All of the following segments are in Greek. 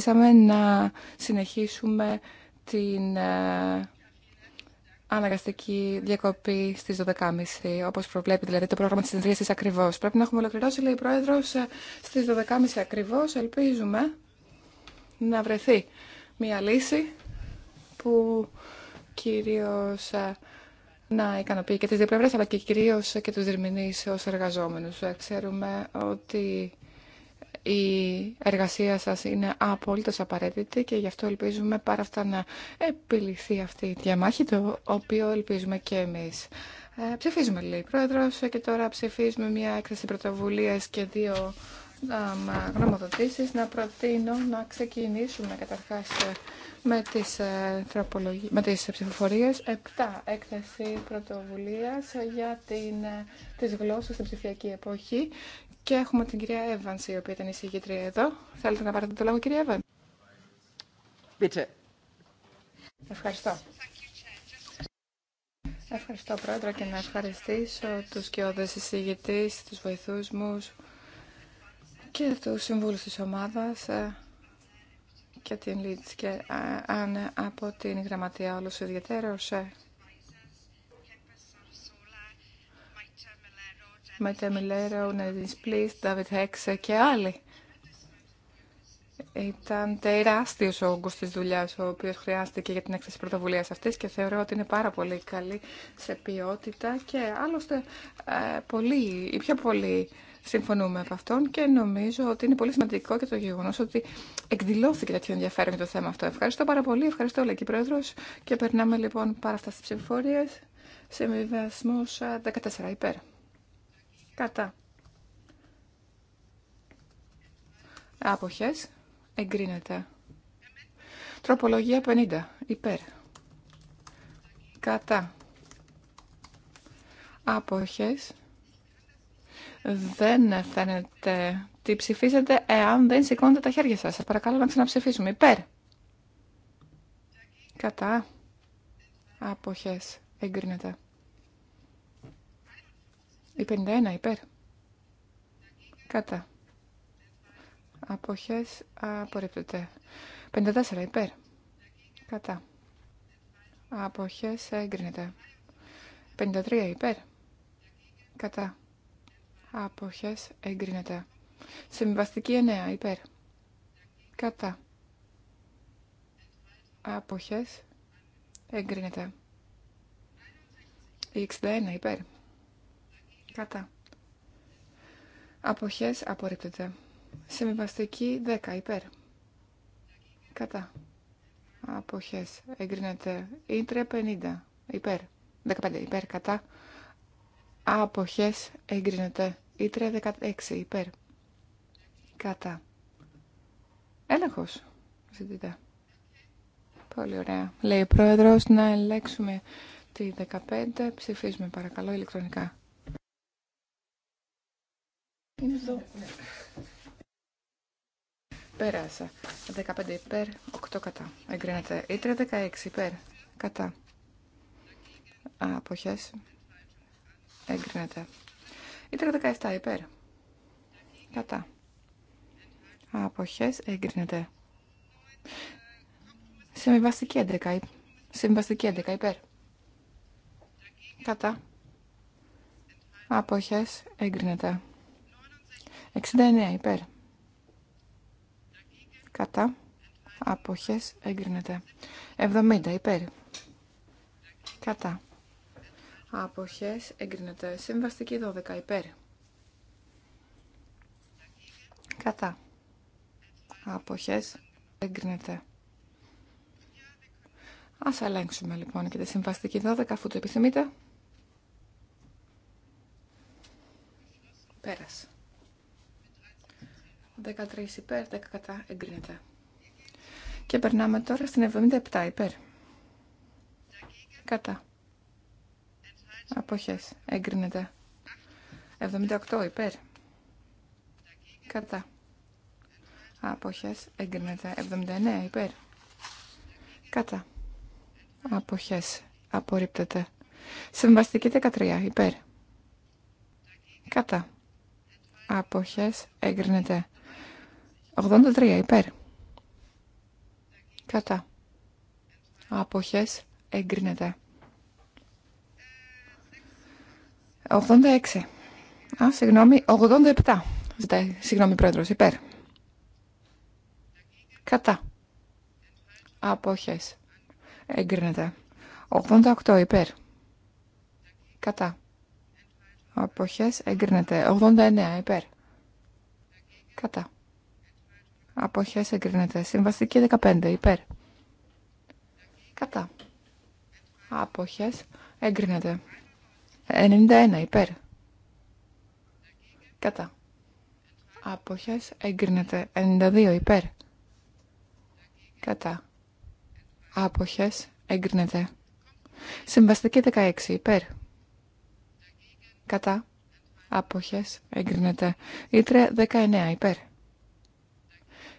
θέσαμε να συνεχίσουμε την ε, αναγκαστική διακοπή στι 12.30, όπω προβλέπει δηλαδή το πρόγραμμα τη συνεδρίαση ακριβώ. Πρέπει να έχουμε ολοκληρώσει, λέει η Πρόεδρο, ε, στι 12.30 ακριβώ. Ελπίζουμε να βρεθεί μια λύση που κυρίω ε, να ικανοποιεί και τι δύο πλευρέ, αλλά και κυρίω και του διερμηνεί ω εργαζόμενου. Ξέρουμε ότι η εργασία σας είναι απόλυτα απαραίτητη και γι' αυτό ελπίζουμε πάρα αυτά να επιληθεί αυτή η διαμάχη, το οποίο ελπίζουμε και εμείς. Ε, ψηφίζουμε, λέει η Πρόεδρος, και τώρα ψηφίζουμε μια έκθεση πρωτοβουλίας και δύο ε, γνωμοδοτήσεις. Να προτείνω να ξεκινήσουμε καταρχάς με τις, ε, με τις ψηφοφορίες. Επτά Έκθεση πρωτοβουλίας για την, ε, τις γλώσσες στην ψηφιακή εποχή και έχουμε την κυρία Evans, η οποία ήταν η συγγήτρια εδώ. Θέλετε να πάρετε το λόγο, κυρία Evans. Ευχαριστώ. Ευχαριστώ, Πρόεδρε, και να ευχαριστήσω τους κοιόδες εισηγητής, του βοηθού μου και του συμβούλου τη ομάδα ε, και την Λίτ και αν ε, από την γραμματεία όλους ιδιαίτερο. Ε. με ο Νέδης Πλής, Ντάβιτ Χέξε και άλλοι. Ήταν τεράστιο ο όγκο τη δουλειά ο οποίο χρειάστηκε για την έκθεση πρωτοβουλία αυτή και θεωρώ ότι είναι πάρα πολύ καλή σε ποιότητα και άλλωστε ε, πολύ, ή πιο πολλοί συμφωνούμε από αυτόν και νομίζω ότι είναι πολύ σημαντικό και το γεγονό ότι εκδηλώθηκε τέτοιο ενδιαφέρον για το θέμα αυτό. Ευχαριστώ πάρα πολύ, ευχαριστώ Λεκή Πρόεδρο και περνάμε λοιπόν πάρα αυτά στι ψηφοφορίε. βασμό 14 ε, υπέρ. Κατά. Άποχες. Εγκρίνεται. Τροπολογία 50. Υπέρ. Κατά. Άποχες. Δεν φαίνεται τι ψηφίζετε εάν δεν σηκώνετε τα χέρια σας. Σας παρακαλώ να ξαναψηφίσουμε. Υπέρ. Κατά. Άποχες. Εγκρίνεται. Η 51 υπέρ. Κατά. Αποχές απορρίπτεται. 54 υπέρ. Κατά. Αποχές έγκρινεται. 53 υπέρ. Κατά. Αποχές έγκρινεται. Συμβαστική 9 υπέρ. Κατά. Αποχές έγκρινεται. 61 υπέρ. Κατά. Αποχές απορρίπτεται. Συμβαστική 10 υπέρ. Κατά. Αποχές εγκρίνεται. Ήτρε 50 υπέρ. 15 υπέρ κατά. Αποχές εγκρίνεται. Ήτρε 16 υπέρ. Κατά. Έλεγχος ζητείτε. Πολύ ωραία. Λέει ο πρόεδρο να ελέγξουμε τη 15. Ψηφίζουμε παρακαλώ ηλεκτρονικά. Είναι Πέρασα. 15 υπέρ, 8 κατά. Εγκρίνεται. Ήτρε 16 υπέρ, κατά. Αποχές. Εγκρίνεται. Ήτρε 17 υπέρ, κατά. Αποχές. Εγκρίνεται. Συμβιβαστική 11. Συμβαστική 11 υπέρ. Κατά. Αποχές. Εγκρίνεται. 69 υπέρ. Κατά. Αποχές εγκρίνεται. 70 υπέρ. Κατά. Αποχές εγκρίνεται. Συμβαστική 12 υπέρ. Κατά. Αποχές εγκρίνεται. Ας ελέγξουμε λοιπόν και τη συμβαστική 12 αφού το επιθυμείτε. Πέρασε. 13 υπέρ, 10 κατά εγκρίνεται. Και περνάμε τώρα στην 77 υπέρ. Κατά. Αποχές. Έγκρινεται. 78 υπέρ. Κατά. Αποχές. Έγκρινεται. 79 υπέρ. Κατά. Αποχές. Απορρίπτεται. Συμβαστική 13 υπέρ. Κατά. Αποχές. Έγκρινεται. 83 υπέρ. Κατά. Αποχές εγκρίνεται. 86. Α, συγγνώμη, 87. Ζητάει, συγγνώμη, πρόεδρος, υπέρ. Κατά. Αποχές. Εγκρίνεται. 88 υπέρ. Κατά. Αποχές εγκρίνεται. 89 υπέρ. Κατά. Αποχές εγκρίνεται. Συμβαστική 15. Υπέρ. Κατά. Αποχές εγκρίνεται. 91. Υπέρ. Κατά. Αποχές εγκρίνεται. 92. Υπέρ. Κατά. Άποχες εγκρίνεται. Συμβαστική 16 υπέρ. Κατά. Άποχες εγκρίνεται. Ήτρε 19 υπέρ.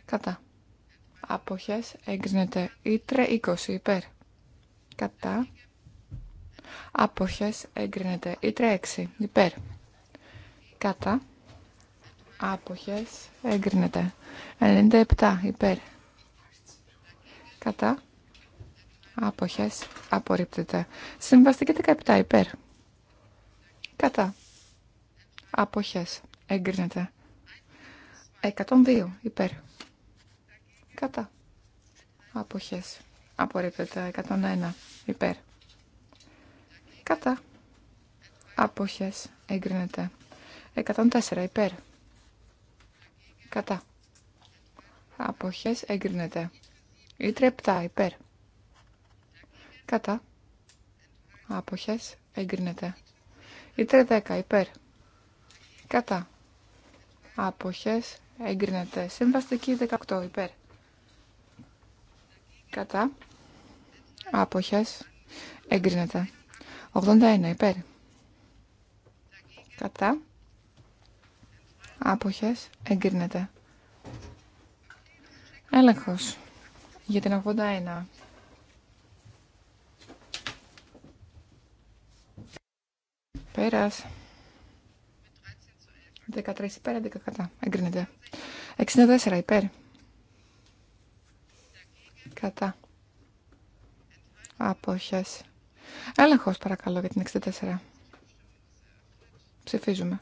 Κατά. Αποχές έγκρινεται. Ήτρε 20 υπέρ. Κατά. Αποχές έγκρινεται. Ήτρε 6 υπέρ. Κατά. Άποχες έγκρινεται. 97 υπέρ. Κατά. Άποχες απορρίπτεται. Συμβαστική 17 υπέρ. Κατά. Άποχες έγκρινεται. 102 υπέρ. Κατά. Αποχές. Απορρίπτεται 101. Υπέρ. Κατά. Αποχές. Εγκρίνεται. 104. Υπέρ. Κατά. Αποχές. Εγκρίνεται. Ήτρε 7. Υπέρ. Κατά. Άποχες. Εγκρίνεται. Ήτρε 10. Υπέρ. Κατά. Άποχες. Εγκρίνεται. Συμβαστική 18. Υπέρ. Κατά. Άποχες. Εγκρίνεται. 81 υπέρ. Κατά. Άποχες. Εγκρίνεται. Έλεγχος. Για την 81. Πέρας. 13 υπέρ, 11 κατά. Εγκρίνεται. 64 υπέρ. Κατά. Απόχες. Έλεγχος παρακαλώ για την 64. Ψηφίζουμε.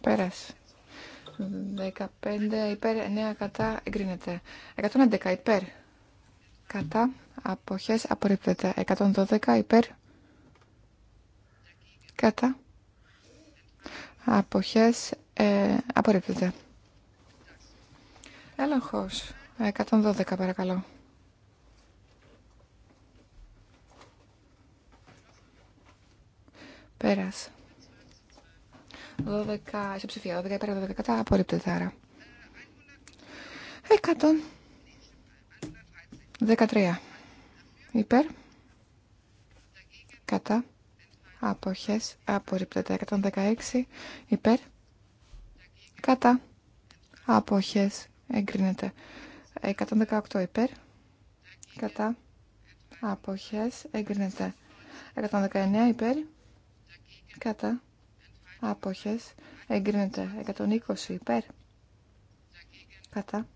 Πέρας. 15 υπέρ, 9 κατά, εγκρίνεται. 111 υπέρ, κατά, αποχές, απορρίπτεται. 112 υπέρ, κατά, αποχές, ε, απορρίπτεται. Έλεγχος. 112 παρακαλώ. Πέρας. 12 ψηφία, 12 υπέρ, 12 κατά, απορρίπτεται άρα. 113 υπέρ, κατά, αποχές, απορρίπτεται. 116 υπέρ, κατά, αποχές, Εγκρίνεται. 118 υπέρ. Κατά. Αποχές. Εγκρίνεται. 119 υπέρ. Κατά. Αποχές. Εγκρίνεται. 120 υπέρ. Κατά.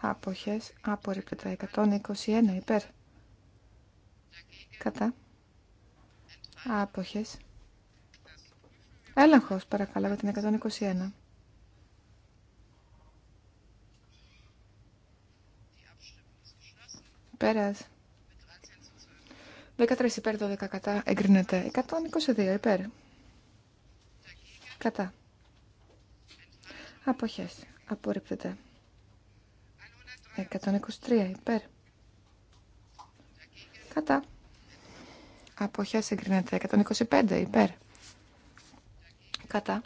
Αποχές. Απορρίπτεται. 121 υπέρ. Κατά. Άποχες. Έλεγχος παρακαλώ για την 121. υπέρα. 13 υπέρ, 12 κατά. Εγκρίνεται. 122 υπέρ. Κατά. Αποχές. Απορρίπτεται. 123 υπέρ. Κατά. Αποχές εγκρίνεται. 125 υπέρ. Κατά.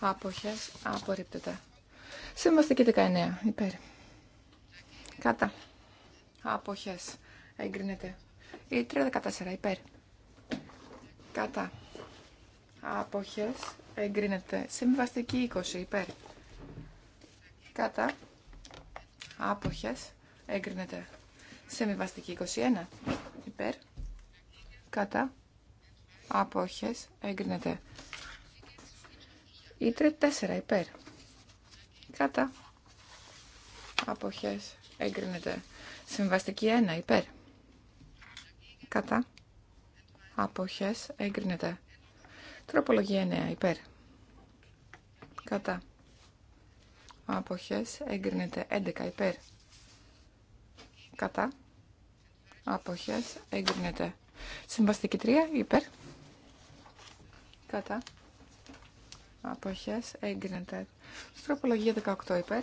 Αποχές απορρίπτεται. Συμβαστική 19 υπέρ. Κατά. Αποχές. Εγκρίνεται. Η 314 υπέρ. Κατά. Αποχές. Εγκρίνεται. Συμβαστική 20 υπέρ. Κατά. Άποχες. Εγκρίνεται. Συμβαστική 21 υπέρ. Κατά. Άποχες. Εγκρίνεται. Η 4 υπέρ. Κατά. Άποχες. Εγκρίνεται. Συμβαστική 1 υπέρ. Κατά. Αποχές εγκρίνεται. Τροπολογία 9 υπέρ. Κατά. Αποχές εγκρίνεται 11 υπέρ. Κατά. Αποχές εγκρίνεται. Συμβαστική 3 υπέρ. Κατά. Αποχές εγκρίνεται. Τροπολογία 18 υπέρ.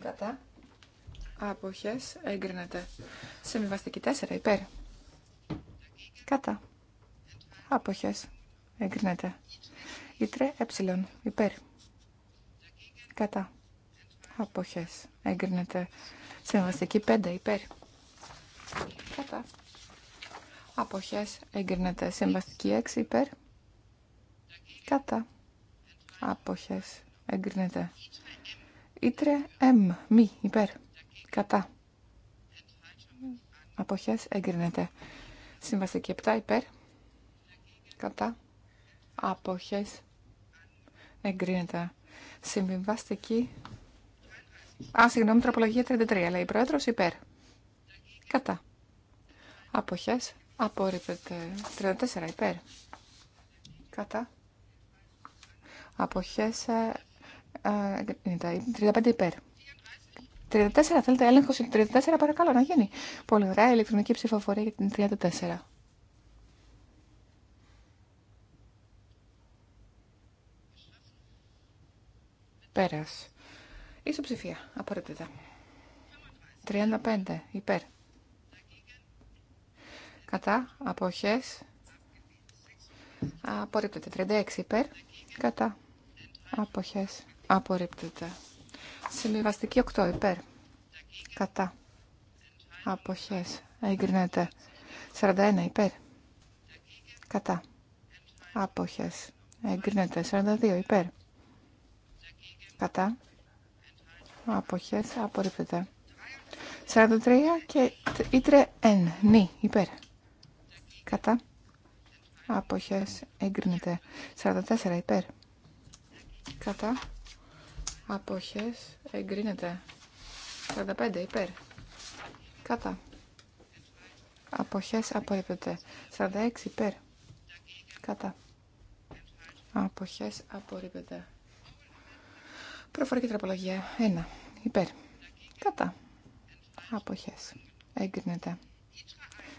Κατά. Αποχές εγκρίνεται. Συμβιβαστική 4 υπέρ. Κατά. Αποχές εγκρίνεται. Ήτρε έψιλον, ε, υπέρ. Κατά. Αποχές εγκρίνεται. Συμβαστική 5 υπέρ. Κατά. Αποχές εγκρίνεται. Συμβαστική 6 υπέρ. Κατά. Αποχές εγκρίνεται. Ήτρε εμ μη υπέρ. Κατά. Αποχές εγκρίνεται. Συμβαστική 7 υπέρ. Κατά. Αποχές εγκρίνεται. Συμβιβαστική. Α, συγγνώμη, τροπολογία 33. Λέει πρόεδρο υπέρ. Κατά. Αποχές απορρίπτεται. 34 υπέρ. Κατά. Αποχές ε, ε, εγκρίνεται. 35 υπέρ. 34 θέλετε έλεγχο για 34 παρακαλώ να γίνει. Πολύ ωραία ηλεκτρονική ψηφοφορία για την 34. Πέρας. ψηφία. Απορρίπτεται. 35. Υπέρ. Κατά. Αποχές. Απορρίπτεται. 36. Υπέρ. Κατά. Αποχές. Απορρίπτεται. Συμβιβαστική 8 υπέρ. Κατά. Αποχέ. Εγκρινέται. 41 υπέρ. Κατά. Αποχέ. Εγκρίνεται. 42 υπέρ. Κατά. άποχε, Απορρίπτεται. 43 και ήτρε εν. Νι. Υπέρ. Κατά. Αποχέ. Εγκρίνεται. 44 υπέρ. Κατά. Αποχές εγκρίνεται. 45 υπέρ. Κατά. Αποχές απορρίπτεται. 46 υπέρ. Κατά. Αποχές απορρίπτεται. Προφορική τραπολογία. 1. Υπέρ. Κατά. Αποχές. Εγκρίνεται.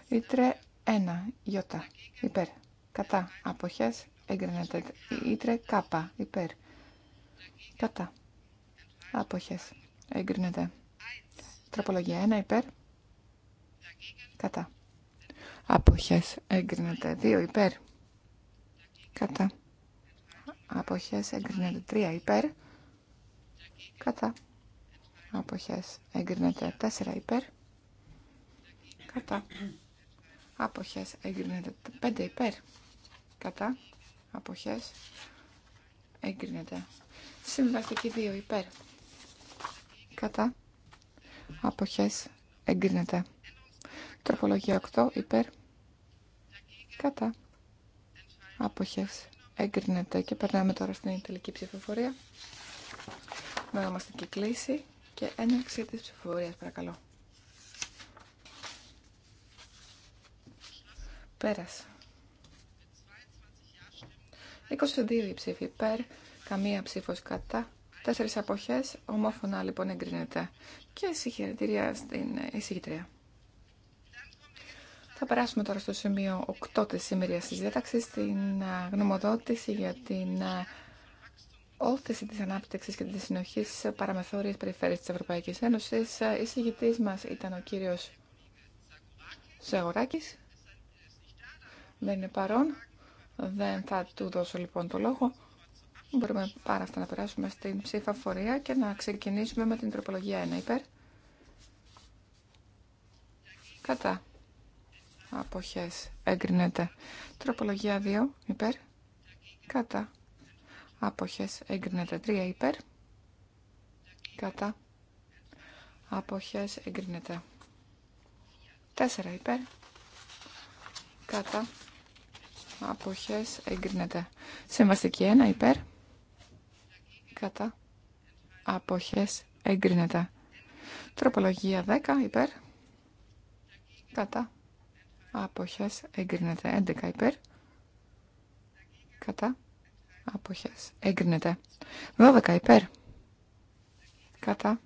Ήτρε 1. γιώτα Υπέρ. Κατά. Αποχές. Εγκρίνεται. Ήτρε Κάπα. Υπέρ. Κατά. Αποχές. Εγκρίνεται. Τροπολογία 1 υπέρ. Κατά. Αποχές. Εγκρίνεται. 2 υπέρ. Κατά. Αποχές. Εγκρίνεται. 3 υπέρ. Κατά. Αποχές. Εγκρίνεται. 4 υπέρ. Κατά. Αποχές. Εγκρίνεται. 5 υπέρ. Κατά. Αποχές. Εγκρίνεται. Συμβαστική 2 υπέρ κατά αποχές εγκρίνεται. Τροφολογία 8 υπέρ κατά αποχές εγκρίνεται και περνάμε τώρα στην τελική ψηφοφορία με ονομαστική κλίση και έναρξη της ψηφοφορίας παρακαλώ. Πέρασε. 22 ψήφοι υπέρ, καμία ψήφος κατά Τέσσερις αποχές, ομόφωνα λοιπόν εγκρίνεται. Και συγχαρητήρια στην εισηγητρία. Θα περάσουμε τώρα στο σημείο 8 της σημερινής της διάταξης, στην ε, γνωμοδότηση για την ε, όθηση της ανάπτυξης και της συνοχής σε παραμεθόριες περιφέρειες της Ευρωπαϊκής Ένωσης. Ε, εισηγητής μας ήταν ο κύριος Σεγοράκης. Δεν είναι παρόν. Δεν θα του δώσω λοιπόν το λόγο. Μπορούμε πάρα αυτά να περάσουμε στην φορεία και να ξεκινήσουμε με την τροπολογία 1 υπέρ. Κατά. Αποχές. Εγκρινέται. Τροπολογία 2 υπέρ. Κατά. Αποχές. Εγκρινέται. 3 υπέρ. Κατά. Αποχές. Εγκρινέται. 4 υπέρ. Κατά. Αποχές εγκρίνεται. Συμβαστική 1 υπέρ κατά αποχές εγκρίνεται. Τροπολογία 10 υπέρ κατά αποχές εγκρίνεται. 11 υπέρ κατά αποχές εγκρίνεται. 12 υπέρ κατά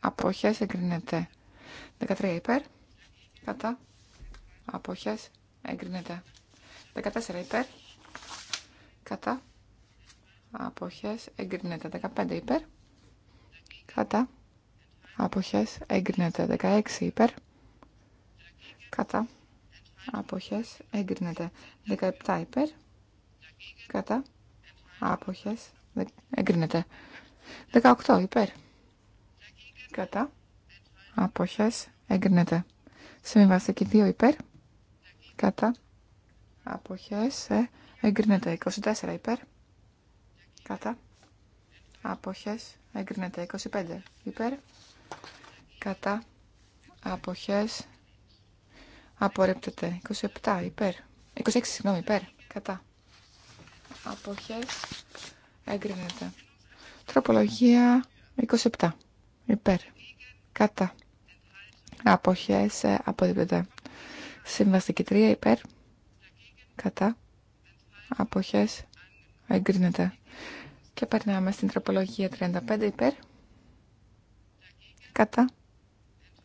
αποχές εγκρίνεται. 13 υπέρ κατά αποχές εγκρίνεται. 14 υπέρ κατά αποχές εγκρίνεται 15 υπέρ κατά αποχές εγκρίνεται 16 υπέρ κατά αποχές εγκρίνεται 17 υπέρ κατά άποχες εγκρίνεται 18 υπέρ κατά άποχες εγκρίνεται συμβιβαστική 2 υπέρ κατά άποχες ε, εγκρίνεται 24 υπέρ Κατά. Αποχές εγκρίνεται. 25 υπέρ. Κατά. Αποχές απορρίπτεται. 27 υπέρ. 26 συγγνώμη υπέρ. Κατά. Αποχές εγκρίνεται. Τροπολογία 27 υπέρ. Κατά. Αποχές ε, απορρίπτεται. Συμβαστική 3 υπέρ. Κατά. Αποχές εγκρίνεται. Και περνάμε στην τροπολογία 35 υπέρ. Κατά.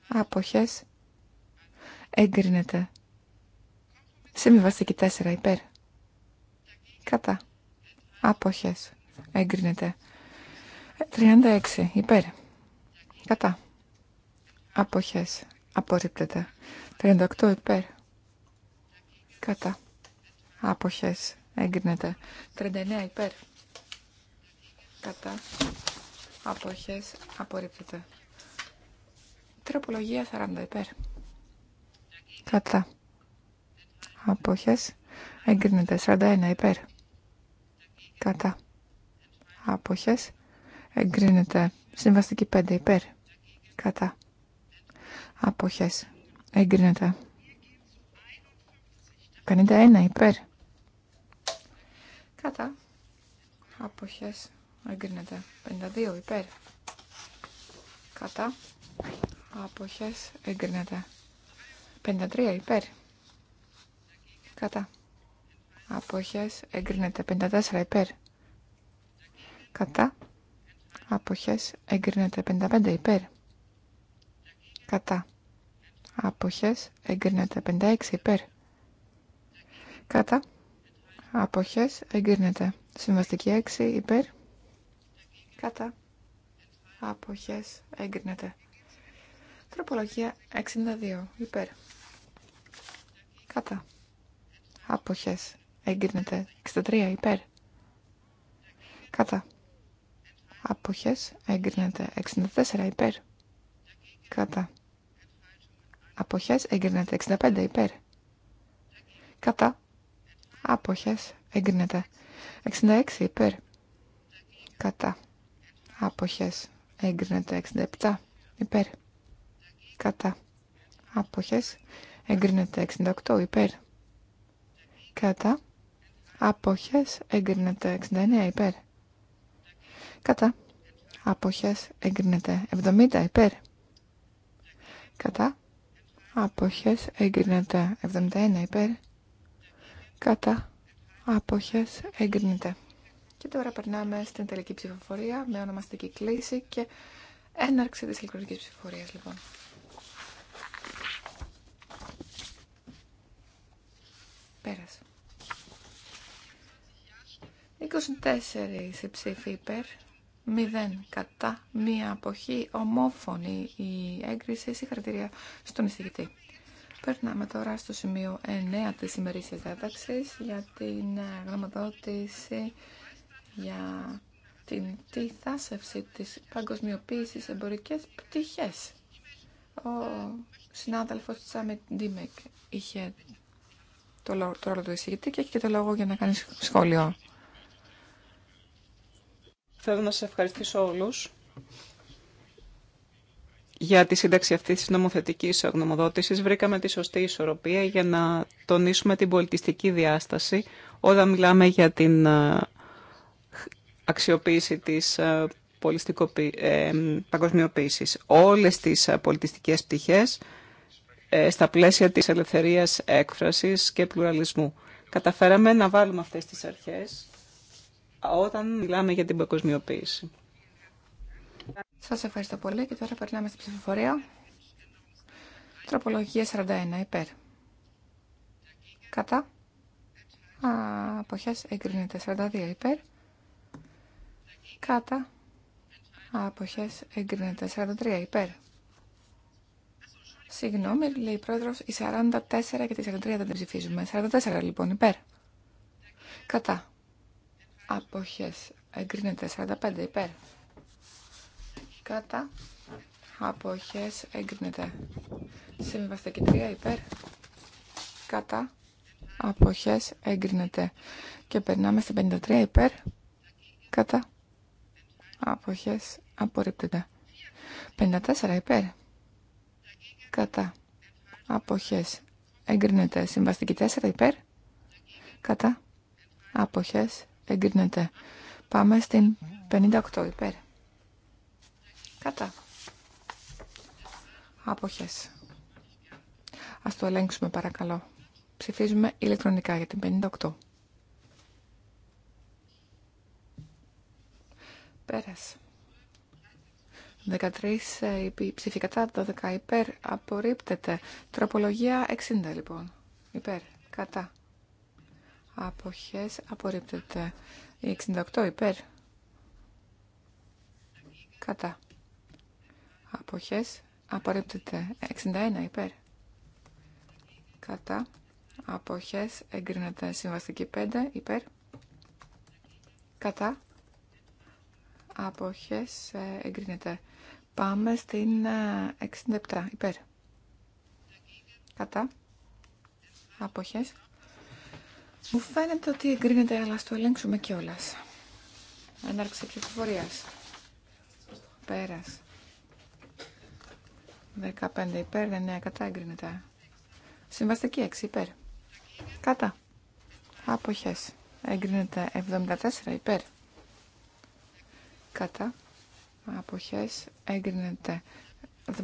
Άποχες. Εγκρίνεται. Συμβιβαστική 4 υπέρ. Κατά. Άποχες. Εγκρίνεται. 36 υπέρ. Κατά. Άποχες. Απορρίπτεται. 38 υπέρ. Κατά. Άποχες. Εγκρίνεται. 39 υπέρ κατά αποχές απορρίπτεται. Τροπολογία 40 υπέρ. Κατά. Αποχές εγκρίνεται. 41 υπέρ. Κατά. Αποχές εγκρίνεται. Συμβαστική 5 υπέρ. Κατά. Αποχές εγκρίνεται. 51 υπέρ. Κατά. Αποχές Εγκρίνεται. 52 υπέρ. Κατά. Αποχές. Εγκρίνεται. 53 υπέρ. Κατά. Αποχές. Εγκρίνεται. 54 υπέρ. Κατά. Αποχές. Εγκρίνεται. 55 υπέρ. Κατά. Αποχές. Εγκρίνεται. 56 υπέρ. Κατά. Αποχές. Εγκρίνεται. Συμβαστική 6 υπέρ Κατά. Αποχές. Έγκρινεται. Τροπολογία 62. Υπέρ. Κατά. Αποχές. Έγκρινεται. 63. Υπέρ. Κατά. Αποχές. Έγκρινεται. 64. Υπέρ. Κατά. Αποχές. Έγκρινεται. 65. Υπέρ. Κατά. Αποχές. Έγκρινεται. 66. Υπέρ. Κατά. Αποχές. Έγκρινεται 67. Υπέρ. Κατά. Αποχές. Έγκρινεται 68. Υπέρ. Κατά. Αποχές. Έγκρινεται 69. Υπέρ. Κατά. Αποχές. Έγκρινεται 70. Υπέρ. Κατά. Αποχές. Έγκρινεται 71. Υπέρ. Κατά. Αποχές. Έγκρινεται και τώρα περνάμε στην τελική ψηφοφορία με ονομαστική κλίση και έναρξη της ηλεκτρονικής ψηφοφορίας λοιπόν. Πέρασε. 24 ψήφοι υπέρ, 0 κατά, μία αποχή, ομόφωνη η έγκριση, συγχαρητήρια στον εισηγητή. Περνάμε τώρα στο σημείο 9 της ημερήσιας διάταξης για την γνωμοδότηση για την τη θάσευση της παγκοσμιοποίησης εμπορικές πτυχές. Ο συνάδελφος της Άμετ Ντίμεκ είχε το, ρόλο το του εισηγητή και έχει και το λόγο για να κάνει σχόλιο. Θέλω να σας ευχαριστήσω όλους για τη σύνταξη αυτής της νομοθετικής γνωμοδότησης. Βρήκαμε τη σωστή ισορροπία για να τονίσουμε την πολιτιστική διάσταση όταν μιλάμε για την ε, αξιοποίηση της ε, ε, παγκοσμιοποίησης. Όλες τις ε, πολιτιστικές πτυχές στα πλαίσια της ελευθερίας έκφρασης και πλουραλισμού. Καταφέραμε να βάλουμε αυτές τις αρχές όταν μιλάμε για την παγκοσμιοποίηση. Σας ευχαριστώ πολύ και τώρα περνάμε στην ψηφοφορία. Τροπολογία 41, υπέρ. Κατά. Αποχές εγκρίνεται 42, υπέρ. Κάτα. Αποχές εγκρίνεται. 43 υπέρ. Συγγνώμη, λέει η πρόεδρος, η 44 και τη 43 δεν την ψηφίζουμε. 44 λοιπόν υπέρ. Κατά. Αποχές εγκρίνεται. 45 υπέρ. Κατά. Αποχές εγκρίνεται. Συμβαστική 3 υπέρ. Κατά. Αποχές εγκρίνεται. Και περνάμε στη 53 υπέρ. Κατά αποχές απορρίπτεται. 54 υπέρ κατά αποχές εγκρίνεται. Συμβαστική 4 υπέρ κατά αποχές εγκρίνεται. Πάμε στην 58 υπέρ κατά αποχές. Ας το ελέγξουμε παρακαλώ. Ψηφίζουμε ηλεκτρονικά για την 58. Πέρασε. 13 ε, ψήφοι κατά, 12 υπέρ. Απορρίπτεται. Τροπολογία 60 λοιπόν. Υπέρ. Κατά. Αποχές. Απορρίπτεται. 68 υπέρ. Κατά. Αποχές. Απορρίπτεται. 61 υπέρ. Κατά. Αποχές. Εγκρίνεται. Συμβαστική 5 υπέρ. Κατά αποχές ε, εγκρίνεται. Πάμε στην 67 ε, υπέρ. Κατά. Αποχές. Μου φαίνεται ότι εγκρίνεται, αλλά στο ελέγξουμε κιόλα. Έναρξη ψηφοφορία. Πέρας. 15 υπέρ, 9 κατά εγκρίνεται. Συμβαστική 6 υπέρ. Κατά. Αποχές. Εγκρίνεται 74 υπέρ κατά αποχές έγκρινεται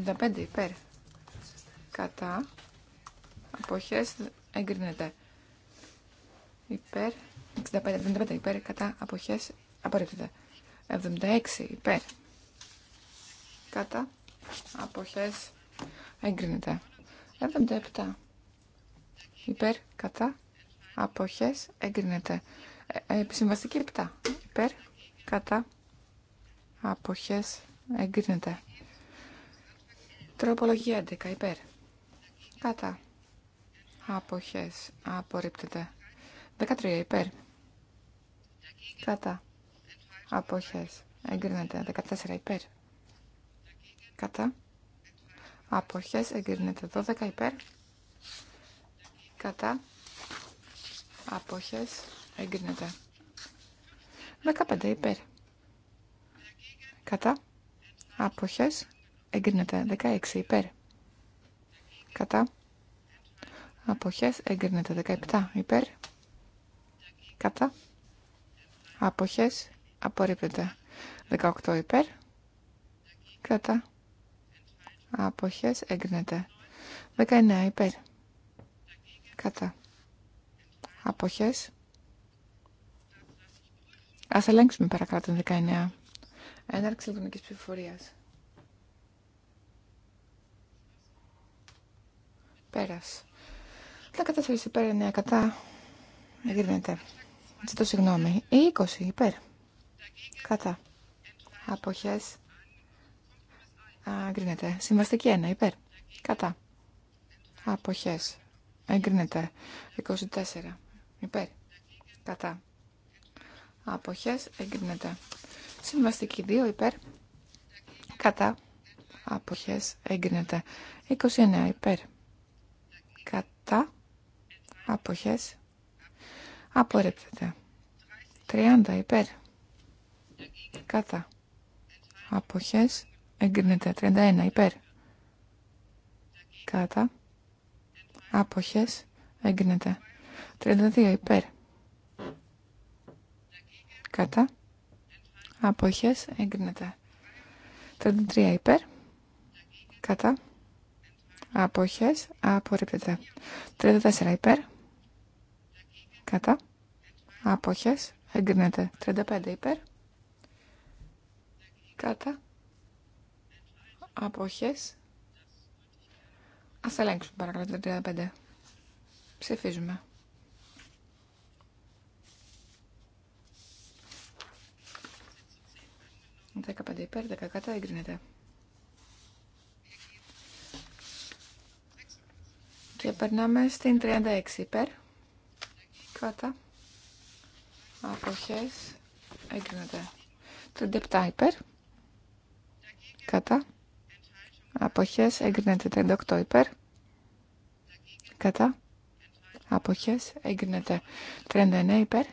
75 υπέρ κατά αποχές έγκρινεται υπέρ 65, 75 υπέρ κατά αποχές απορρίπτεται 76 υπέρ κατά αποχές έγκρινεται 77 υπέρ κατά αποχές έγκρινεται ε, ε συμβαστική 7 υπέρ κατά αποχές εγκρίνεται. Τροπολογία 11 υπέρ. Κατά. Αποχές απορρίπτεται. 13 υπέρ. Κατά. Αποχές εγκρίνεται. 14 υπέρ. Κατά. Αποχές εγκρίνεται. 12 υπέρ. Κατά. Αποχές εγκρίνεται. 15 υπέρ. Κατά. Αποχές. Εγκρίνεται. 16. Υπέρ. Κατά. Αποχές. Εγκρίνεται. 17. Υπέρ. Κατά. Αποχές. Απορρίπτεται. 18. Υπέρ. Κατά. Αποχές. Εγκρίνεται. 19. Υπέρ. Κατά. Αποχές. Ας ελέγξουμε παρακάτω την 19. Έναρξη ηλεκτρονικής ψηφοφορίας. Πέρας. Τα 4 υπέρ, 9 κατά. Εγκρίνεται. Ζητώ συγγνώμη. 20 υπέρ. Κατά. Αποχές. Εγκρίνεται. Συμβαστική 1 υπέρ. Κατά. Αποχές. Εγκρίνεται. 24. Υπέρ. Κατά. Αποχές. Εγκρίνεται. Συμβαστική 2 υπέρ. Κατά. Αποχές έγκρινεται. 29 υπέρ. Κατά. Αποχές. Απορρίπτεται. 30 υπέρ. Κατά. Αποχές εγκρίνεται. 31 υπέρ. Κατά. Άποχες εγκρίνεται. 32 υπέρ. Κατά. Αποχές εγκρίνεται. 33 υπέρ. Κατά. Αποχές απορρίπτεται. 34 υπέρ. Κατά. Αποχές εγκρίνεται. 35 υπέρ. Κατά. Αποχές. Ας ελέγξουμε παρακαλώ 35. Ψηφίζουμε. 15 υπέρ, 10 κατά εγκρίνεται. Και περνάμε στην 36 υπέρ. Κατά. Αποχές. Έγκρινεται. 37 υπέρ. Κατά. Αποχές. Έγκρινεται. 38 υπέρ. Κατά. Αποχές. Έγκρινεται. 39 υπέρ.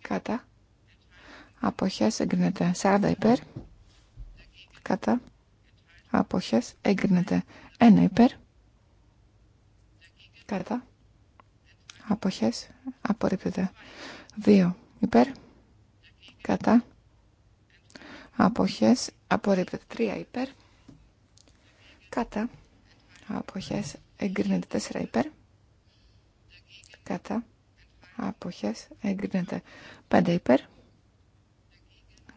Κατά αποχές εγκρίνεται 40 υπέρ κατά αποχές εγκρίνεται 1 υπέρ κατά αποχές απορρίπτεται 2 υπέρ κατά αποχές απορρίπτεται 3 υπέρ κατά αποχές εγκρίνεται 4 υπέρ κατά αποχές εγκρίνεται 5 υπέρ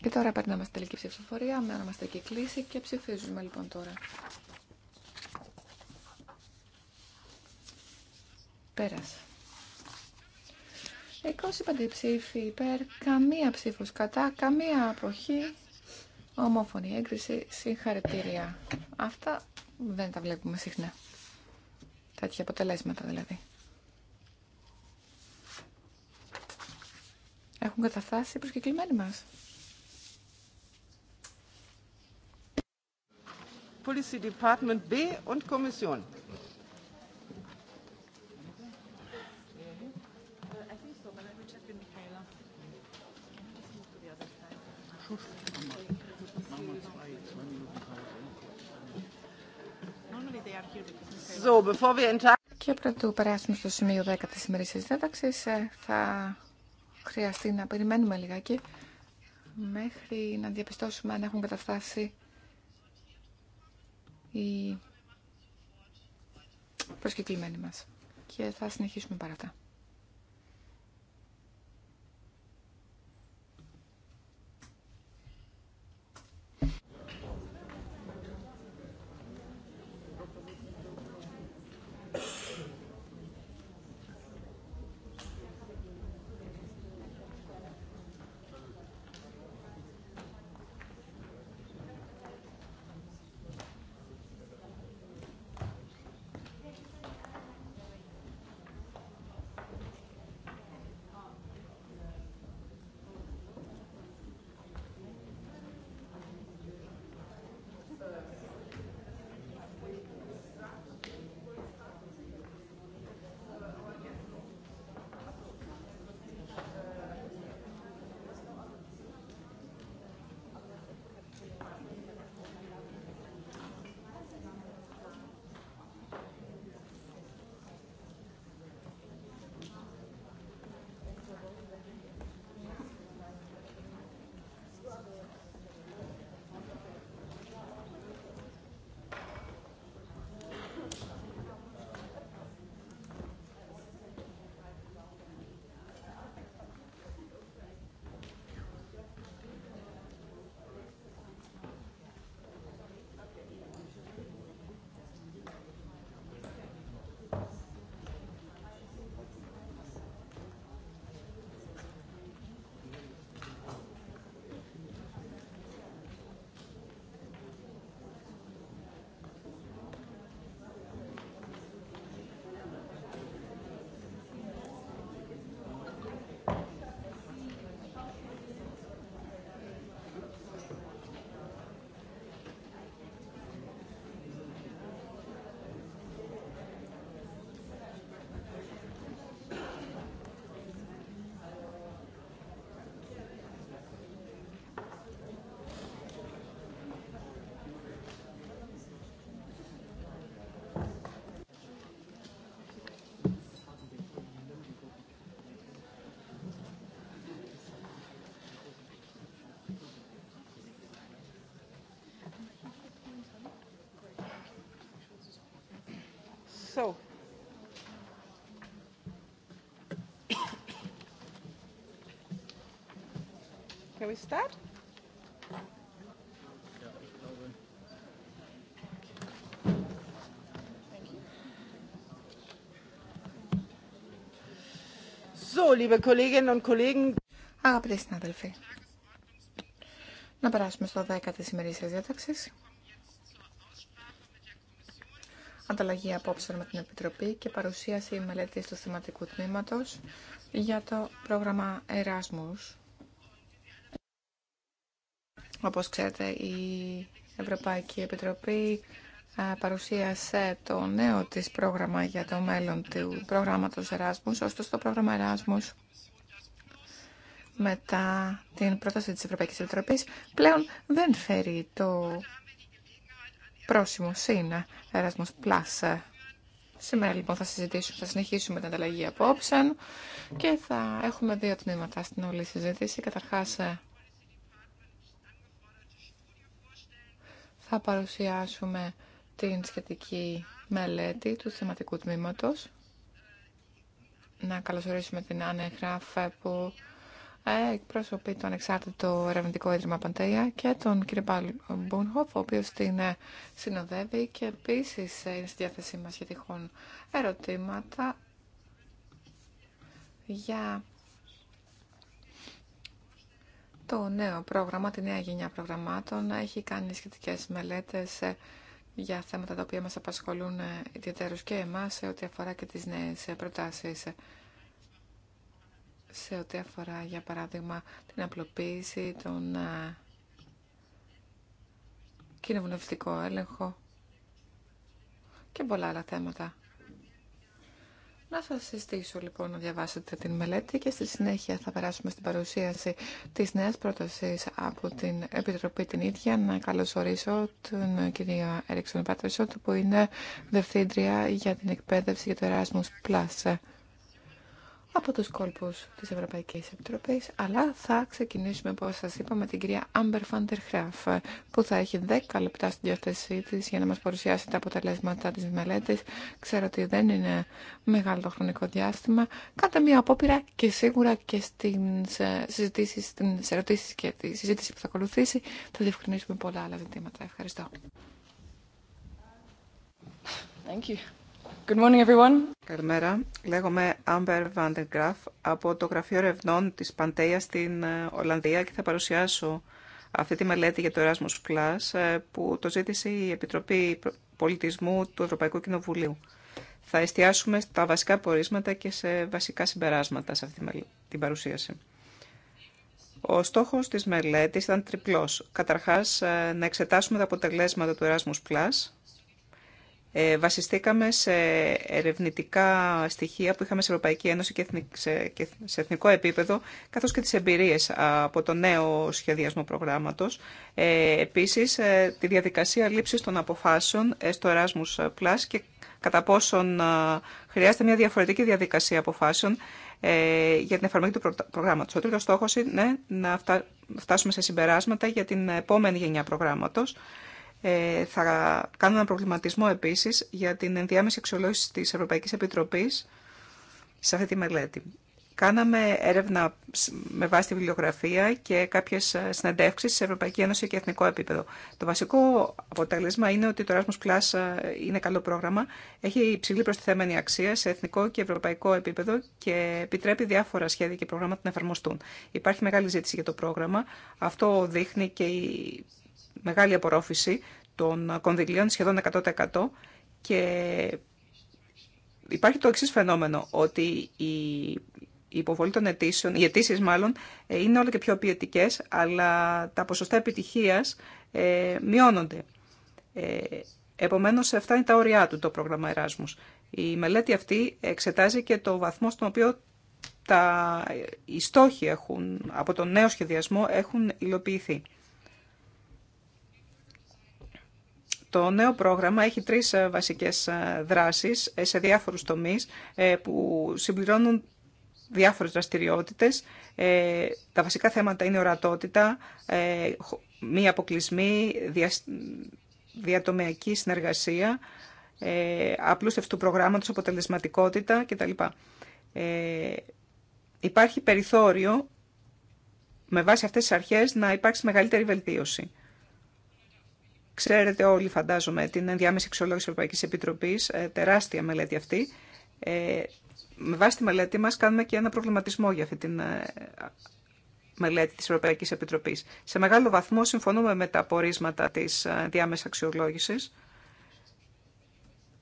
Και τώρα περνάμε στην τελική ψηφοφορία με ονομαστική κλίση και ψηφίζουμε λοιπόν τώρα. Πέρασε. 25 ψήφοι υπέρ, καμία ψήφος κατά, καμία αποχή, ομόφωνη έγκριση, συγχαρητήρια. Αυτά δεν τα βλέπουμε συχνά. Τέτοια αποτελέσματα δηλαδή. Έχουν καταφτάσει προσκεκλημένοι μας. Policy Department B und Kommission. Και του περάσουμε στο σημείο 10 της σημερινής διάταξης, ε, θα χρειαστεί να περιμένουμε λιγάκι μέχρι να διαπιστώσουμε αν έχουν καταφτάσει η προσκεκλημένοι μας. Και θα συνεχίσουμε παρά we start? So, Αγαπητοί συναδελφοί, να περάσουμε στο 10 τη ημερήσιας διάταξης. Ανταλλαγή απόψεων με την Επιτροπή και παρουσίαση μελέτης του θεματικού τμήματος για το πρόγραμμα Erasmus όπως ξέρετε, η Ευρωπαϊκή Επιτροπή ε, παρουσίασε το νέο της πρόγραμμα για το μέλλον του πρόγραμματος Εράσμους. Ωστόσο, το πρόγραμμα Εράσμους μετά την πρόταση της Ευρωπαϊκής Επιτροπής πλέον δεν φέρει το πρόσημο σύν Erasmus Plus. Σήμερα λοιπόν θα συζητήσουμε, θα συνεχίσουμε την ανταλλαγή απόψεων και θα έχουμε δύο τμήματα στην όλη συζήτηση. Καταρχάς θα παρουσιάσουμε την σχετική μελέτη του θεματικού τμήματος. Να καλωσορίσουμε την Άννα Γράφε που ε, εκπροσωπεί το ανεξάρτητο ερευνητικό ίδρυμα Παντέια και τον κύριο Μπούνχοφ, ο οποίος την ε, συνοδεύει και επίσης ε, είναι στη διάθεσή μας για τυχόν ερωτήματα για το νέο πρόγραμμα, τη νέα γενιά προγραμμάτων, έχει κάνει σχετικές μελέτες ε, για θέματα τα οποία μας απασχολούν ε, ιδιαίτερως και εμάς σε ό,τι αφορά και τις νέες ε, προτάσεις. Σε ό,τι αφορά, για παράδειγμα, την απλοποίηση, τον κοινοβουλευτικό έλεγχο και πολλά άλλα θέματα. Να σας συστήσω λοιπόν να διαβάσετε την μελέτη και στη συνέχεια θα περάσουμε στην παρουσίαση της νέας πρότασης από την Επιτροπή την ίδια. Να καλωσορίσω τον κυρία Έριξον του που είναι δευθύντρια για την εκπαίδευση για το Erasmus Plus από τους κόλπους της Ευρωπαϊκής Επιτροπής, αλλά θα ξεκινήσουμε, όπως σας είπα, με την κυρία Άμπερ Φαντερ Χράφ, που θα έχει 10 λεπτά στη διάθεσή της για να μας παρουσιάσει τα αποτελέσματα της μελέτης. Ξέρω ότι δεν είναι μεγάλο το χρονικό διάστημα. Κάντε μια απόπειρα και σίγουρα και στις συζητήσεις, ερωτήσεις και τη συζήτηση που θα ακολουθήσει θα διευκρινίσουμε πολλά άλλα ζητήματα. Ευχαριστώ. Thank you. Good morning everyone. Καλημέρα. Λέγομαι Άμπερ Βαντεγκράφ από το Γραφείο Ερευνών της Παντέια στην ε, Ολλανδία και θα παρουσιάσω αυτή τη μελέτη για το Erasmus Plus ε, που το ζήτησε η Επιτροπή Πολιτισμού του Ευρωπαϊκού Κοινοβουλίου. Θα εστιάσουμε στα βασικά πορίσματα και σε βασικά συμπεράσματα σε αυτή την παρουσίαση. Ο στόχος της μελέτης ήταν τριπλός. Καταρχάς, ε, να εξετάσουμε τα αποτελέσματα του Erasmus Plus, ε, βασιστήκαμε σε ερευνητικά στοιχεία που είχαμε σε Ευρωπαϊκή Ένωση και σε εθνικό επίπεδο, καθώς και τις εμπειρίες από το νέο σχεδιασμό προγράμματος. Ε, επίσης, ε, τη διαδικασία λήψης των αποφάσεων στο Erasmus Plus και κατά πόσον χρειάζεται μια διαφορετική διαδικασία αποφάσεων για την εφαρμογή του προγράμματος. Ο τρίτος στόχος είναι να φτάσουμε σε συμπεράσματα για την επόμενη γενιά προγράμματος ε, θα κάνω ένα προβληματισμό επίσης για την ενδιάμεση αξιολόγηση της Ευρωπαϊκής Επιτροπής σε αυτή τη μελέτη. Κάναμε έρευνα με βάση τη βιβλιογραφία και κάποιε συνεντεύξει σε Ευρωπαϊκή Ένωση και εθνικό επίπεδο. Το βασικό αποτέλεσμα είναι ότι το Erasmus Plus ε, είναι καλό πρόγραμμα, έχει υψηλή προστιθέμενη αξία σε εθνικό και ευρωπαϊκό επίπεδο και επιτρέπει διάφορα σχέδια και προγράμματα να εφαρμοστούν. Υπάρχει μεγάλη ζήτηση για το πρόγραμμα. Αυτό δείχνει και η μεγάλη απορρόφηση των κονδυλίων, σχεδόν 100% και υπάρχει το εξή φαινόμενο, ότι η υποβολή των αιτήσεων, οι αιτήσει μάλλον, ε, είναι όλο και πιο ποιοτικέ, αλλά τα ποσοστά επιτυχία ε, μειώνονται. Ε, Επομένω, αυτά είναι τα όρια του το πρόγραμμα Εράσμους. Η μελέτη αυτή εξετάζει και το βαθμό στον οποίο τα, οι στόχοι έχουν, από τον νέο σχεδιασμό έχουν υλοποιηθεί. Το νέο πρόγραμμα έχει τρεις ε, βασικές ε, δράσεις ε, σε διάφορους τομείς που συμπληρώνουν διάφορες δραστηριότητες. Τα βασικά θέματα είναι ορατότητα, μη αποκλεισμή, διατομιακή συνεργασία, απλούστευση του προγράμματος, αποτελεσματικότητα κτλ. Υπάρχει περιθώριο με βάση αυτές τις αρχές να υπάρξει μεγαλύτερη βελτίωση. Ξέρετε όλοι, φαντάζομαι, την ενδιάμεση αξιολόγηση Ευρωπαϊκής Επιτροπής, ε, τεράστια μελέτη αυτή. Ε, με βάση τη μελέτη μας κάνουμε και ένα προβληματισμό για αυτή την ε, μελέτη της Ευρωπαϊκής Επιτροπής. Σε μεγάλο βαθμό συμφωνούμε με τα απορίσματα της διάμεσης αξιολόγησης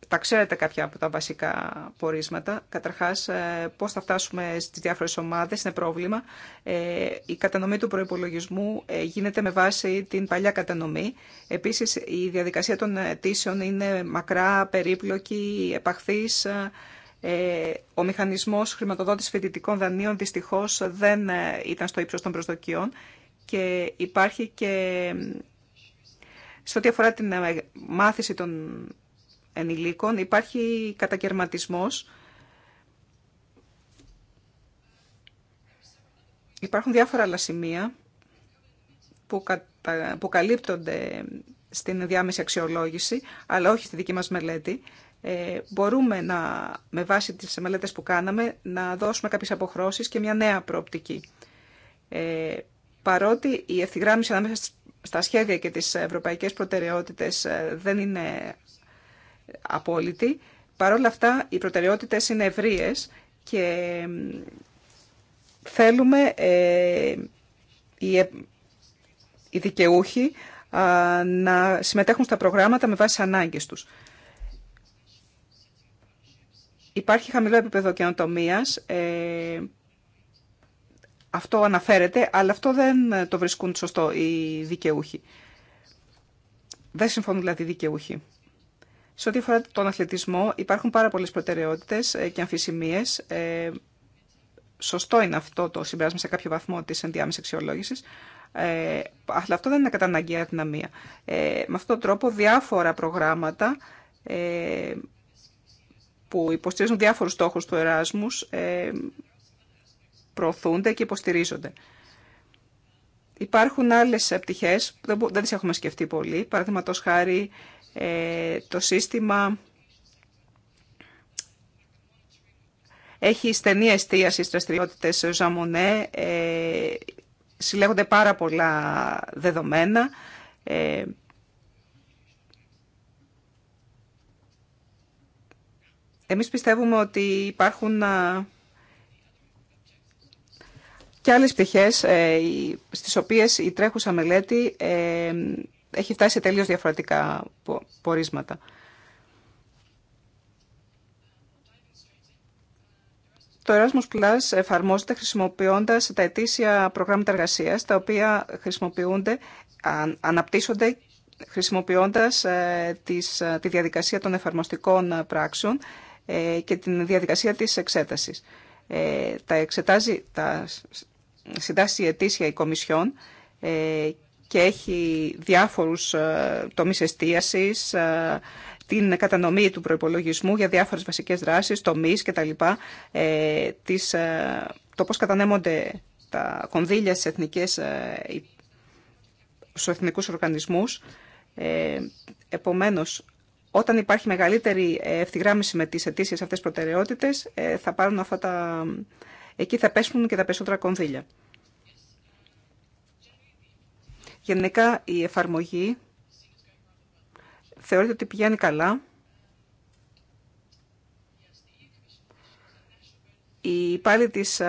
τα ξέρετε κάποια από τα βασικά πορίσματα. Καταρχάς, ε, πώς θα φτάσουμε στις διάφορες ομάδες, είναι πρόβλημα. Ε, η κατανομή του προϋπολογισμού ε, γίνεται με βάση την παλιά κατανομή. Επίσης, η διαδικασία των αιτήσεων είναι μακρά, περίπλοκη, επαχθής. Ο μηχανισμός χρηματοδότησης φοιτητικών δανείων δυστυχώ δεν ήταν στο ύψος των προσδοκιών και υπάρχει και σε ό,τι αφορά την μάθηση των ενηλίκων, υπάρχει κατακαιρματισμός. Υπάρχουν διάφορα άλλα σημεία που, που καλύπτονται στην διάμεση αξιολόγηση, αλλά όχι στη δική μας μελέτη. Ε, μπορούμε να, με βάση τις μελέτες που κάναμε να δώσουμε κάποιες αποχρώσεις και μια νέα προοπτική. Ε, παρότι η ευθυγράμμιση ανάμεσα στα σχέδια και τις ευρωπαϊκές προτεραιότητες ε, δεν είναι απόλυτη. Παρ' όλα αυτά, οι προτεραιότητες είναι ευρείε και θέλουμε ε, οι, ε, οι δικαιούχοι να συμμετέχουν στα προγράμματα με βάση ανάγκες τους. Υπάρχει χαμηλό επίπεδο καινοτομία. Ε, αυτό αναφέρεται, αλλά αυτό δεν το βρίσκουν σωστό οι δικαιούχοι. Δεν συμφωνούν δηλαδή οι δικαιούχοι. Σε ό,τι αφορά τον αθλητισμό υπάρχουν πάρα πολλέ προτεραιότητες ε, και αμφισημίε. Ε, σωστό είναι αυτό το συμπέρασμα σε κάποιο βαθμό τη ενδιάμεση αξιολόγηση, Ε, αλλά αυτό δεν είναι κατά αναγκαία δυναμία. Ε, με αυτόν τον τρόπο διάφορα προγράμματα ε, που υποστηρίζουν διάφορους στόχους του Εράσμους ε, προωθούνται και υποστηρίζονται. Υπάρχουν άλλες πτυχέ που δεν τις έχουμε σκεφτεί πολύ. Παραδείγματο χάρη ε, το σύστημα έχει στενή εστίαση στι δραστηριότητε Ζαμονέ. Ε, συλλέγονται πάρα πολλά δεδομένα. Ε, εμείς πιστεύουμε ότι υπάρχουν και άλλες πτυχές ε, στις οποίες η τρέχουσα μελέτη ε, έχει φτάσει σε τελείως διαφορετικά πορίσματα. Το Erasmus Plus εφαρμόζεται χρησιμοποιώντας τα ετήσια προγράμματα εργασίας, τα οποία χρησιμοποιούνται, αναπτύσσονται χρησιμοποιώντας ε, τις, τη διαδικασία των εφαρμοστικών πράξεων και τη διαδικασία της εξέτασης. τα εξετάζει τα συντάσσει η ετήσια η Κομισιόν ε, και έχει διάφορους ε, τομείς εστίασης, ε, την κατανομή του προϋπολογισμού για διάφορες βασικές δράσεις, τομείς κτλ. Το πώς κατανέμονται τα κονδύλια στις εθνικές, στους εθνικούς οργανισμούς. Επομένως, όταν υπάρχει μεγαλύτερη ευθυγράμμιση με τις αιτήσεις αυτές προτεραιότητες, θα πάρουν αυτά τα εκεί θα πέσουν και τα περισσότερα κονδύλια. Γενικά η εφαρμογή θεωρείται ότι πηγαίνει καλά. Οι πάλι της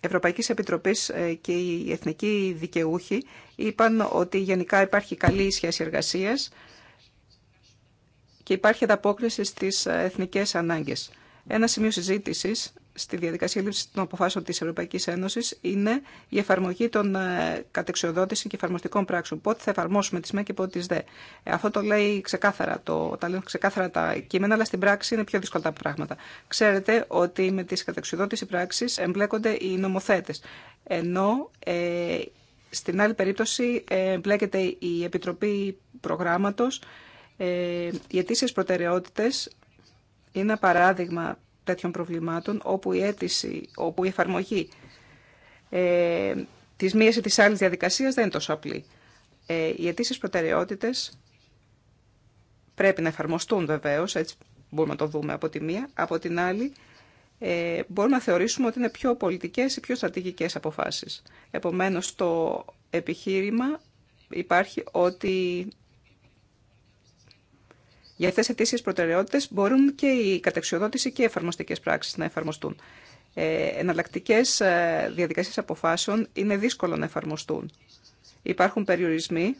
Ευρωπαϊκής Επιτροπής ε, και οι εθνικοί δικαιούχοι είπαν ότι γενικά υπάρχει καλή σχέση εργασίας και υπάρχει ανταπόκριση στις εθνικές ανάγκες. Ένα σημείο συζήτησης στη διαδικασία λήψη των αποφάσεων τη Ευρωπαϊκή Ένωση είναι η εφαρμογή των ε, κατεξοδότηση και εφαρμοστικών πράξεων. Πότε θα εφαρμόσουμε τι ΜΕ και πότε τι ΔΕ. Ε, αυτό το λέει ξεκάθαρα, το, τα λένε ξεκάθαρα τα κείμενα, αλλά στην πράξη είναι πιο δύσκολα τα πράγματα. Ξέρετε ότι με τι κατεξοδότηση πράξει εμπλέκονται οι νομοθέτε. Ενώ ε, στην άλλη περίπτωση ε, εμπλέκεται η Επιτροπή Προγράμματο. Ε, οι αιτήσει προτεραιότητε είναι ένα παράδειγμα τέτοιων προβλημάτων όπου η, αίτηση, όπου η εφαρμογή ε, της μίας ή της άλλης διαδικασίας δεν είναι τόσο απλή. Ε, οι αιτήσει προτεραιότητες πρέπει να εφαρμοστούν βεβαίως, έτσι μπορούμε να το δούμε από τη μία. Από την άλλη, ε, μπορούμε να θεωρήσουμε ότι είναι πιο πολιτικές ή πιο στρατηγικές αποφάσεις. Επομένως, το επιχείρημα υπάρχει ότι για αυτέ τι αιτήσει προτεραιότητε μπορούν και η κατεξιοδότηση και οι εφαρμοστικέ πράξει να εφαρμοστούν. Ε, Εναλλακτικέ ε, διαδικασίε αποφάσεων είναι δύσκολο να εφαρμοστούν. Υπάρχουν περιορισμοί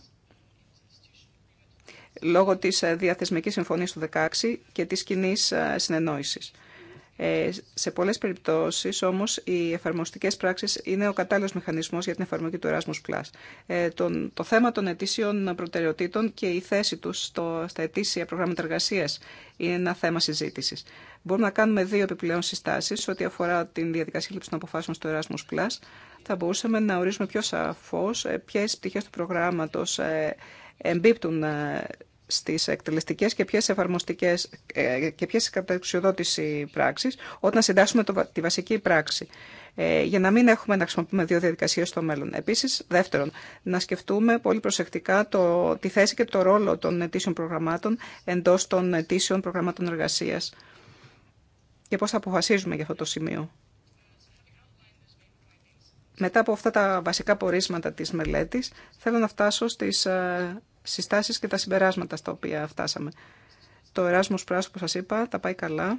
λόγω της ε, διαθεσμικής συμφωνίας του 16 και της κοινή ε, συνεννόησης. Ε, σε πολλέ περιπτώσει, όμω, οι εφαρμοστικέ πράξει είναι ο κατάλληλο μηχανισμό για την εφαρμογή του Erasmus Plus. Ε, τον, το θέμα των ετήσιων προτεραιοτήτων και η θέση του στα ετήσια προγράμματα εργασία είναι ένα θέμα συζήτηση. Μπορούμε να κάνουμε δύο επιπλέον συστάσεις ό,τι αφορά την διαδικασία λήψη των αποφάσεων στο Erasmus Plus. Θα μπορούσαμε να ορίσουμε πιο σαφώς ε, ποιε πτυχέ του προγράμματος ε, εμπίπτουν Στι εκτελεστικές και ποιες εφαρμοστικές ε, και ποιες καταξιοδότηση πράξεις όταν συντάσσουμε τη βασική πράξη ε, για να μην έχουμε να χρησιμοποιούμε δύο διαδικασίες στο μέλλον. Επίσης, δεύτερον, να σκεφτούμε πολύ προσεκτικά το, τη θέση και το ρόλο των ετήσιων προγραμμάτων εντός των ετήσιων προγραμμάτων εργασίας και πώς θα αποφασίζουμε για αυτό το σημείο. Μετά από αυτά τα βασικά πορίσματα της μελέτης, θέλω να φτάσω στις ε, συστάσεις και τα συμπεράσματα στα οποία φτάσαμε. Το Erasmus Plus που σας είπα τα πάει καλά.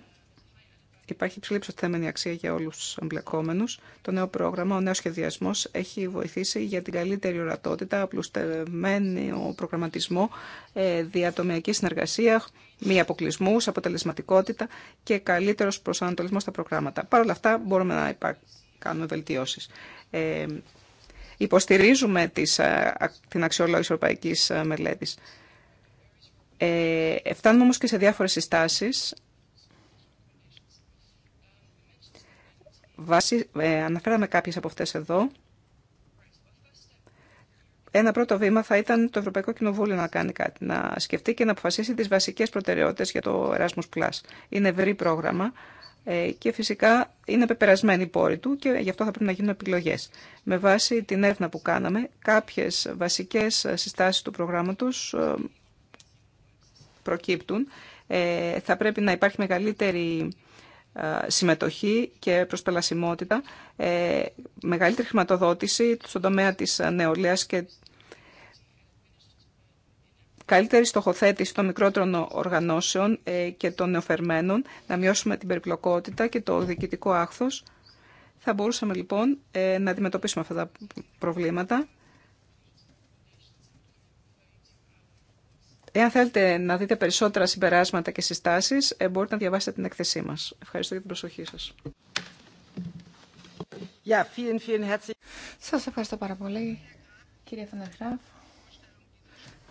Υπάρχει υψηλή προστιθέμενη αξία για όλους τους εμπλεκόμενους. Το νέο πρόγραμμα, ο νέος σχεδιασμός έχει βοηθήσει για την καλύτερη ορατότητα, απλουστευμένο προγραμματισμό, ε, διατομιακή συνεργασία, μη αποκλεισμού, αποτελεσματικότητα και καλύτερο προσανατολισμός στα προγράμματα. Παρ' όλα αυτά μπορούμε να κάνουμε βελτιώσεις. Ε, Υποστηρίζουμε τις, ε, την αξιολόγηση ευρωπαϊκής ε, μελέτης. Ε, φτάνουμε όμως και σε διάφορες συστάσεις. Ε, αναφέραμε κάποιες από αυτές εδώ. Ένα πρώτο βήμα θα ήταν το Ευρωπαϊκό Κοινοβούλιο να κάνει κάτι, να σκεφτεί και να αποφασίσει τις βασικές προτεραιότητες για το Erasmus+. Είναι ευρύ πρόγραμμα ε, και φυσικά είναι πεπερασμένοι οι πόροι του και γι' αυτό θα πρέπει να γίνουν επιλογές. Με βάση την έρευνα που κάναμε, κάποιες βασικές συστάσεις του προγράμματος ε, προκύπτουν. Ε, θα πρέπει να υπάρχει μεγαλύτερη συμμετοχή και προσπελασιμότητα, μεγαλύτερη χρηματοδότηση στον τομέα της νεολαίας και καλύτερη στοχοθέτηση των μικρότερων οργανώσεων ε, και των νεοφερμένων, να μειώσουμε την περιπλοκότητα και το διοικητικό άχθος. Θα μπορούσαμε λοιπόν ε, να αντιμετωπίσουμε αυτά τα προβλήματα. Εάν θέλετε να δείτε περισσότερα συμπεράσματα και συστάσεις, ε, μπορείτε να διαβάσετε την εκθεσή μας. Ευχαριστώ για την προσοχή σας. Σας ευχαριστώ πάρα πολύ, κύριε Φανερχράφ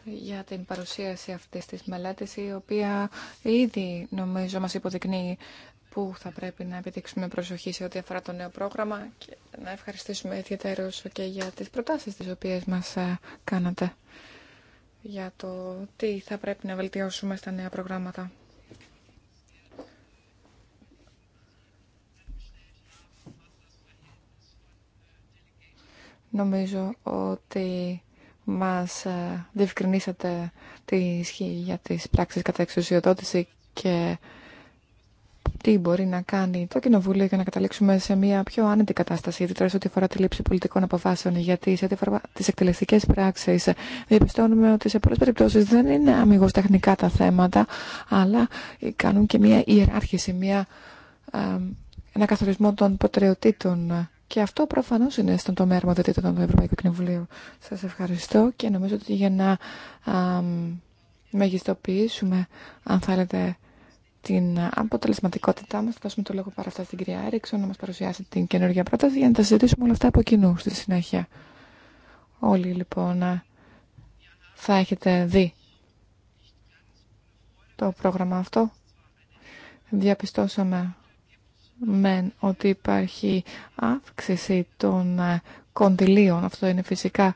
για την παρουσίαση αυτής της μελέτης, η οποία ήδη νομίζω μας υποδεικνύει που θα πρέπει να επιδείξουμε προσοχή σε ό,τι αφορά το νέο πρόγραμμα και να ευχαριστήσουμε ιδιαιτέρως και για τις προτάσεις τις οποίες μας ε, κάνατε για το τι θα πρέπει να βελτιώσουμε στα νέα προγράμματα. Νομίζω ότι μας ε, διευκρινίσατε τι ισχύει για τις πράξεις κατά εξουσιοδότηση και τι μπορεί να κάνει το Κοινοβούλιο για να καταλήξουμε σε μια πιο άνετη κατάσταση, ιδιαίτερα σε ό,τι αφορά τη λήψη πολιτικών αποφάσεων. Γιατί σε ό,τι αφορά τι εκτελεστικέ πράξει, διαπιστώνουμε ότι σε πολλέ περιπτώσει δεν είναι αμυγό τεχνικά τα θέματα, αλλά κάνουν και μια ιεράρχηση, μια, ε, ένα καθορισμό των προτεραιοτήτων και αυτό προφανώ είναι στον τομέα αρμοδιοτήτων του Ευρωπαϊκού Κοινοβουλίου. Σα ευχαριστώ και νομίζω ότι για να α, μεγιστοποιήσουμε, αν θέλετε, την αποτελεσματικότητά μα, θα δώσουμε το λόγο παραστά στην κυρία Έριξον να μα παρουσιάσει την καινούργια πρόταση για να τα συζητήσουμε όλα αυτά από κοινού στη συνέχεια. Όλοι λοιπόν θα έχετε δει το πρόγραμμα αυτό. Διαπιστώσαμε μεν ότι υπάρχει αύξηση των ε, κονδυλίων. Αυτό είναι φυσικά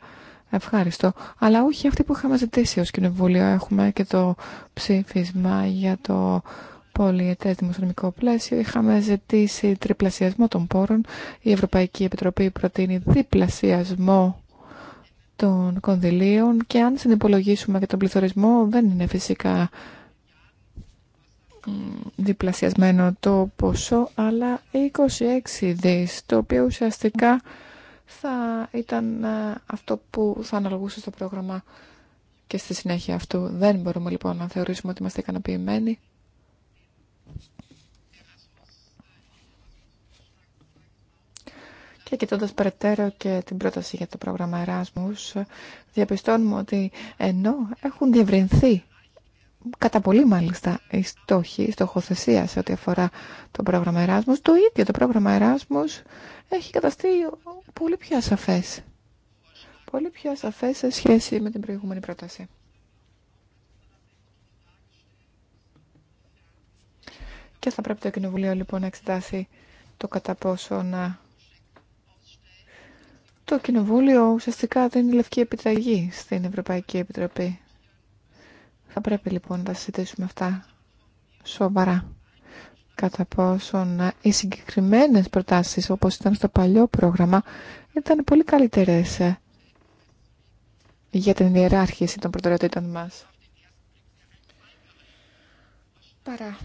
ευχάριστο. Αλλά όχι αυτή που είχαμε ζητήσει ως Κοινοβούλιο. Έχουμε και το ψήφισμα για το πολιετές δημοσιονομικό πλαίσιο. Είχαμε ζητήσει τριπλασιασμό των πόρων. Η Ευρωπαϊκή Επιτροπή προτείνει διπλασιασμό των κονδυλίων και αν συνυπολογίσουμε και τον πληθωρισμό δεν είναι φυσικά διπλασιασμένο το ποσό, αλλά 26 δις, το οποίο ουσιαστικά θα ήταν ε, αυτό που θα αναλογούσε στο πρόγραμμα και στη συνέχεια αυτού. Δεν μπορούμε λοιπόν να θεωρήσουμε ότι είμαστε ικανοποιημένοι. Και κοιτώντα περαιτέρω και την πρόταση για το πρόγραμμα Εράσμους, διαπιστώνουμε ότι ενώ έχουν διευρυνθεί κατά πολύ μάλιστα η στόχη, η στοχοθεσία σε ό,τι αφορά το πρόγραμμα Εράσμος. Το ίδιο το πρόγραμμα Εράσμος έχει καταστεί πολύ πιο ασαφές. Πολύ πιο ασαφές σε σχέση με την προηγούμενη πρόταση. Και θα πρέπει το Κοινοβουλίο λοιπόν να εξετάσει το κατά πόσο να... Το Κοινοβούλιο ουσιαστικά δίνει λευκή επιταγή στην Ευρωπαϊκή Επιτροπή θα πρέπει λοιπόν να τα συζητήσουμε αυτά σοβαρά. Κατά πόσον ε, οι συγκεκριμένε προτάσεις όπως ήταν στο παλιό πρόγραμμα ήταν πολύ καλύτερες ε, για την ιεράρχηση των προτεραιοτήτων μας. Παρά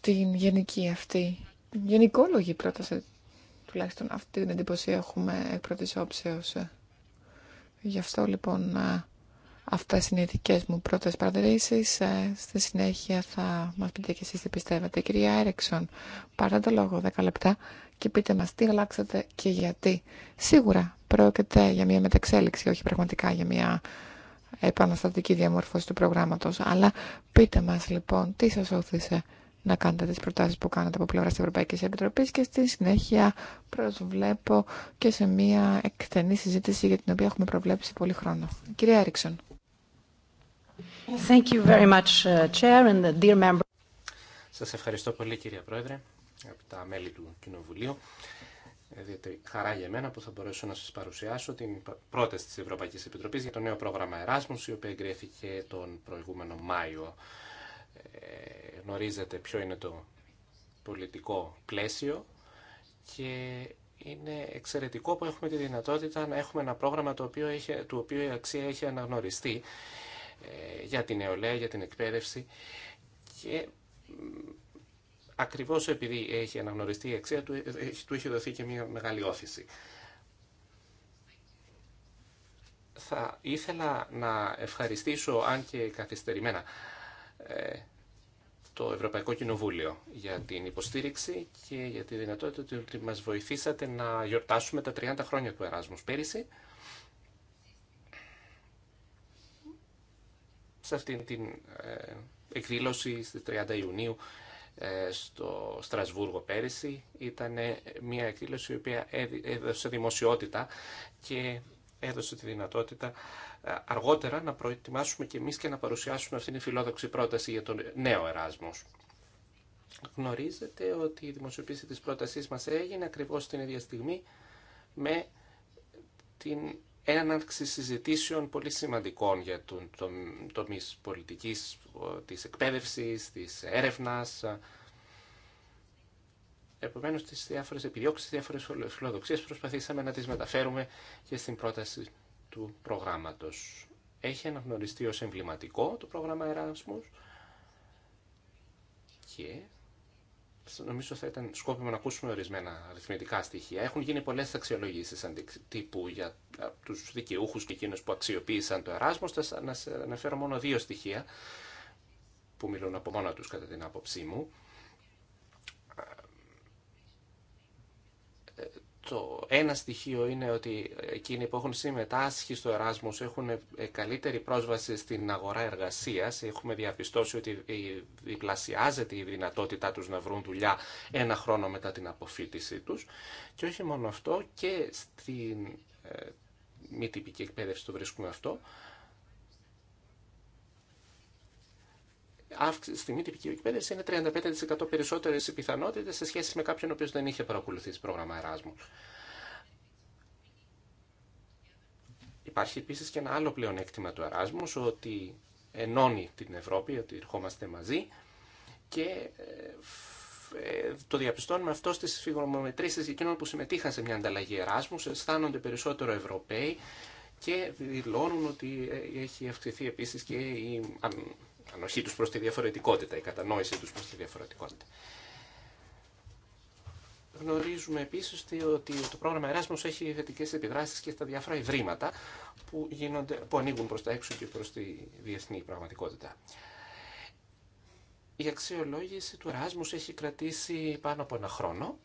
την γενική αυτή, την γενικόλογη πρόταση, τουλάχιστον αυτή την εντύπωση έχουμε εκ πρώτης όψεως. Ε. Γι' αυτό λοιπόν Αυτές είναι οι δικέ μου πρώτες παρατηρήσεις. Ε, στη συνέχεια θα μας πείτε και εσείς τι πιστεύετε. Κυρία Έρεξον, παρά το λόγο 10 λεπτά και πείτε μας τι αλλάξατε και γιατί. Σίγουρα πρόκειται για μια μεταξέλιξη, όχι πραγματικά για μια επαναστατική διαμόρφωση του προγράμματος. Αλλά πείτε μας λοιπόν τι σας όθησε να κάνετε τις προτάσεις που κάνετε από πλευρά της Ευρωπαϊκής Επιτροπής και στη συνέχεια προσβλέπω και σε μια εκτενή συζήτηση για την οποία έχουμε προβλέψει πολύ χρόνο. Κυρία Έριξον. Thank uh, Σας ευχαριστώ πολύ κυρία Πρόεδρε, από τα μέλη του Κοινοβουλίου. Ε, διότι χαρά για μένα που θα μπορέσω να σας παρουσιάσω την πρόταση της Ευρωπαϊκής Επιτροπής για το νέο πρόγραμμα Erasmus, η οποία εγκρίθηκε τον προηγούμενο Μάιο. Ε, γνωρίζετε ποιο είναι το πολιτικό πλαίσιο και είναι εξαιρετικό που έχουμε τη δυνατότητα να έχουμε ένα πρόγραμμα το οποίο, έχει, το οποίο η αξία έχει αναγνωριστεί ε, για την νεολαία, για την εκπαίδευση και ακριβώς επειδή έχει αναγνωριστεί η αξία του, ε, του έχει δοθεί και μια μεγάλη όθηση. Θα ήθελα να ευχαριστήσω, αν και καθυστερημένα, ε, το Ευρωπαϊκό Κοινοβούλιο για την υποστήριξη και για τη δυνατότητα ότι μας βοηθήσατε να γιορτάσουμε τα 30 χρόνια του Εράσμους πέρυσι. σε αυτήν την ε, εκδήλωση στις 30 Ιουνίου ε, στο Στρασβούργο πέρυσι. Ήταν μια εκδήλωση η οποία έδωσε δημοσιότητα και έδωσε τη δυνατότητα ε, αργότερα να προετοιμάσουμε και εμείς και να παρουσιάσουμε αυτήν την φιλόδοξη πρόταση για τον νέο Εράσμος. Γνωρίζετε ότι η δημοσιοποίηση της πρότασής μας έγινε ακριβώς την ίδια στιγμή με την έναρξη συζητήσεων πολύ σημαντικών για τον τομεί πολιτικής, της εκπαίδευσης, της έρευνας. Επομένως, τις διάφορε επιδιώξεις, τις διάφορες φιλοδοξίε προσπαθήσαμε να τις μεταφέρουμε και στην πρόταση του προγράμματος. Έχει αναγνωριστεί ως εμβληματικό το πρόγραμμα Εράσμού. και νομίζω θα ήταν σκόπιμο να ακούσουμε ορισμένα αριθμητικά στοιχεία. Έχουν γίνει πολλέ αξιολογήσει τύπου για του δικαιούχου και εκείνου που αξιοποίησαν το Εράσμο. Θα αναφέρω μόνο δύο στοιχεία που μιλούν από μόνα του, κατά την άποψή μου. Το ένα στοιχείο είναι ότι εκείνοι που έχουν συμμετάσχει στο Εράσμος έχουν ε, καλύτερη πρόσβαση στην αγορά εργασίας. Έχουμε διαπιστώσει ότι διπλασιάζεται η δυνατότητά τους να βρουν δουλειά ένα χρόνο μετά την αποφύτισή τους. Και όχι μόνο αυτό, και στην ε, μη τυπική εκπαίδευση το βρίσκουμε αυτό. στην μη τυπική εκπαίδευση είναι 35% περισσότερε οι πιθανότητε σε σχέση με κάποιον ο οποίο δεν είχε παρακολουθήσει πρόγραμμα Εράσμου. Υπάρχει επίση και ένα άλλο πλεονέκτημα του Εράσμου, ότι ενώνει την Ευρώπη, ότι ερχόμαστε μαζί και ε, ε, το διαπιστώνουμε αυτό στις φιγρομετρήσεις εκείνων που συμμετείχαν σε μια ανταλλαγή Εράσμους, αισθάνονται περισσότερο Ευρωπαίοι και δηλώνουν ότι ε, έχει αυξηθεί επίσης και η ανοχή τους προς τη διαφορετικότητα, η κατανόησή τους προς τη διαφορετικότητα. Γνωρίζουμε επίση ότι το πρόγραμμα Erasmus έχει θετικέ επιδράσει και στα διάφορα ευρήματα που, γίνονται, που ανοίγουν προ τα έξω και προ τη διεθνή πραγματικότητα. Η αξιολόγηση του Erasmus έχει κρατήσει πάνω από ένα χρόνο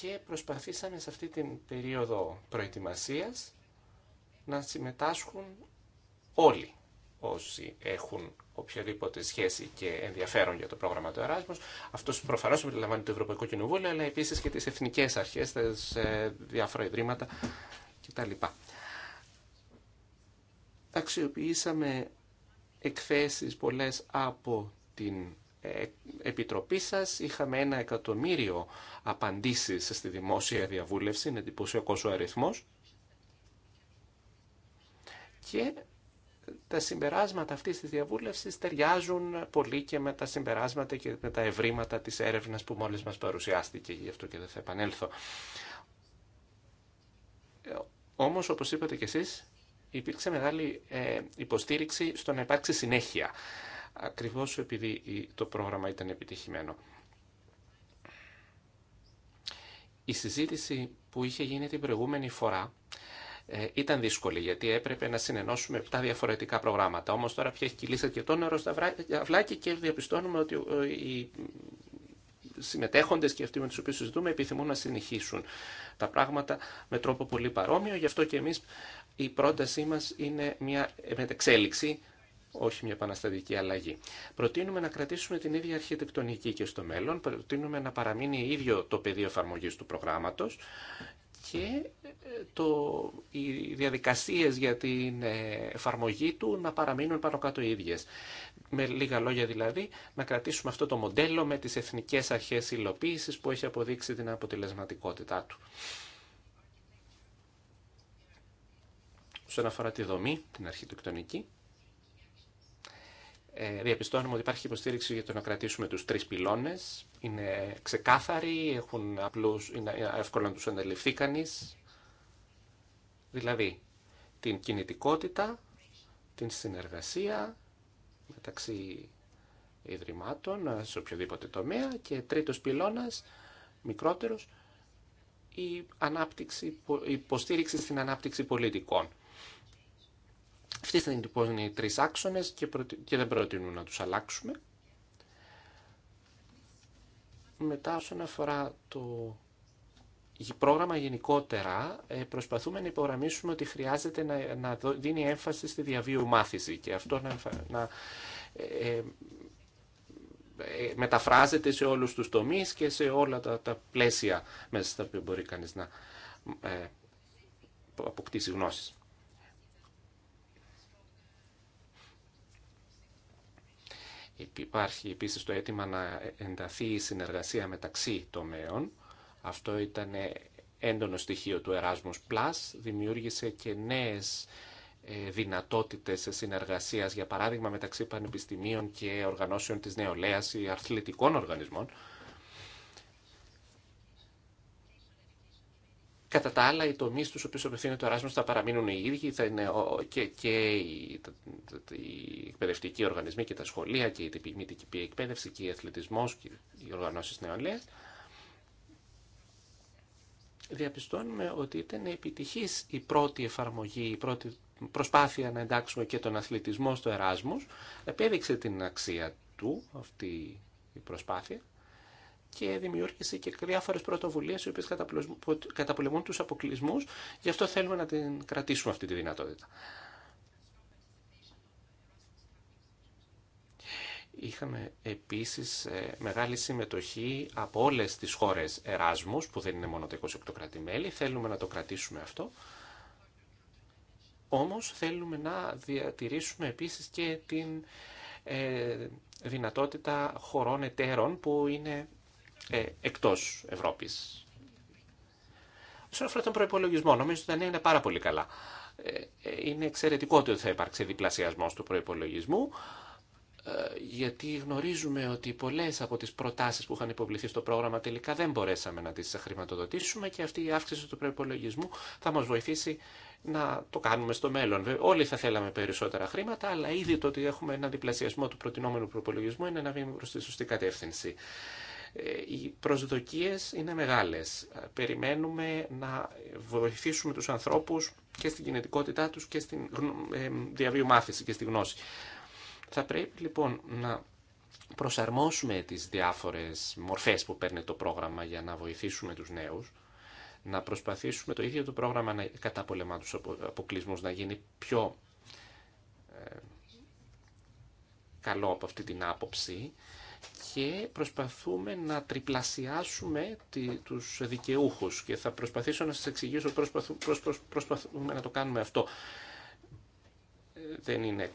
και προσπαθήσαμε σε αυτή την περίοδο προετοιμασίας να συμμετάσχουν όλοι όσοι έχουν οποιαδήποτε σχέση και ενδιαφέρον για το πρόγραμμα του Εράσμου. Αυτό προφανώ περιλαμβάνει το Ευρωπαϊκό Κοινοβούλιο, αλλά επίση και τι εθνικέ αρχέ, τα διάφορα ιδρύματα κτλ. Αξιοποιήσαμε εκθέσεις πολλές από την ε, επιτροπή σας. Είχαμε ένα εκατομμύριο απαντήσεις στη δημόσια διαβούλευση, είναι εντυπωσιακός ο αριθμός. Και τα συμπεράσματα αυτή τη διαβούλευση ταιριάζουν πολύ και με τα συμπεράσματα και με τα ευρήματα της έρευνας που μόλις μας παρουσιάστηκε, γι' αυτό και δεν θα επανέλθω. Όμως, όπως είπατε κι εσείς, υπήρξε μεγάλη ε, υποστήριξη στο να υπάρξει συνέχεια, ακριβώς επειδή το πρόγραμμα ήταν επιτυχημένο. Η συζήτηση που είχε γίνει την προηγούμενη φορά ε, ήταν δύσκολη γιατί έπρεπε να συνενώσουμε 7 διαφορετικά προγράμματα. Όμω τώρα πια έχει κυλήσει και το νερό στα βλάκια και διαπιστώνουμε ότι ε, οι συμμετέχοντες και αυτοί με τους οποίους συζητούμε επιθυμούν να συνεχίσουν τα πράγματα με τρόπο πολύ παρόμοιο. Γι' αυτό και εμείς η πρότασή μας είναι μια μετεξέλιξη όχι μια επαναστατική αλλαγή. Προτείνουμε να κρατήσουμε την ίδια αρχιτεκτονική και στο μέλλον, προτείνουμε να παραμείνει ίδιο το πεδίο εφαρμογή του προγράμματος και ε, το, οι διαδικασίες για την ε, εφαρμογή του να παραμείνουν πάνω κάτω οι ίδιες. Με λίγα λόγια δηλαδή, να κρατήσουμε αυτό το μοντέλο με τις εθνικές αρχές υλοποίησης που έχει αποδείξει την αποτελεσματικότητά του. Σε αφορά τη δομή, την αρχιτεκτονική, ε, διαπιστώνουμε ότι υπάρχει υποστήριξη για το να κρατήσουμε τους τρεις πυλώνες. Είναι ξεκάθαροι, έχουν απλούς, είναι εύκολο να τους αντιληφθεί κανείς. Δηλαδή, την κινητικότητα, την συνεργασία μεταξύ ιδρυμάτων σε οποιοδήποτε τομέα και τρίτος πυλώνας, μικρότερος, η ανάπτυξη, η υποστήριξη στην ανάπτυξη πολιτικών. Αυτή θα είναι λοιπόν οι τρεις άξονες και, και δεν προτείνουν να τους αλλάξουμε. Μετά όσον αφορά το πρόγραμμα γενικότερα, ε, προσπαθούμε να υπογραμμίσουμε ότι χρειάζεται να, να δίνει έμφαση στη διαβίου μάθηση και αυτό να, να ε, ε, μεταφράζεται σε όλους τους τομείς και σε όλα τα, τα πλαίσια μέσα στα οποία μπορεί κανείς να ε, αποκτήσει γνώσεις. Υπάρχει επίσης το αίτημα να ενταθεί η συνεργασία μεταξύ τομέων. Αυτό ήταν έντονο στοιχείο του Erasmus Plus. Δημιούργησε και νέες ε, δυνατότητες συνεργασίας, για παράδειγμα μεταξύ πανεπιστημίων και οργανώσεων της νεολαίας ή αθλητικών οργανισμών. Κατά τα άλλα, οι τομεί στου οποίου απευθύνεται το Erasmus θα παραμείνουν οι ίδιοι, θα είναι και, και οι, οι εκπαιδευτικοί οργανισμοί και τα σχολεία και η τυπική εκπαίδευση και η αθλητισμό και οι οργανώσει νεολαία. Διαπιστώνουμε ότι ήταν επιτυχή η πρώτη εφαρμογή, η πρώτη προσπάθεια να εντάξουμε και τον αθλητισμό στο Εράσμο. Επέδειξε την αξία του αυτή η προσπάθεια και δημιούργησε και διάφορε πρωτοβουλίε οι οποίε καταπολεμούν του αποκλεισμού. Γι' αυτό θέλουμε να την κρατήσουμε αυτή τη δυνατότητα. Είχαμε επίσης ε, μεγάλη συμμετοχή από όλες τις χώρες Εράσμους, που δεν είναι μόνο τα 28 κράτη-μέλη. Θέλουμε να το κρατήσουμε αυτό. Όμως θέλουμε να διατηρήσουμε επίσης και την ε, δυνατότητα χωρών εταίρων που είναι ε, εκτός Ευρώπης. Όσον αφορά τον προπολογισμό, νομίζω ότι δεν είναι πάρα πολύ καλά. Ε, ε, είναι εξαιρετικό ότι θα υπάρξει διπλασιασμός του προπολογισμού, ε, γιατί γνωρίζουμε ότι πολλές από τις προτάσεις που είχαν υποβληθεί στο πρόγραμμα τελικά δεν μπορέσαμε να τις χρηματοδοτήσουμε και αυτή η αύξηση του προπολογισμού θα μας βοηθήσει να το κάνουμε στο μέλλον. Όλοι θα θέλαμε περισσότερα χρήματα, αλλά ήδη το ότι έχουμε ένα διπλασιασμό του προτινόμενου προπολογισμού είναι ένα βήμα προ τη σωστή κατεύθυνση οι προσδοκίες είναι μεγάλες. Περιμένουμε να βοηθήσουμε τους ανθρώπους και στην κινητικότητά τους και στην ε, διαβίου και στη γνώση. Θα πρέπει λοιπόν να προσαρμόσουμε τις διάφορες μορφές που παίρνει το πρόγραμμα για να βοηθήσουμε τους νέους, να προσπαθήσουμε το ίδιο το πρόγραμμα να καταπολεμά τους αποκλεισμούς, να γίνει πιο ε, καλό από αυτή την άποψη, και προσπαθούμε να τριπλασιάσουμε τους δικαιούχους και θα προσπαθήσω να σας εξηγήσω πώς προσπαθούμε να το κάνουμε αυτό. Δεν είναι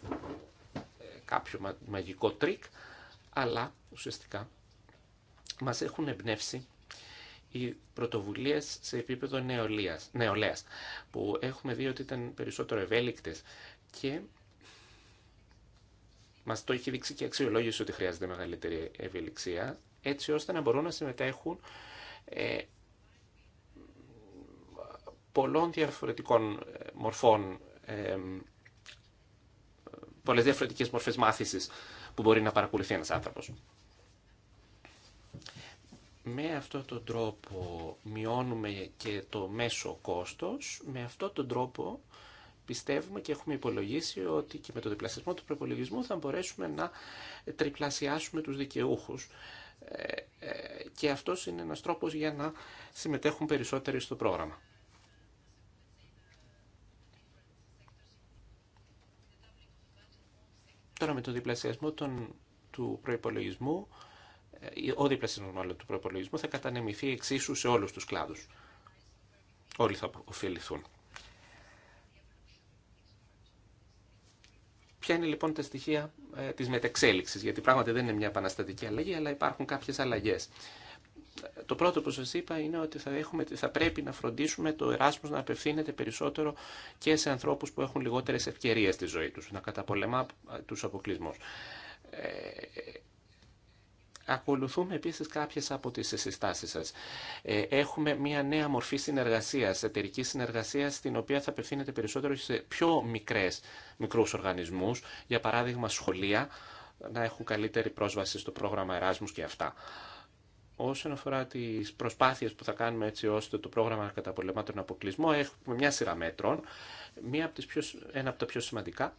ε, κάποιο μαγικό τρίκ, αλλά ουσιαστικά μας έχουν εμπνεύσει οι πρωτοβουλίες σε επίπεδο νεολαίας, νεολαίας που έχουμε δει ότι ήταν περισσότερο ευέλικτες και Μα το έχει δείξει και αξιολόγηση ότι χρειάζεται μεγαλύτερη ευελιξία, έτσι ώστε να μπορούν να συμμετέχουν ε, πολλών διαφορετικών ε, μορφών, ε, πολλές διαφορετικές μορφές μάθησης που μπορεί να παρακολουθεί ένας άνθρωπος. Με αυτόν τον τρόπο μειώνουμε και το μέσο κόστος, με αυτόν τον τρόπο πιστεύουμε και έχουμε υπολογίσει ότι και με το διπλασιασμό του προπολογισμού θα μπορέσουμε να τριπλασιάσουμε τους δικαιούχους. Ε, ε, και αυτός είναι ένας τρόπος για να συμμετέχουν περισσότεροι στο πρόγραμμα. Τώρα με τον διπλασιασμό του προϋπολογισμού, ε, ο διπλασιασμός μάλλον του προϋπολογισμού θα κατανεμηθεί εξίσου σε όλους τους κλάδους. Όλοι θα ωφεληθούν. Ποια είναι λοιπόν τα στοιχεία ε, της μετεξέλιξης, γιατί πράγματι δεν είναι μια επαναστατική αλλαγή, αλλά υπάρχουν κάποιες αλλαγές. Το πρώτο που σας είπα είναι ότι θα, έχουμε, θα πρέπει να φροντίσουμε το Εράσμος να απευθύνεται περισσότερο και σε ανθρώπους που έχουν λιγότερες ευκαιρίες στη ζωή τους, να καταπολεμά τους αποκλεισμούς. Ε, Ακολουθούμε επίσης κάποιες από τις συστάσεις σας. Ε, έχουμε μια νέα μορφή συνεργασίας, εταιρική συνεργασίας, στην οποία θα απευθύνεται περισσότερο σε πιο μικρές, μικρούς οργανισμούς, για παράδειγμα σχολεία, να έχουν καλύτερη πρόσβαση στο πρόγραμμα Εράσμους και αυτά. Όσον αφορά τι προσπάθειε που θα κάνουμε έτσι ώστε το πρόγραμμα καταπολεμάται τον αποκλεισμό, έχουμε μια σειρά μέτρων. Μία τις πιο, ένα από τα πιο σημαντικά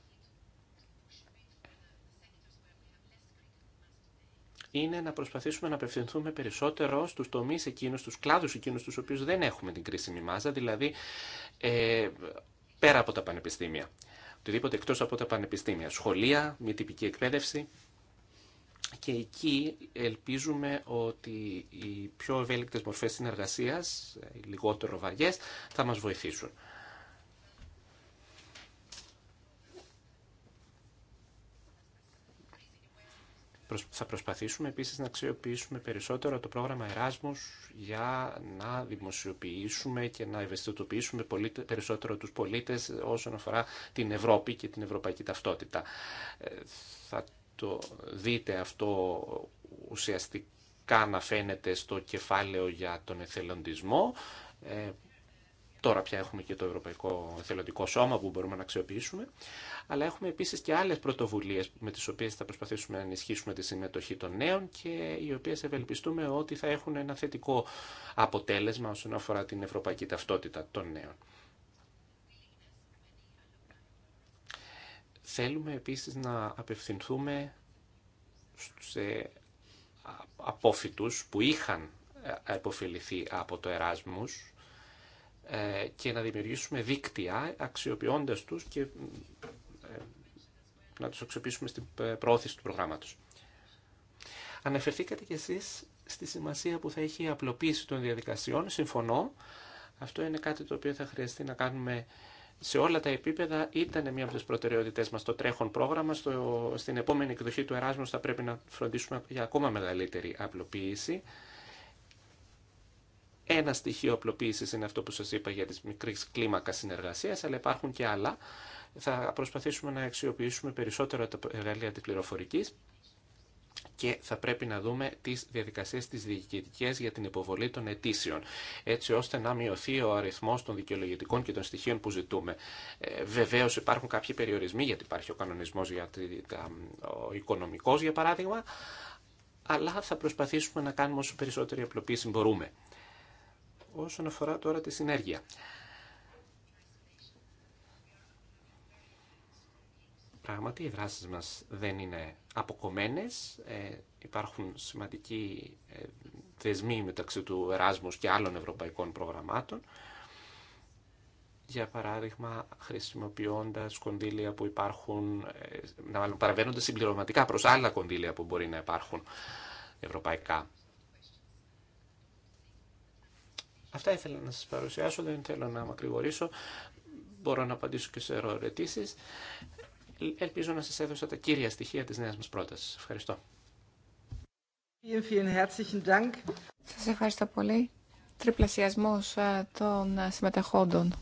είναι να προσπαθήσουμε να απευθυνθούμε περισσότερο στους τομείς εκείνους, στους κλάδους εκείνους τους οποίους δεν έχουμε την κρίσιμη μάζα, δηλαδή ε, πέρα από τα πανεπιστήμια. Οτιδήποτε εκτός από τα πανεπιστήμια. Σχολεία, μη τυπική εκπαίδευση. Και εκεί ελπίζουμε ότι οι πιο ευέλικτες μορφές συνεργασίας, οι λιγότερο βαριές, θα μας βοηθήσουν. Θα προσπαθήσουμε επίσης να αξιοποιήσουμε περισσότερο το πρόγραμμα Εράσμους για να δημοσιοποιήσουμε και να ευαισθητοποιήσουμε περισσότερο τους πολίτες όσον αφορά την Ευρώπη και την ευρωπαϊκή ταυτότητα. Ε, θα το δείτε αυτό ουσιαστικά να φαίνεται στο κεφάλαιο για τον εθελοντισμό ε, Τώρα πια έχουμε και το Ευρωπαϊκό Εθελοντικό Σώμα που μπορούμε να αξιοποιήσουμε, αλλά έχουμε επίσης και άλλες πρωτοβουλίες με τις οποίες θα προσπαθήσουμε να ενισχύσουμε τη συμμετοχή των νέων και οι οποίες ευελπιστούμε ότι θα έχουν ένα θετικό αποτέλεσμα όσον αφορά την ευρωπαϊκή ταυτότητα των νέων. Θέλουμε επίσης να απευθυνθούμε σε απόφοιτους που είχαν υποφεληθεί ε, από το Εράσμους ε, και να δημιουργήσουμε δίκτυα αξιοποιώντα τους και ε, να τους αξιοποιήσουμε στην ε, προώθηση του προγράμματος. Αναφερθήκατε κι εσεί στη σημασία που θα έχει η απλοποίηση των διαδικασιών. Συμφωνώ. Αυτό είναι κάτι το οποίο θα χρειαστεί να κάνουμε σε όλα τα επίπεδα. Ήταν μία από τις προτεραιότητές μας το τρέχον πρόγραμμα. Στο, στην επόμενη εκδοχή του Εράσμου θα πρέπει να φροντίσουμε για ακόμα μεγαλύτερη απλοποίηση. Ένα στοιχείο απλοποίηση είναι αυτό που σα είπα για τι μικρή κλίμακα συνεργασία, αλλά υπάρχουν και άλλα. Θα προσπαθήσουμε να αξιοποιήσουμε περισσότερο τα εργαλεία τη πληροφορική και θα πρέπει να δούμε τι διαδικασίε τις διοικητικές για την υποβολή των αιτήσεων, έτσι ώστε να μειωθεί ο αριθμό των δικαιολογητικών και των στοιχείων που ζητούμε. Ε, βεβαίως υπάρχουν κάποιοι περιορισμοί, γιατί υπάρχει ο κανονισμό για τα, ο οικονομικός για παράδειγμα, αλλά θα προσπαθήσουμε να κάνουμε όσο περισσότερη απλοποίηση μπορούμε όσον αφορά τώρα τη συνέργεια. Πράγματι, οι δράσεις μας δεν είναι αποκομμένες. Ε, υπάρχουν σημαντικοί ε, δεσμοί μεταξύ του Εράσμους και άλλων ευρωπαϊκών προγραμμάτων. Για παράδειγμα, χρησιμοποιώντας κονδύλια που υπάρχουν, ε, να παραβαίνονται συμπληρωματικά προς άλλα κονδύλια που μπορεί να υπάρχουν ευρωπαϊκά. Αυτά ήθελα να σας παρουσιάσω, δεν θέλω να μακρηγορήσω. Μπορώ να απαντήσω και σε ερωτήσει. Ελπίζω να σας έδωσα τα κύρια στοιχεία της νέας μας πρότασης. Ευχαριστώ. Σας ευχαριστώ πολύ. Τριπλασιασμός ε, των ε, συμμετεχόντων.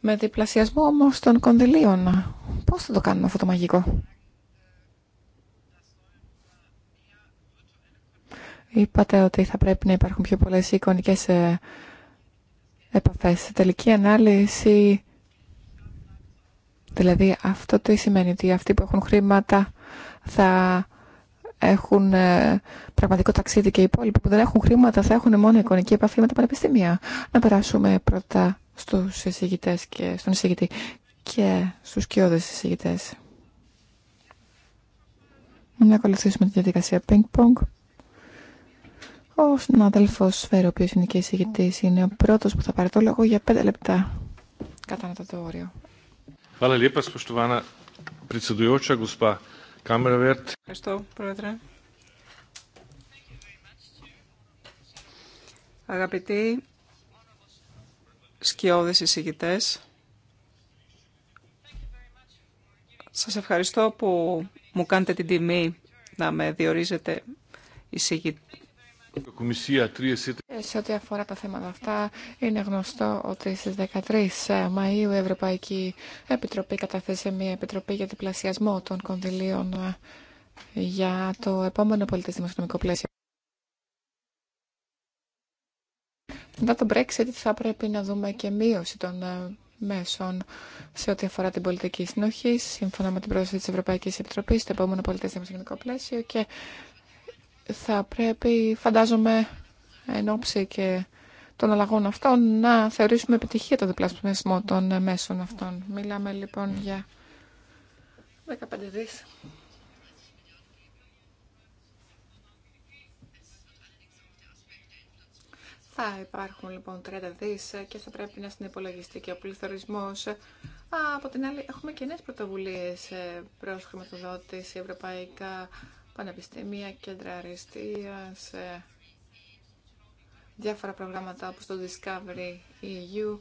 Με διπλασιασμό όμως των κονδυλίων. Ε, πώς θα το κάνουμε αυτό το μαγικό. Είπατε ότι θα πρέπει να υπάρχουν πιο πολλές εικονικές ε, επαφές. Τελική ανάλυση, δηλαδή αυτό τι σημαίνει, ότι αυτοί που έχουν χρήματα θα έχουν ε, πραγματικό ταξίδι και οι υπόλοιποι που δεν έχουν χρήματα θα έχουν μόνο εικονική επαφή με τα πανεπιστήμια. Να περάσουμε πρώτα στους εισηγητές και στον εισηγητή και στους κοιόδες εισηγητές. Να ακολουθήσουμε τη διαδικασία ping-pong. Ο συνάδελφο Φέρο, ο οποίο είναι και εισηγητή, είναι ο πρώτο που θα πάρει το λόγο για πέντε λεπτά. Κατά το όριο. Ευχαριστώ, Πρόεδρε. Αγαπητοί σκιώδες εισηγητέ, σας ευχαριστώ που μου κάνετε την τιμή να με διορίζετε εισηγητή σε ό,τι αφορά τα θέματα αυτά, είναι γνωστό ότι στις 13 Μαΐου η Ευρωπαϊκή Επιτροπή καταθέσει μια επιτροπή για διπλασιασμό των κονδυλίων για το επόμενο πολιτικό δημοσιονομικό πλαίσιο. Μετά το Brexit θα πρέπει να δούμε και μείωση των μέσων σε ό,τι αφορά την πολιτική συνοχή, σύμφωνα με την πρόσθεση τη Ευρωπαϊκή Επιτροπή στο επόμενο πολιτικό δημοσιονομικό πλαίσιο και θα πρέπει, φαντάζομαι, εν ώψη και των αλλαγών αυτών, να θεωρήσουμε επιτυχία το διπλασιασμό των μέσων αυτών. Μιλάμε λοιπόν για 15 δις. Θα υπάρχουν λοιπόν 30 δις και θα πρέπει να συνυπολογιστεί και ο πληθωρισμός. Από την άλλη, έχουμε και νέες πρωτοβουλίες ε, προς χρηματοδότηση ευρωπαϊκά πανεπιστήμια, κέντρα σε διάφορα προγράμματα όπως το Discovery EU.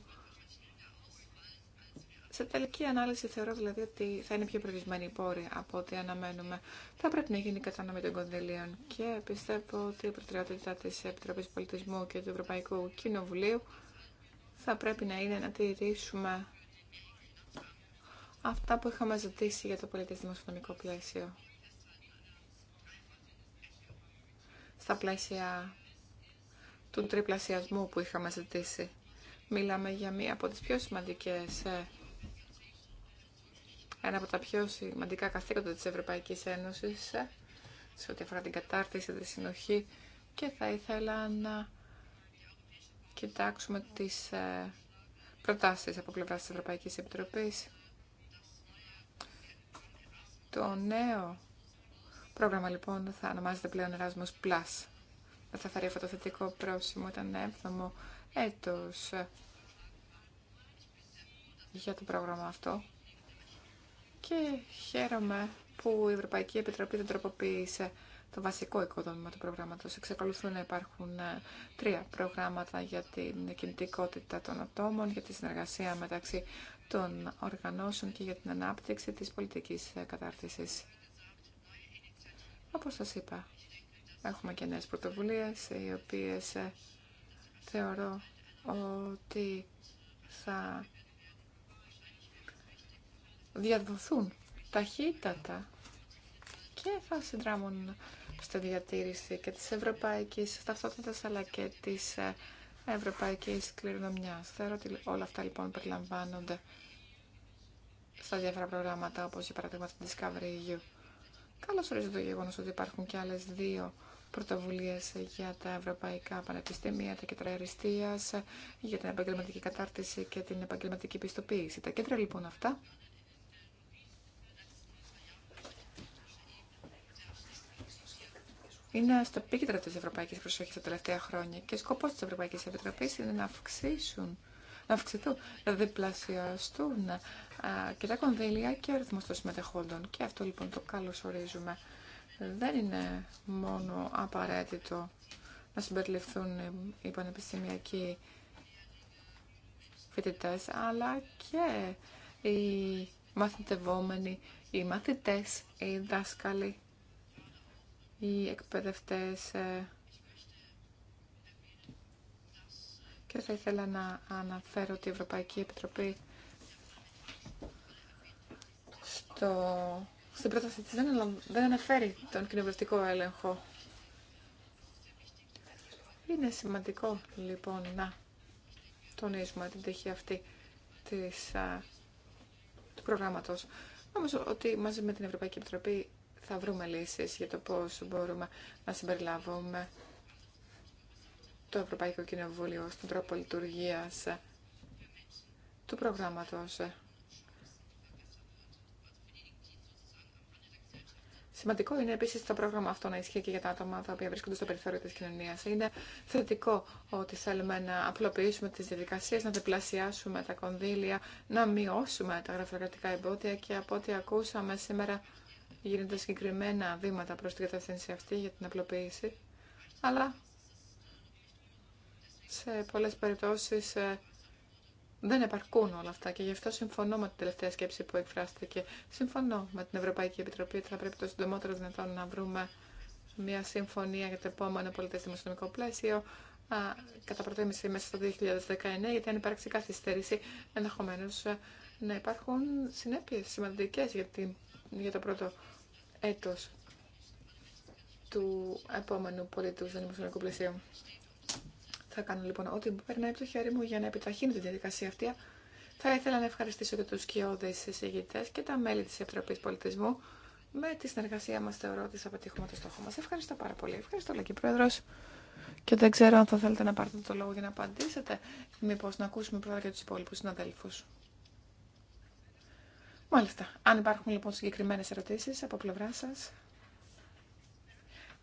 Σε τελική ανάλυση θεωρώ δηλαδή ότι θα είναι πιο περιορισμένοι οι πόροι από ό,τι αναμένουμε. Θα πρέπει να γίνει η κατανομή των κονδυλίων και πιστεύω ότι η προτεραιότητα της Επιτροπής Πολιτισμού και του Ευρωπαϊκού Κοινοβουλίου θα πρέπει να είναι να τηρήσουμε αυτά που είχαμε ζητήσει για το πολιτισμικό πλαίσιο. στα πλαίσια του τριπλασιασμού που είχαμε ζητήσει. Μιλάμε για μία από τις πιο σημαντικές, ε, ένα από τα πιο σημαντικά καθήκοντα της Ευρωπαϊκής Ένωσης ε, σε ό,τι αφορά την κατάρτιση, τη συνοχή και θα ήθελα να κοιτάξουμε τις ε, προτάσεις από πλευράς της Ευρωπαϊκής Επιτροπής. Το νέο πρόγραμμα λοιπόν θα ονομάζεται πλέον Erasmus Plus. Θα φέρει αυτό το θετικό πρόσημο, ήταν 7ο έτος για το πρόγραμμα αυτό. Και χαίρομαι που η Ευρωπαϊκή Επιτροπή δεν τροποποίησε το βασικό οικοδόμημα του προγράμματος. Εξακολουθούν να υπάρχουν ε, τρία προγράμματα για την κινητικότητα των ατόμων, για τη συνεργασία μεταξύ των οργανώσεων και για την ανάπτυξη της πολιτικής ε, κατάρτισης. Όπως σας είπα, έχουμε και νέες πρωτοβουλίες, οι οποίες ε, θεωρώ ότι θα διαδοθούν ταχύτατα και θα συνδράμουν στη διατήρηση και της ευρωπαϊκής ταυτότητας αλλά και της ε, ευρωπαϊκής κληρονομιάς. Θεωρώ ότι όλα αυτά λοιπόν περιλαμβάνονται στα διάφορα προγράμματα όπως για παράδειγμα το Discovery EU. Καλώς ορίζω το γεγονό ότι υπάρχουν και άλλες δύο πρωτοβουλίες για τα ευρωπαϊκά πανεπιστήμια, τα κέντρα για την επαγγελματική κατάρτιση και την επαγγελματική πιστοποίηση. Τα κέντρα λοιπόν αυτά είναι στο επίκεντρο της ευρωπαϊκής προσοχής τα τελευταία χρόνια και σκοπός της Ευρωπαϊκής Επιτροπής είναι να αυξήσουν να αυξηθούν, να διπλασιαστούν και τα κονδύλια και ο αριθμό των συμμετεχόντων. Και αυτό λοιπόν το καλωσορίζουμε. Δεν είναι μόνο απαραίτητο να συμπεριληφθούν οι πανεπιστημιακοί φοιτητέ, αλλά και οι μαθητευόμενοι, οι μαθητές, οι δάσκαλοι, οι εκπαιδευτές, ε, Και θα ήθελα να αναφέρω ότι η Ευρωπαϊκή Επιτροπή στο... στην πρόταση της δεν, αναφέρει τον κοινοβουλευτικό έλεγχο. Είναι σημαντικό λοιπόν να τονίζουμε την τύχη αυτή του προγράμματος. Νομίζω ότι μαζί με την Ευρωπαϊκή Επιτροπή θα βρούμε λύσεις για το πώς μπορούμε να συμπεριλάβουμε το Ευρωπαϊκό Κοινοβούλιο στον τρόπο λειτουργία του προγράμματος. Σημαντικό είναι επίση το πρόγραμμα αυτό να ισχύει και για τα άτομα τα οποία βρίσκονται στο περιθώριο τη κοινωνία. Είναι θετικό ότι θέλουμε να απλοποιήσουμε τι διαδικασίε, να διπλασιάσουμε τα κονδύλια, να μειώσουμε τα γραφειοκρατικά εμπόδια και από ό,τι ακούσαμε σήμερα γίνονται συγκεκριμένα βήματα προ την κατεύθυνση αυτή για την απλοποίηση. Αλλά σε πολλές περιπτώσεις ε, δεν επαρκούν όλα αυτά και γι' αυτό συμφωνώ με την τελευταία σκέψη που εκφράστηκε. Συμφωνώ με την Ευρωπαϊκή Επιτροπή ότι θα πρέπει το συντομότερο δυνατόν να βρούμε μια συμφωνία για το επόμενο πολιτές δημοσιονομικό πλαίσιο κατά προτίμηση μέσα στο 2019, γιατί αν υπάρξει καθυστέρηση, ενδεχομένω ε, να υπάρχουν συνέπειε σημαντικέ για, για το πρώτο έτος του επόμενου πολιτού δημοσιονομικού πλαισίου. Θα κάνω λοιπόν ό,τι περνάει από το χέρι μου για να επιταχύνω τη διαδικασία αυτή. Θα ήθελα να ευχαριστήσω και του σκιώδε εισηγητέ και τα μέλη τη Επιτροπή Πολιτισμού. Με τη συνεργασία μα θεωρώ ότι θα πετύχουμε το στόχο μα. Ευχαριστώ πάρα πολύ. Ευχαριστώ, Λεκύη Πρόεδρο. Και δεν ξέρω αν θα θέλετε να πάρετε το λόγο για να απαντήσετε. Μήπω να ακούσουμε πρώτα και του υπόλοιπου συναδέλφου. Μάλιστα. Αν υπάρχουν λοιπόν συγκεκριμένε ερωτήσει από πλευρά σα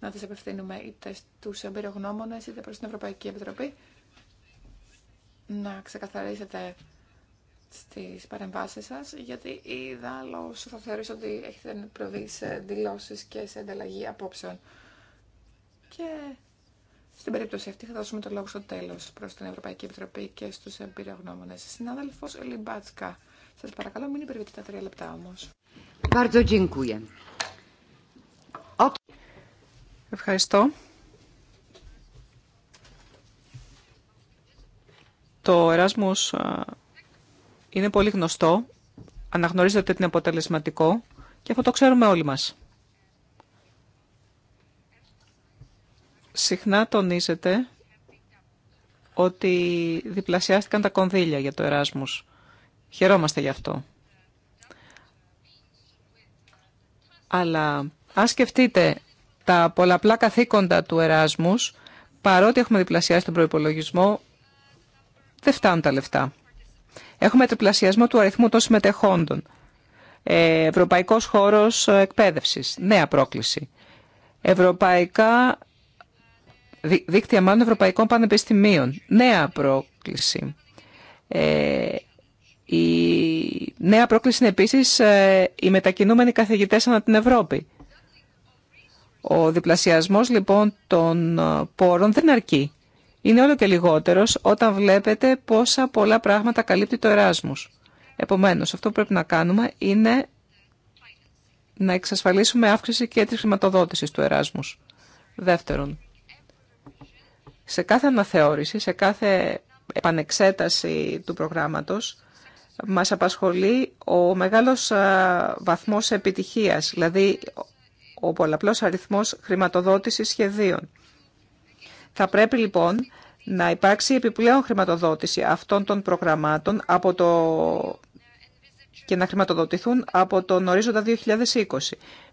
να τις απευθύνουμε είτε στου εμπειρογνώμονε, είτε προ την Ευρωπαϊκή Επιτροπή να ξεκαθαρίσετε στις παρεμβάσει σα, γιατί άλλο θα θεωρήσω ότι έχετε προβεί σε δηλώσει και σε ανταλλαγή απόψεων. Και στην περίπτωση αυτή θα δώσουμε το λόγο στο τέλο προ την Ευρωπαϊκή Επιτροπή και στους εμπειρογνώμονε. Συνάδελφο Λιμπάτσκα, σα παρακαλώ μην υπερβείτε τα τρία λεπτά όμω. Ευχαριστώ. Το Εράσμος είναι πολύ γνωστό, αναγνωρίζεται ότι είναι αποτελεσματικό και αυτό το ξέρουμε όλοι μας. Συχνά τονίζεται ότι διπλασιάστηκαν τα κονδύλια για το Εράσμους. Χαιρόμαστε γι' αυτό. Αλλά ας σκεφτείτε τα πολλαπλά καθήκοντα του Εράσμους, παρότι έχουμε διπλασιάσει τον προϋπολογισμό, δεν φτάνουν τα λεφτά. Έχουμε τριπλασιασμό του αριθμού των συμμετεχόντων. Ε, Ευρωπαϊκός χώρος εκπαίδευσης, νέα πρόκληση. Ευρωπαϊκά, δίκτυα μάλλον Ευρωπαϊκών Πανεπιστημίων, νέα πρόκληση. Ε, η νέα πρόκληση είναι επίσης ε, οι μετακινούμενοι καθηγητές ανά την Ευρώπη. Ο διπλασιασμός λοιπόν των ε, πόρων δεν αρκεί. Είναι όλο και λιγότερος όταν βλέπετε πόσα πολλά πράγματα καλύπτει το Εράσμους. Επομένως, αυτό που πρέπει να κάνουμε είναι να εξασφαλίσουμε αύξηση και της χρηματοδότησης του Εράσμους. Δεύτερον, σε κάθε αναθεώρηση, σε κάθε επανεξέταση του προγράμματος, μας απασχολεί ο μεγάλος ε, βαθμός επιτυχίας, δηλαδή ο πολλαπλός αριθμός χρηματοδότησης σχεδίων. Θα πρέπει λοιπόν να υπάρξει επιπλέον χρηματοδότηση αυτών των προγραμμάτων από το... και να χρηματοδοτηθούν από τον ορίζοντα 2020.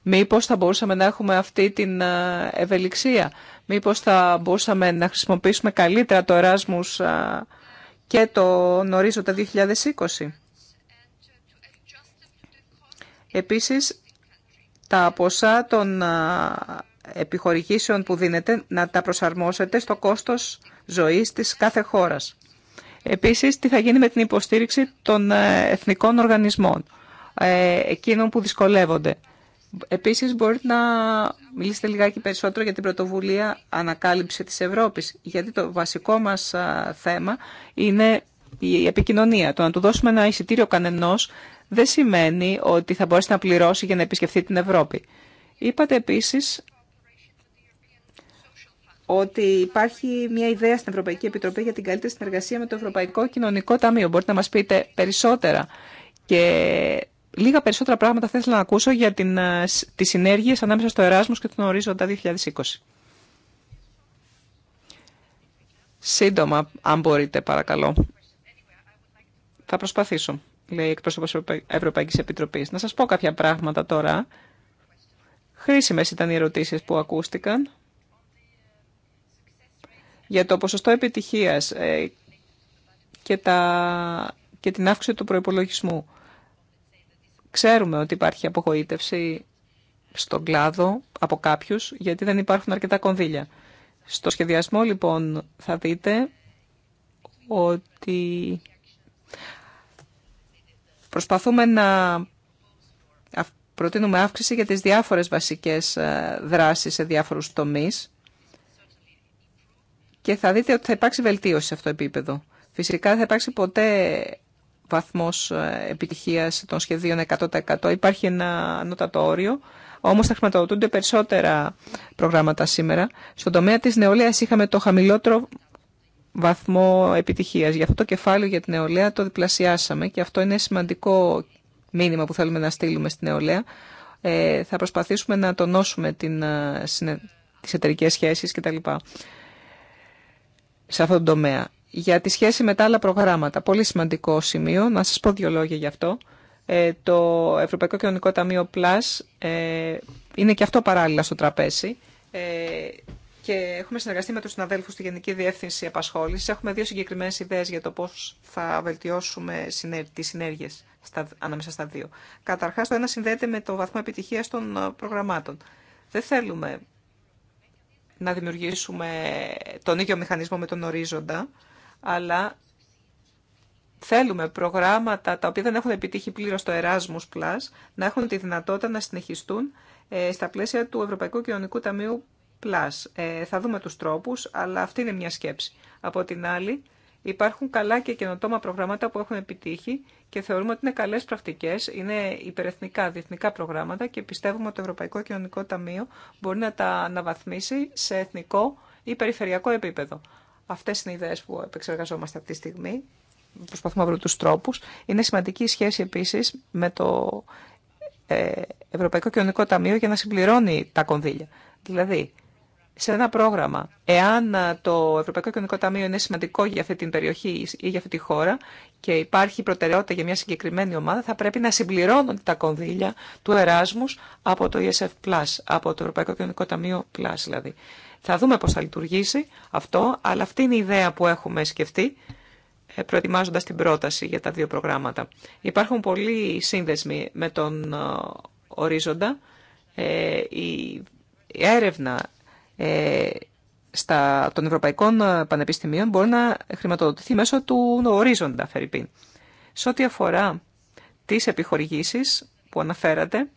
Μήπως θα μπορούσαμε να έχουμε αυτή την ε, ευελιξία. Μήπως θα μπορούσαμε να χρησιμοποιήσουμε καλύτερα το εράσμους και το ορίζοντα 2020. Επίσης, τα ποσά των επιχορηγήσεων που δίνεται, να τα προσαρμόσετε στο κόστος ζωής της κάθε χώρας. Επίσης, τι θα γίνει με την υποστήριξη των ε, εθνικών οργανισμών, ε, εκείνων που δυσκολεύονται. Επίσης, μπορείτε να μιλήσετε λιγάκι περισσότερο για την πρωτοβουλία ανακάλυψη της Ευρώπης, γιατί το βασικό μας θέμα είναι η επικοινωνία. Το να του δώσουμε ένα εισιτήριο κανενό δεν σημαίνει ότι θα μπορέσει να πληρώσει για να επισκεφθεί την Ευρώπη. Είπατε επίση ότι υπάρχει μια ιδέα στην Ευρωπαϊκή Επιτροπή για την καλύτερη συνεργασία με το Ευρωπαϊκό Κοινωνικό Ταμείο. Μπορείτε να μα πείτε περισσότερα και λίγα περισσότερα πράγματα θα ήθελα να ακούσω για την, ε, τις συνέργειες ανάμεσα στο Εράσμος και τον Ορίζοντα 2020. Σύντομα, αν μπορείτε, παρακαλώ. Θα προσπαθήσω, λέει εκπρόσωπος Ευρωπαϊκής Επιτροπής. Να σας πω κάποια πράγματα τώρα. Χρήσιμες ήταν οι ερωτήσεις που ακούστηκαν. Για το ποσοστό επιτυχίας ε, και, τα, και την αύξηση του προϋπολογισμού. Ξέρουμε ότι υπάρχει απογοήτευση στον κλάδο από κάποιους, γιατί δεν υπάρχουν αρκετά κονδύλια. Στο σχεδιασμό, λοιπόν, θα δείτε ότι Προσπαθούμε να προτείνουμε αύξηση για τις διάφορες βασικές ε, δράσεις σε διάφορους τομείς και θα δείτε ότι θα υπάρξει βελτίωση σε αυτό το επίπεδο. Φυσικά δεν θα υπάρξει ποτέ βαθμός ε, επιτυχίας των σχεδίων 100%. Υπάρχει ένα ανώτατο όριο, όμως θα χρηματοδοτούνται περισσότερα προγράμματα σήμερα. Στον τομέα της νεολαίας είχαμε το χαμηλότερο βαθμό επιτυχίας. Γι' αυτό το κεφάλαιο για την νεολαία το διπλασιάσαμε και αυτό είναι σημαντικό μήνυμα που θέλουμε να στείλουμε στην νεολαία. Ε, θα προσπαθήσουμε να τονώσουμε την, ε, τις εταιρικές σχέσεις και κτλ. Σε αυτόν τον τομέα. Για τη σχέση με τα άλλα προγράμματα. Πολύ σημαντικό σημείο. Να σας πω δύο λόγια γι' αυτό. Ε, το Ευρωπαϊκό Κοινωνικό Ταμείο Plus ε, είναι και αυτό παράλληλα στο τραπέζι. Ε, και έχουμε συνεργαστεί με τους συναδέλφους στη Γενική Διεύθυνση Απασχόληση. Έχουμε δύο συγκεκριμένε ιδέε για το πώ θα βελτιώσουμε τι συνέργειε ανάμεσα στα δύο. Καταρχά το ένα συνδέεται με το βαθμό επιτυχία των ε, προγραμμάτων. Δεν θέλουμε να δημιουργήσουμε τον ίδιο μηχανισμό με τον ορίζοντα, αλλά θέλουμε προγράμματα τα οποία δεν έχουν επιτύχει πλήρως το Erasmus Plus να έχουν τη δυνατότητα να συνεχιστούν ε, στα πλαίσια του Ευρωπαϊκού Κοινωνικού Ταμείου Plus. Ε, θα δούμε τους τρόπους, αλλά αυτή είναι μια σκέψη. Από την άλλη, υπάρχουν καλά και καινοτόμα προγράμματα που έχουν επιτύχει και θεωρούμε ότι είναι καλές πρακτικές, είναι υπερεθνικά, διεθνικά προγράμματα και πιστεύουμε ότι το Ευρωπαϊκό Κοινωνικό Ταμείο μπορεί να τα αναβαθμίσει σε εθνικό ή περιφερειακό επίπεδο. Αυτές είναι οι ιδέες που επεξεργαζόμαστε αυτή τη στιγμή. Προσπαθούμε να βρούμε τους τρόπους. Είναι σημαντική η σχέση επίσης με το ε, Ευρωπαϊκό Κοινωνικό Ταμείο για να συμπληρώνει τα κονδύλια. Δηλαδή, σε ένα πρόγραμμα, εάν το Ευρωπαϊκό Κοινωνικό Ταμείο είναι σημαντικό για αυτή την περιοχή ή για αυτή τη χώρα και υπάρχει προτεραιότητα για μια συγκεκριμένη ομάδα, θα πρέπει να συμπληρώνονται τα κονδύλια του Εράσμου από το ESF+, από το Ευρωπαϊκό Κοινωνικό Ταμείο Plus δηλαδή. Θα δούμε πώς θα λειτουργήσει αυτό, αλλά αυτή είναι η ιδέα που έχουμε σκεφτεί ε, προετοιμάζοντας την πρόταση για τα δύο προγράμματα. Υπάρχουν πολλοί σύνδεσμοι με τον ορίζοντα. Ε, η έρευνα ε, στα, των Ευρωπαϊκών ε, Πανεπιστημίων μπορεί να χρηματοδοτηθεί μέσω του ορίζοντα, Φερρυπίν. Σε ό,τι αφορά τις επιχορηγήσεις που αναφέρατε,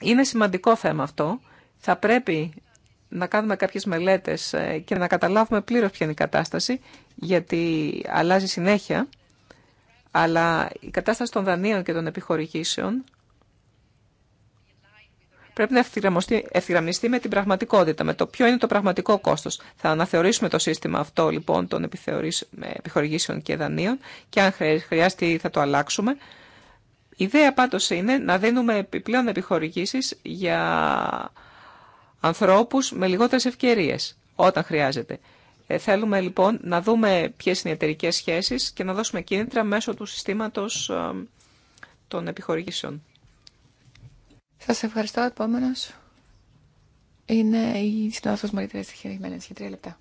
είναι σημαντικό θέμα αυτό. Θα πρέπει να κάνουμε κάποιες μελέτες ε, και να καταλάβουμε πλήρως ποια είναι η κατάσταση, γιατί αλλάζει συνέχεια, αλλά η κατάσταση των δανείων και των επιχορηγήσεων πρέπει να ευθυγραμμιστεί με την πραγματικότητα, με το ποιο είναι το πραγματικό κόστος. Θα αναθεωρήσουμε το σύστημα αυτό λοιπόν των επιχορηγήσεων και δανείων και αν χρειάζεται θα το αλλάξουμε. Η ιδέα πάντως είναι να δίνουμε επιπλέον επιχορηγήσεις για ανθρώπους με λιγότερες ευκαιρίες όταν χρειάζεται. Ε, θέλουμε λοιπόν να δούμε ποιες είναι οι εταιρικέ σχέσεις και να δώσουμε κίνητρα μέσω του συστήματος ε, των επιχορηγήσεων. Σας ευχαριστώ. Επόμενος είναι η συνάδελφος Μαρίτερα Στοιχειομένης για τρία λεπτά.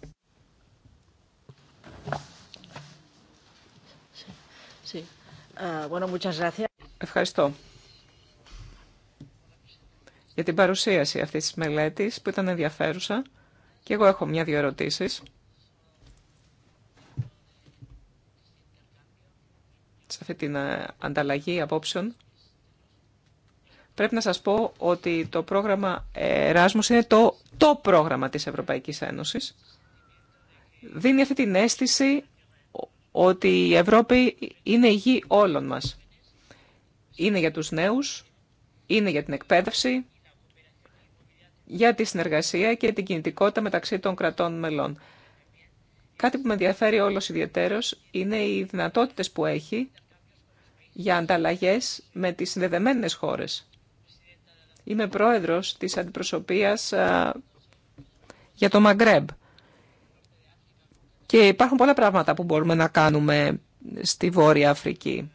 Ah, ευχαριστώ για την παρουσίαση αυτής της μελέτης που ήταν ενδιαφέρουσα και εγώ έχω μια-δυο ερωτήσεις. Σε αυτή την ε, ανταλλαγή απόψεων Πρέπει να σας πω ότι το πρόγραμμα ΕΡΑΣΜΟΣ είναι το, το πρόγραμμα της Ευρωπαϊκής Ένωσης. Δίνει αυτή την αίσθηση ότι η Ευρώπη είναι η γη όλων μας. Είναι για τους νέους, είναι για την εκπαίδευση, για τη συνεργασία και την κινητικότητα μεταξύ των κρατών μελών. Κάτι που με ενδιαφέρει όλος ιδιαίτερος είναι οι δυνατότητες που έχει για ανταλλαγές με τις συνδεδεμένες χώρες. Είμαι πρόεδρος της αντιπροσωπείας για το Μαγκρέμπ. Και υπάρχουν πολλά πράγματα που μπορούμε να κάνουμε στη Βόρεια Αφρική.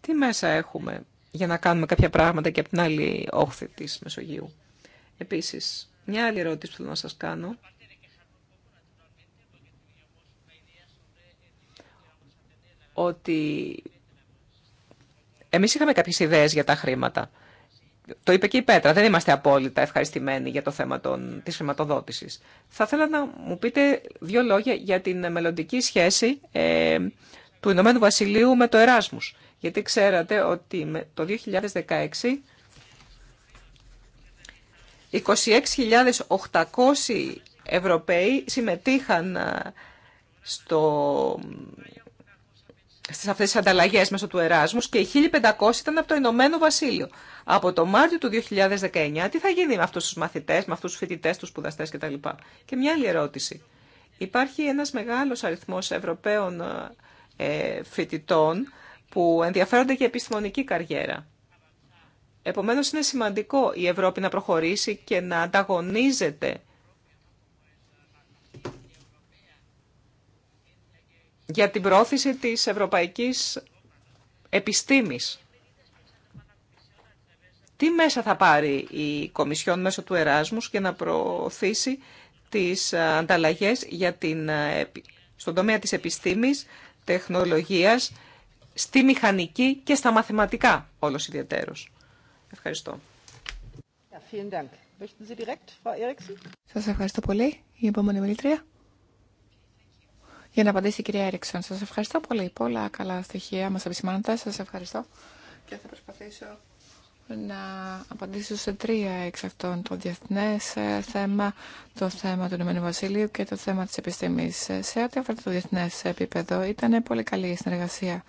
Τι μέσα έχουμε για να κάνουμε κάποια πράγματα και από την άλλη όχθη της Μεσογείου. Επίσης, μια άλλη ερώτηση που θέλω να σας κάνω ότι εμείς είχαμε κάποιες ιδέες για τα χρήματα. Το είπε και η Πέτρα, δεν είμαστε απόλυτα ευχαριστημένοι για το θέμα των, της χρηματοδότησης. Θα ήθελα να μου πείτε δύο λόγια για την μελλοντική σχέση ε, του Ηνωμένου Βασιλείου με το Εράσμους. Γιατί ξέρατε ότι το 2016 26.800 Ευρωπαίοι συμμετείχαν ε, στο στις αυτές τις ανταλλαγές μέσω του Εράσμους και οι 1500 ήταν από το Ηνωμένο Βασίλειο. Από το Μάρτιο του 2019, τι θα γίνει με αυτούς τους μαθητές, με αυτούς τους φοιτητές, τους σπουδαστές κτλ. Και μια άλλη ερώτηση. Υπάρχει ένας μεγάλος αριθμός Ευρωπαίων ε, ε φοιτητών που ενδιαφέρονται για επιστημονική καριέρα. Επομένως είναι σημαντικό η Ευρώπη να προχωρήσει και να ανταγωνίζεται για την πρόθεση της ευρωπαϊκής επιστήμης. Τι μέσα θα πάρει η Κομισιόν μέσω του Εράσμους για να προωθήσει τις ανταλλαγές για την, στον τομέα της επιστήμης, τεχνολογίας, στη μηχανική και στα μαθηματικά όλος ιδιαίτερος. Ευχαριστώ. Σας ευχαριστώ πολύ. Η επόμενη μιλήτρια για να απαντήσει η κυρία Έριξον. Σας ευχαριστώ πολύ. Πολλά καλά στοιχεία μας επισημάνατε. Σας ευχαριστώ. Και θα προσπαθήσω να απαντήσω σε τρία εξ αυτών. Το διεθνέ ε, θέμα, το θέμα του Ηνωμένου Βασιλείου και το θέμα της επιστήμης. Ε, σε ό,τι αφορά το διεθνές επίπεδο ήταν πολύ καλή η συνεργασία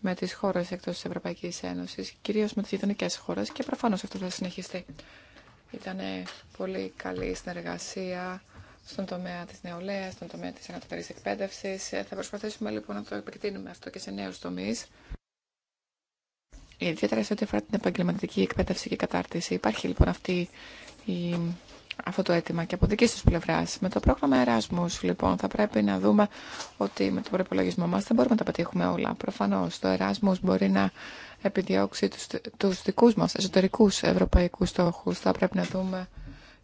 με τις χώρες εκτός της Ευρωπαϊκής Ένωσης, κυρίως με τις γειτονικές χώρες και προφανώς αυτό θα συνεχιστεί. Ήταν πολύ καλή συνεργασία στον τομέα της νεολαίας, στον τομέα της ανατολής εκπαίδευση. Θα προσπαθήσουμε λοιπόν να το επεκτείνουμε αυτό και σε νέου τομεί. Ιδιαίτερα σε ό,τι αφορά την επαγγελματική εκπαίδευση και κατάρτιση. Υπάρχει λοιπόν αυτή η, αυτό το αίτημα και από δική σα πλευρά. Με το πρόγραμμα Εράσμου, λοιπόν θα πρέπει να δούμε ότι με το προπολογισμό μα δεν μπορούμε να τα πετύχουμε όλα. Προφανώ. το Εράσμου μπορεί να επιδιώξει του τους μα, εσωτερικού ευρωπαϊκού στόχου. Θα πρέπει να δούμε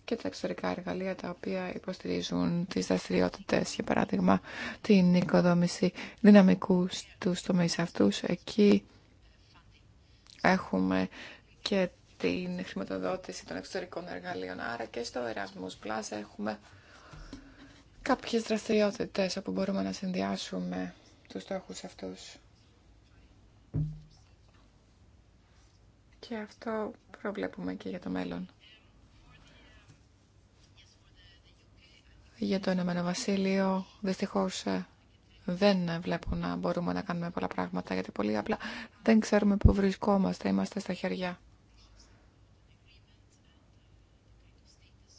και τα εξωτερικά εργαλεία τα οποία υποστηρίζουν τις δραστηριότητε, για παράδειγμα την οικοδόμηση δυναμικού στους τομείς αυτούς. Εκεί έχουμε και την χρηματοδότηση των εξωτερικών εργαλείων. Άρα και στο Erasmus Plus έχουμε κάποιες δραστηριότητες όπου μπορούμε να συνδυάσουμε τους στόχους αυτούς. Και αυτό προβλέπουμε και για το μέλλον. για το Ηνωμένο Βασίλειο. Δυστυχώς ε, δεν βλέπω να μπορούμε να κάνουμε πολλά πράγματα, γιατί πολύ απλά δεν ξέρουμε πού βρισκόμαστε, είμαστε στα χέρια.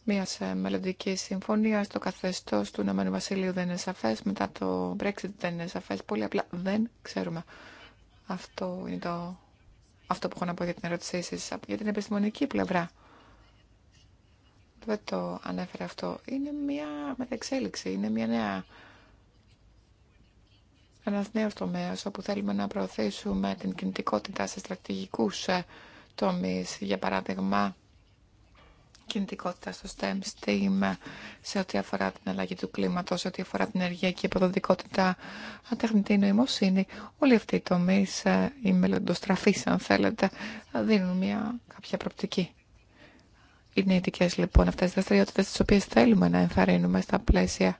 Μια ε, μελλοντική συμφωνία το καθεστώ του Ηνωμένου Βασιλείου δεν είναι σαφέ. Μετά το Brexit δεν είναι σαφέ. Πολύ απλά δεν ξέρουμε. Αυτό είναι το... αυτό που έχω να πω για την ερώτησή σα. Για την επιστημονική πλευρά δεν το ανέφερε αυτό. Είναι μια μεταξέλιξη, είναι μια νέα ένα νέο τομέα όπου θέλουμε να προωθήσουμε την κινητικότητα σε στρατηγικού ε, τομεί, για παράδειγμα κινητικότητα στο STEM, STEAM, σε ό,τι αφορά την αλλαγή του κλίματος, σε ό,τι αφορά την ενεργειακή αποδοτικότητα, τεχνητή νοημοσύνη. Όλοι αυτοί οι τομείς, ε, οι μελλοντοστραφείς, αν θέλετε, δίνουν μια κάποια προπτική. Είναι ειδικέ λοιπόν αυτές τις δραστηριότητε τις οποίες θέλουμε να ενθαρρύνουμε στα πλαίσια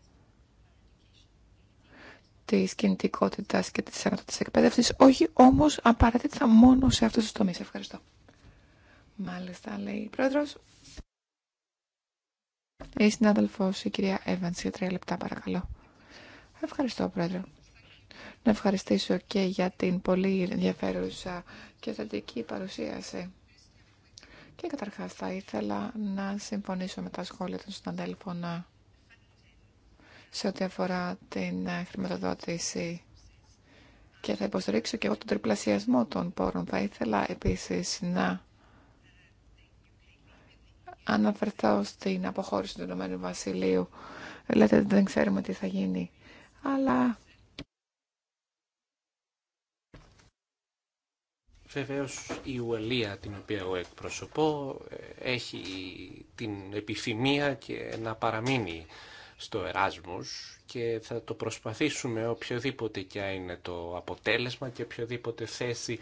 τη κινητικότητα και τη ανώτατη εκπαίδευση, όχι όμω απαραίτητα μόνο σε αυτού του τομεί. Ευχαριστώ. Μάλιστα, λέει η πρόεδρο. Η συνάδελφο, η κυρία Εύανση, για τρία λεπτά, παρακαλώ. Ευχαριστώ, πρόεδρε. Να ευχαριστήσω και για την πολύ ενδιαφέρουσα και θετική παρουσίαση και καταρχάς θα ήθελα να συμφωνήσω με τα σχόλια των συναντέλφων ε, σε ό,τι αφορά την ε, χρηματοδότηση και θα υποστηρίξω και εγώ τον τριπλασιασμό των πόρων. Θα ήθελα επίσης να αναφερθώ στην αποχώρηση του Ηνωμένου Βασιλείου. Λέτε δεν ξέρουμε τι θα γίνει. Αλλά Βεβαίω η Ουελία, την οποία εγώ εκπροσωπώ έχει την επιθυμία και να παραμείνει στο Εράσμους και θα το προσπαθήσουμε οποιοδήποτε και είναι το αποτέλεσμα και οποιοδήποτε θέση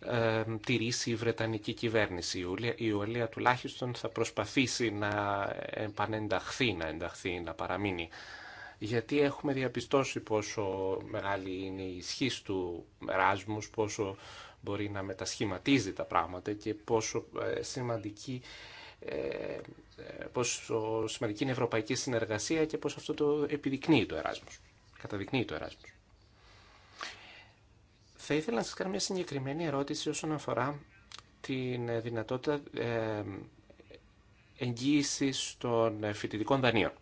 ε, τηρήσει η Βρετανική κυβέρνηση. Η Ουελία τουλάχιστον θα προσπαθήσει να επανενταχθεί, να ενταχθεί, να παραμείνει γιατί έχουμε διαπιστώσει πόσο μεγάλη είναι η ισχύ του Εράσμους, πόσο μπορεί να μετασχηματίζει τα πράγματα και πόσο ε, σημαντική ε, ε, πόσο σημαντική είναι η ευρωπαϊκή συνεργασία και πώς αυτό το επιδεικνύει το Εράσμος, καταδεικνύει το Εράσμος. Θα ήθελα να σας κάνω μια συγκεκριμένη ερώτηση όσον αφορά την δυνατότητα εγγύησης των φοιτητικών δανείων.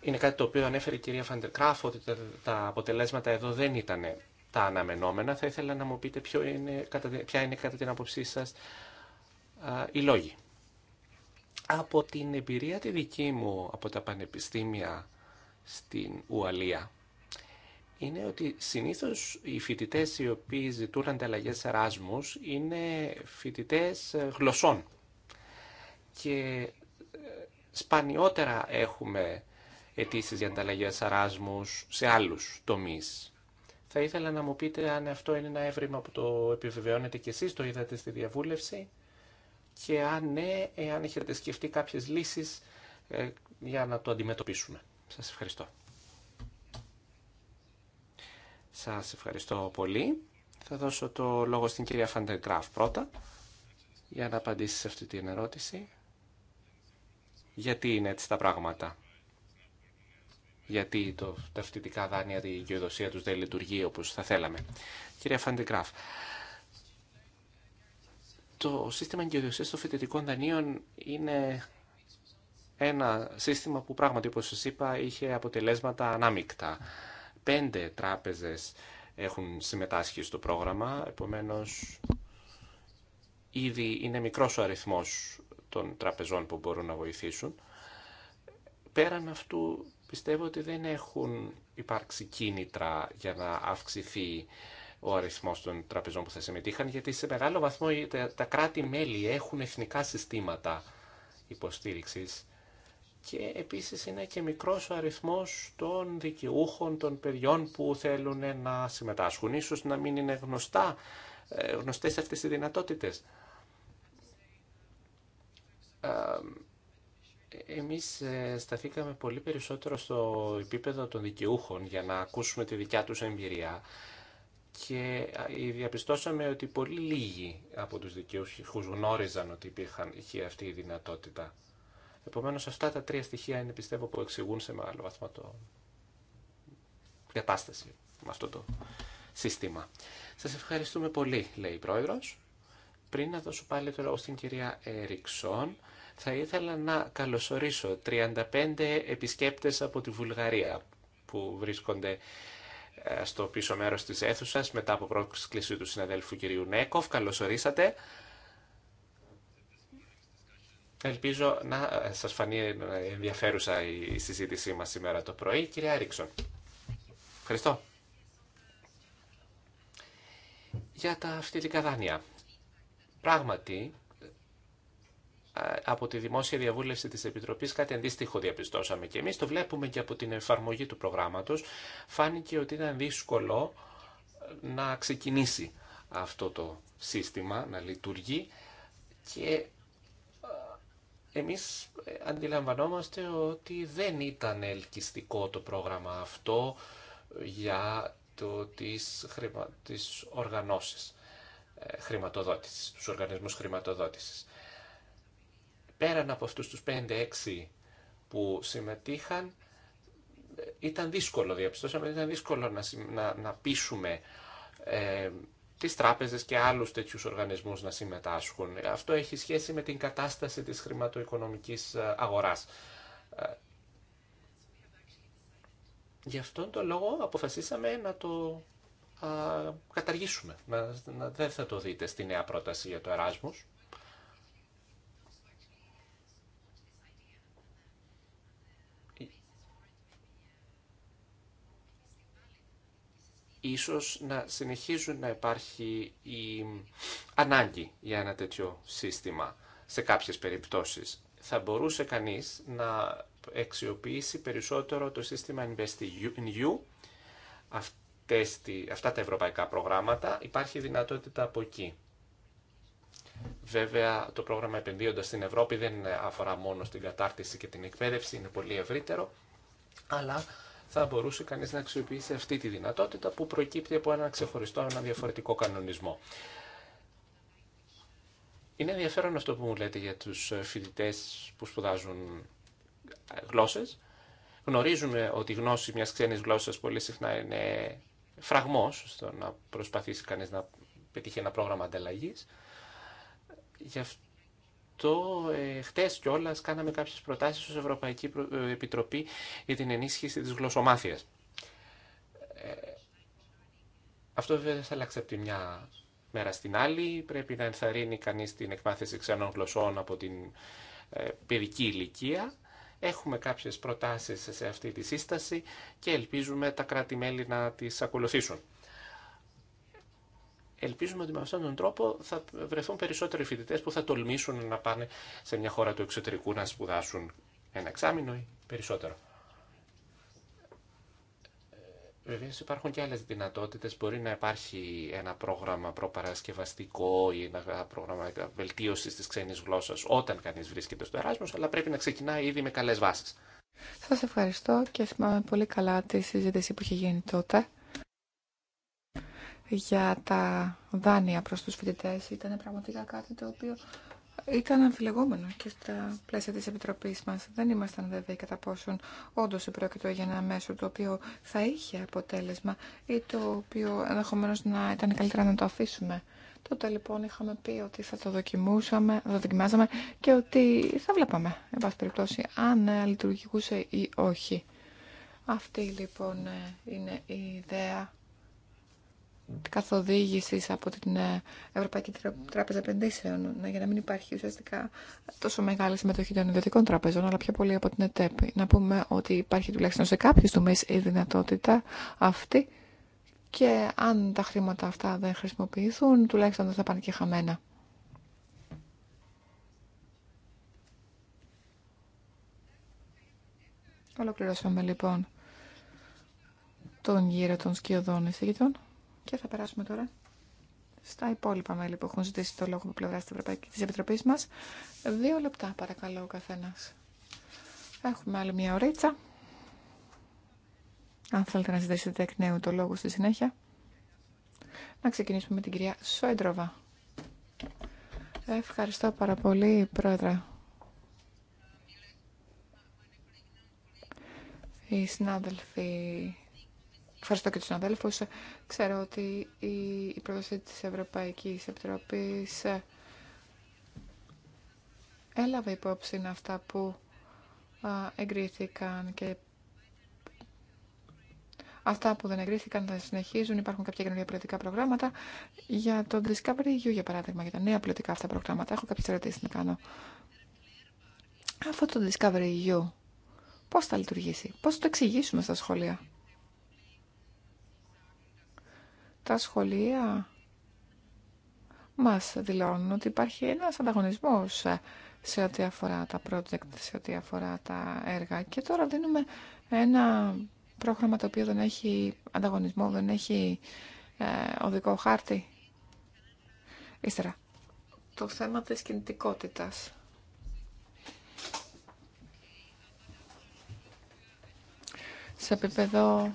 Είναι κάτι το οποίο ανέφερε η κυρία Φαντερκράφ ότι τα αποτελέσματα εδώ δεν ήταν τα αναμενόμενα. Θα ήθελα να μου πείτε ποια είναι κατά την άποψή σας οι λόγοι. Από την εμπειρία τη δική μου από τα πανεπιστήμια στην Ουαλία, είναι ότι συνήθως οι φοιτητές οι οποίοι ζητούν ανταλλαγές εράσμους είναι φοιτητές ε, γλωσσών. Και ε, σπανιότερα έχουμε αιτήσει για ανταλλαγές εράσμους σε άλλους τομείς θα ήθελα να μου πείτε αν αυτό είναι ένα έβριμα που το επιβεβαιώνετε κι εσείς, το είδατε στη διαβούλευση και αν ναι, εάν έχετε σκεφτεί κάποιες λύσεις ε, για να το αντιμετωπίσουμε. Σας ευχαριστώ. Σας ευχαριστώ πολύ. Θα δώσω το λόγο στην κυρία Φαντεγκράφ πρώτα για να απαντήσει σε αυτή την ερώτηση. Γιατί είναι έτσι τα πράγματα γιατί το, τα φοιτητικά δάνεια, η γεωδοσία τους δεν λειτουργεί όπως θα θέλαμε. Κυρία Φαντεγκράφ, το σύστημα γεωδοσίας των φοιτητικών δανείων είναι ένα σύστημα που πράγματι, όπως σας είπα, είχε αποτελέσματα ανάμεικτα. Πέντε τράπεζες έχουν συμμετάσχει στο πρόγραμμα, επομένως ήδη είναι μικρός ο αριθμός των τραπεζών που μπορούν να βοηθήσουν. Πέραν αυτού πιστεύω ότι δεν έχουν υπάρξει κίνητρα για να αυξηθεί ο αριθμό των τραπεζών που θα συμμετείχαν, γιατί σε μεγάλο βαθμό τα κράτη-μέλη έχουν εθνικά συστήματα υποστήριξης και επίσης είναι και μικρός ο αριθμός των δικαιούχων των παιδιών που θέλουν να συμμετάσχουν. Ίσως να μην είναι γνωστά, ε, γνωστές αυτές οι δυνατότητες. Εμείς ε, σταθήκαμε πολύ περισσότερο στο επίπεδο των δικαιούχων για να ακούσουμε τη δικιά τους εμπειρία και διαπιστώσαμε ότι πολύ λίγοι από τους δικαιούχους γνώριζαν ότι υπήρχαν, είχε αυτή η δυνατότητα. Επομένως αυτά τα τρία στοιχεία είναι πιστεύω που εξηγούν σε μεγάλο βαθμό το κατάσταση με αυτό το σύστημα. Σας ευχαριστούμε πολύ, λέει η Πρόεδρος. Πριν να δώσω πάλι λόγο στην κυρία Ρίξον... Θα ήθελα να καλωσορίσω 35 επισκέπτες από τη Βουλγαρία που βρίσκονται ε, στο πίσω μέρος της αίθουσας μετά από πρόσκληση του συναδέλφου κυρίου Νέκοφ. Καλωσορίσατε. Ελπίζω να ε, σας φανεί ενδιαφέρουσα η συζήτησή μας σήμερα το πρωί. Κυρία Άριξον. Ευχαριστώ. Για τα αυτιλικά δάνεια. Πράγματι, ε, από τη δημόσια διαβούλευση της Επιτροπής κάτι αντίστοιχο διαπιστώσαμε και εμείς το βλέπουμε και από την εφαρμογή του προγράμματος φάνηκε ότι ήταν δύσκολο ε, να ξεκινήσει αυτό το σύστημα να λειτουργεί και ε, εμείς αντιλαμβανόμαστε ότι δεν ήταν ελκυστικό το πρόγραμμα αυτό για το, τις, χρημα, τις οργανώσεις χρηματοδότησης, τους οργανισμούς χρηματοδότησης πέραν από αυτούς τους 5-6 που συμμετείχαν, ήταν δύσκολο, διαπιστώσαμε ήταν δύσκολο να, να, να πείσουμε ε, τις τράπεζες και άλλους τέτοιους οργανισμούς να συμμετάσχουν. Αυτό έχει σχέση με την κατάσταση της χρηματοοικονομικής ε, αγοράς. Ε, γι' αυτόν τον λόγο αποφασίσαμε να το καταργήσουμε. δεν θα το δείτε στη νέα πρόταση για το Εράσμους. ίσως να συνεχίζουν να υπάρχει η ανάγκη για ένα τέτοιο σύστημα σε κάποιες περιπτώσεις. Θα μπορούσε κανείς να αξιοποιήσει περισσότερο το σύστημα InvestEU, αυτά τα ευρωπαϊκά προγράμματα, υπάρχει δυνατότητα από εκεί. Βέβαια, το πρόγραμμα επενδύοντα στην Ευρώπη δεν αφορά μόνο στην κατάρτιση και την εκπαίδευση, είναι πολύ ευρύτερο, αλλά θα μπορούσε κανείς να αξιοποιήσει αυτή τη δυνατότητα που προκύπτει από έναν ξεχωριστό, έναν διαφορετικό κανονισμό. Είναι ενδιαφέρον αυτό που μου λέτε για τους ε, φοιτητέ που σπουδάζουν ε, γλώσσες. Γνωρίζουμε ότι η γνώση μιας ξένης γλώσσας πολύ συχνά είναι φραγμός στο να προσπαθήσει κανείς να πετύχει ένα πρόγραμμα ανταλλαγή. Γι' αυτό το ε, χτες κιόλας κάναμε κάποιες προτάσεις ως Ευρωπαϊκή ε, Επιτροπή για την ενίσχυση της γλωσσομάθειας. Ε, αυτό βέβαια θα αλλάξει από τη μια μέρα στην άλλη. Πρέπει να ενθαρρύνει κανείς την εκμάθηση ξένων γλωσσών από την ε, παιδική ηλικία. Έχουμε κάποιες προτάσεις σε αυτή τη σύσταση και ελπίζουμε τα κράτη-μέλη να τις ακολουθήσουν ελπίζουμε ότι με αυτόν τον τρόπο θα βρεθούν περισσότεροι φοιτητέ που θα τολμήσουν να πάνε σε μια χώρα του εξωτερικού να σπουδάσουν ένα εξάμεινο ή περισσότερο. Ε, Βεβαίω υπάρχουν και άλλε δυνατότητε. Μπορεί να υπάρχει ένα πρόγραμμα προπαρασκευαστικό ή ένα πρόγραμμα βελτίωση τη ξένη γλώσσα όταν κανεί βρίσκεται στο Εράσμο, αλλά πρέπει να ξεκινάει ήδη με καλέ βάσει. Σα ευχαριστώ και θυμάμαι πολύ καλά τη συζήτηση που είχε γίνει τότε για τα δάνεια προς τους φοιτητές ήταν πραγματικά κάτι το οποίο ήταν αμφιλεγόμενο και στα πλαίσια της Επιτροπής μας. Δεν ήμασταν βέβαιοι κατά πόσον όντως επρόκειτο για ένα μέσο το οποίο θα είχε αποτέλεσμα ή το οποίο ενδεχομένω να ήταν καλύτερα να το αφήσουμε. Τότε λοιπόν είχαμε πει ότι θα το δοκιμούσαμε, το δοκιμάζαμε και ότι θα βλέπαμε, εν πάση περιπτώσει, αν ε, λειτουργούσε ή όχι. Αυτή λοιπόν ε, είναι η ιδέα καθοδήγηση από την ε, Ευρωπαϊκή Τράπεζα Επενδύσεων ναι, για να μην υπάρχει ουσιαστικά τόσο μεγάλη συμμετοχή των ιδιωτικών τραπεζών αλλά πιο πολύ από την ΕΤΕΠ. Να πούμε ότι υπάρχει τουλάχιστον σε κάποιου τομεί η δυνατότητα αυτή και αν τα χρήματα αυτά δεν χρησιμοποιηθούν τουλάχιστον δεν θα πάνε και χαμένα. Ολοκληρώσαμε λοιπόν τον γύρο των σκιωδών εισηγητών. Και θα περάσουμε τώρα στα υπόλοιπα μέλη που έχουν ζητήσει το λόγο από πλευρά τη Ευρωπαϊκή της Επιτροπής μας. Δύο λεπτά παρακαλώ ο καθένας. Έχουμε άλλη μια ωρίτσα. Αν θέλετε να ζητήσετε εκ νέου το λόγο στη συνέχεια. Να ξεκινήσουμε με την κυρία Σόιντροβα. Ευχαριστώ πάρα πολύ, Πρόεδρε. Οι συνάδελφοι Ευχαριστώ και του συναδέλφου. Ξέρω ότι η, η πρόταση τη Ευρωπαϊκή Επιτροπή ε, έλαβε υπόψη αυτά που ε, εγκρίθηκαν και αυτά που δεν εγκρίθηκαν θα συνεχίζουν. Υπάρχουν κάποια καινούργια πολιτικά προγράμματα. Για το Discovery EU, για παράδειγμα, για τα νέα πολιτικά αυτά προγράμματα, έχω κάποιε ερωτήσει να κάνω. Αυτό το Discovery EU, πώ θα λειτουργήσει, πώ θα το εξηγήσουμε στα σχολεία. τα σχολεία μας δηλώνουν ότι υπάρχει ένας ανταγωνισμός σε ό,τι αφορά τα project, σε ό,τι αφορά τα έργα και τώρα δίνουμε ένα πρόγραμμα το οποίο δεν έχει ανταγωνισμό, δεν έχει ε, οδικό χάρτη. Ύστερα, το θέμα της κινητικότητας. Σε επίπεδο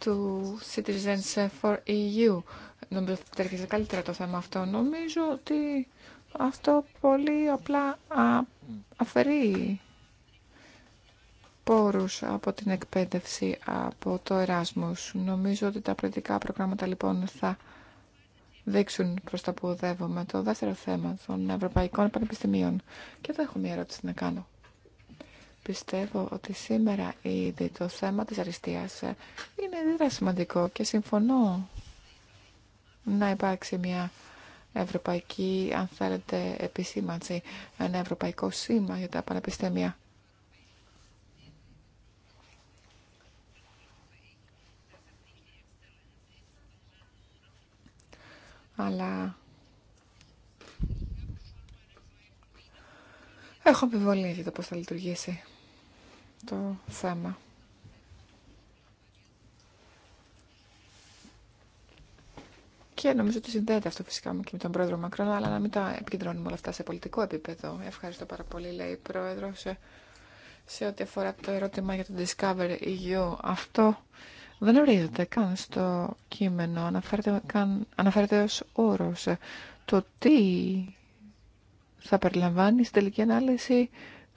του Citizens for EU. Νομίζω ότι τέριαζε καλύτερα το θέμα αυτό. Νομίζω ότι αυτό πολύ απλά αφαιρεί πόρους από την εκπαίδευση από το εράσμος. Νομίζω ότι τα πολιτικά προγράμματα λοιπόν θα δείξουν προς τα που οδεύουμε το δεύτερο θέμα των Ευρωπαϊκών Πανεπιστημίων. Και εδώ έχω μια ερώτηση να κάνω. Πιστεύω ότι σήμερα ήδη το θέμα της αριστείας είναι ιδιαίτερα σημαντικό και συμφωνώ να υπάρξει μια ευρωπαϊκή, αν θέλετε, επισήμανση, ένα ευρωπαϊκό σήμα για τα πανεπιστήμια. Αλλά έχω επιβολή για το πώς θα λειτουργήσει το θέμα. Και νομίζω ότι συνδέεται αυτό φυσικά και με τον πρόεδρο Μακρόν, αλλά να μην τα επικεντρώνουμε όλα αυτά σε πολιτικό επίπεδο. Ευχαριστώ πάρα πολύ, λέει η πρόεδρο, σε, ό,τι αφορά το ερώτημα για το Discover EU. Αυτό δεν ορίζεται καν στο κείμενο, αναφέρεται, καν, αναφέρεται ως όρος. Το τι θα περιλαμβάνει στην τελική ανάλυση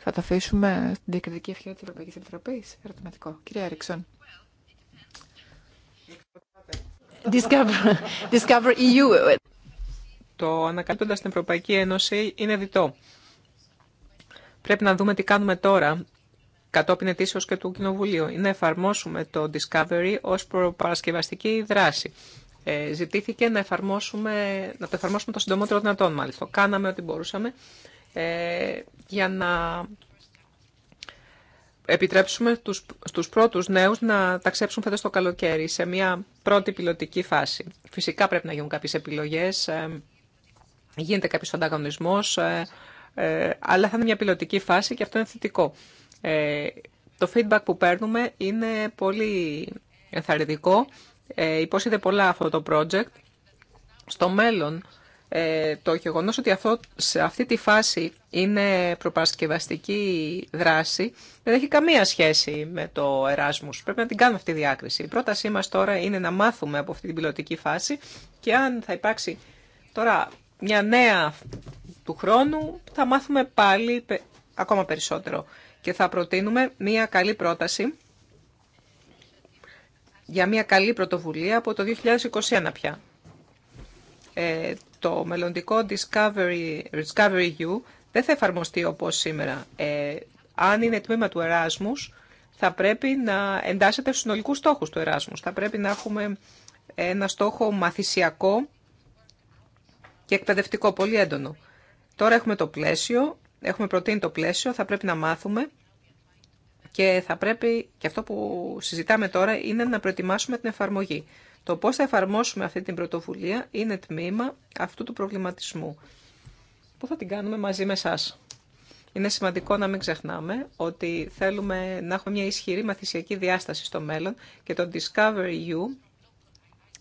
θα το αφήσουμε στην διακριτική ευχαίρεια της Ευρωπαϊκής Επιτροπής. Ερωτηματικό. Κύριε Έριξον. E το ανακαλύπτοντας την Ευρωπαϊκή Ένωση είναι διτό. Πρέπει να δούμε τι κάνουμε τώρα κατόπιν ετήσεως και του Κοινοβουλίου. Είναι να εφαρμόσουμε το Discovery ως προπαρασκευαστική δράση. Ε, ζητήθηκε να, εφαρμόσουμε, να το εφαρμόσουμε το συντομότερο δυνατόν, μάλιστα. Κάναμε ό,τι μπορούσαμε. Ε, για να επιτρέψουμε τους, στους πρώτους νέους να ταξέψουν φέτος το καλοκαίρι σε μια πρώτη πιλωτική φάση. Φυσικά πρέπει να γίνουν κάποιες επιλογές, ε, γίνεται κάποιος ανταγωνισμός, ε, αλλά θα είναι μια πιλωτική φάση και αυτό είναι θετικό. το feedback που παίρνουμε είναι πολύ ενθαρρυντικό. Ε, υπόσχεται πολλά αυτό το project. Στο μέλλον ε, το γεγονό ότι αυτό, σε αυτή τη φάση είναι προπαρασκευαστική δράση δεν έχει καμία σχέση με το Εράσμους. Πρέπει να την κάνουμε αυτή τη διάκριση. Η πρότασή μας τώρα είναι να μάθουμε από αυτή την πιλωτική φάση και αν θα υπάρξει τώρα μια νέα του χρόνου θα μάθουμε πάλι ακόμα περισσότερο και θα προτείνουμε μια καλή πρόταση για μια καλή πρωτοβουλία από το 2021 πια. Ε, το μελλοντικό Discovery, Discovery U δεν θα εφαρμοστεί όπως σήμερα. Ε, αν είναι τμήμα του Εράσμους, θα πρέπει να εντάσσεται στους συνολικούς στόχους του Εράσμους. Θα πρέπει να έχουμε ένα στόχο μαθησιακό και εκπαιδευτικό, πολύ έντονο. Τώρα έχουμε το πλαίσιο, έχουμε προτείνει το πλαίσιο, θα πρέπει να μάθουμε και θα πρέπει, και αυτό που συζητάμε τώρα, είναι να προετοιμάσουμε την εφαρμογή. Το πώς θα εφαρμόσουμε αυτή την πρωτοβουλία είναι τμήμα αυτού του προβληματισμού που θα την κάνουμε μαζί με εσά. Είναι σημαντικό να μην ξεχνάμε ότι θέλουμε να έχουμε μια ισχυρή μαθησιακή διάσταση στο μέλλον και το Discover You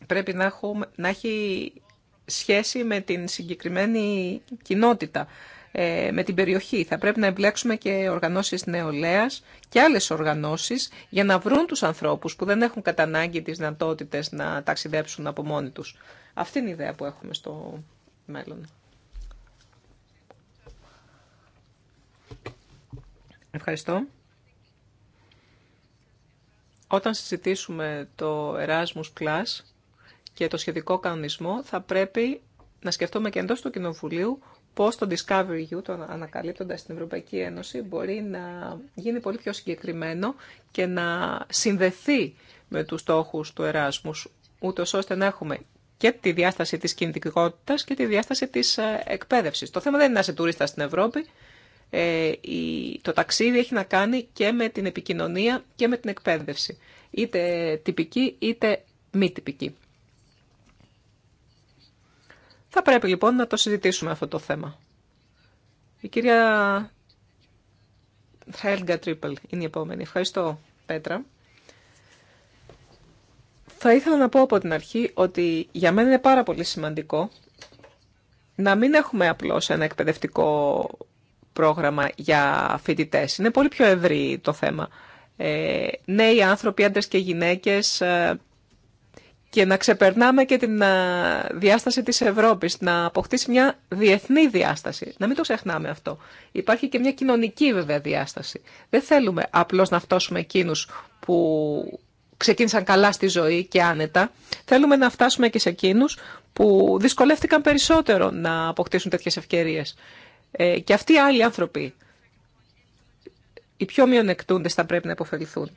πρέπει να, έχουμε, να έχει σχέση με την συγκεκριμένη κοινότητα ε, με την περιοχή. Θα πρέπει να εμπλέξουμε και οργανώσεις νεολαίας και άλλες οργανώσεις για να βρουν τους ανθρώπους που δεν έχουν κατανάγκη ανάγκη τις δυνατότητε να ταξιδέψουν από μόνοι τους. Αυτή είναι η ιδέα που έχουμε στο μέλλον. Ευχαριστώ. Όταν συζητήσουμε το Erasmus Plus και το σχετικό κανονισμό, θα πρέπει να σκεφτούμε και εντός του Κοινοβουλίου πώς το Discovery U, το ανακαλύπτοντας στην Ευρωπαϊκή Ένωση, μπορεί να γίνει πολύ πιο συγκεκριμένο και να συνδεθεί με τους στόχους του Εράσμους, ούτως ώστε να έχουμε και τη διάσταση της κινητικότητας και τη διάσταση της ε, εκπαίδευσης. Το θέμα δεν είναι να είσαι τουρίστα στην Ευρώπη. Ε, το ταξίδι έχει να κάνει και με την επικοινωνία και με την εκπαίδευση. Είτε τυπική είτε μη τυπική. Θα πρέπει λοιπόν να το συζητήσουμε αυτό το θέμα. Η κυρία Χέλγκα Τρίπελ είναι η επόμενη. Ευχαριστώ, Πέτρα. Θα ήθελα να πω από την αρχή ότι για μένα είναι πάρα πολύ σημαντικό να μην έχουμε απλώς ένα εκπαιδευτικό πρόγραμμα για φοιτητέ. Είναι πολύ πιο ευρύ το θέμα. Ε, νέοι άνθρωποι, άντρες και γυναίκες, ε, και να ξεπερνάμε και την διάσταση της Ευρώπης, να αποκτήσει μια διεθνή διάσταση. Να μην το ξεχνάμε αυτό. Υπάρχει και μια κοινωνική βέβαια διάσταση. Δεν θέλουμε απλώς να φτώσουμε εκείνους που ξεκίνησαν καλά στη ζωή και άνετα. Θέλουμε να φτάσουμε και σε εκείνους που δυσκολεύτηκαν περισσότερο να αποκτήσουν τέτοιες ευκαιρίες. Ε, και αυτοί οι άλλοι άνθρωποι, οι πιο μειονεκτούντες θα πρέπει να υποφεληθούν.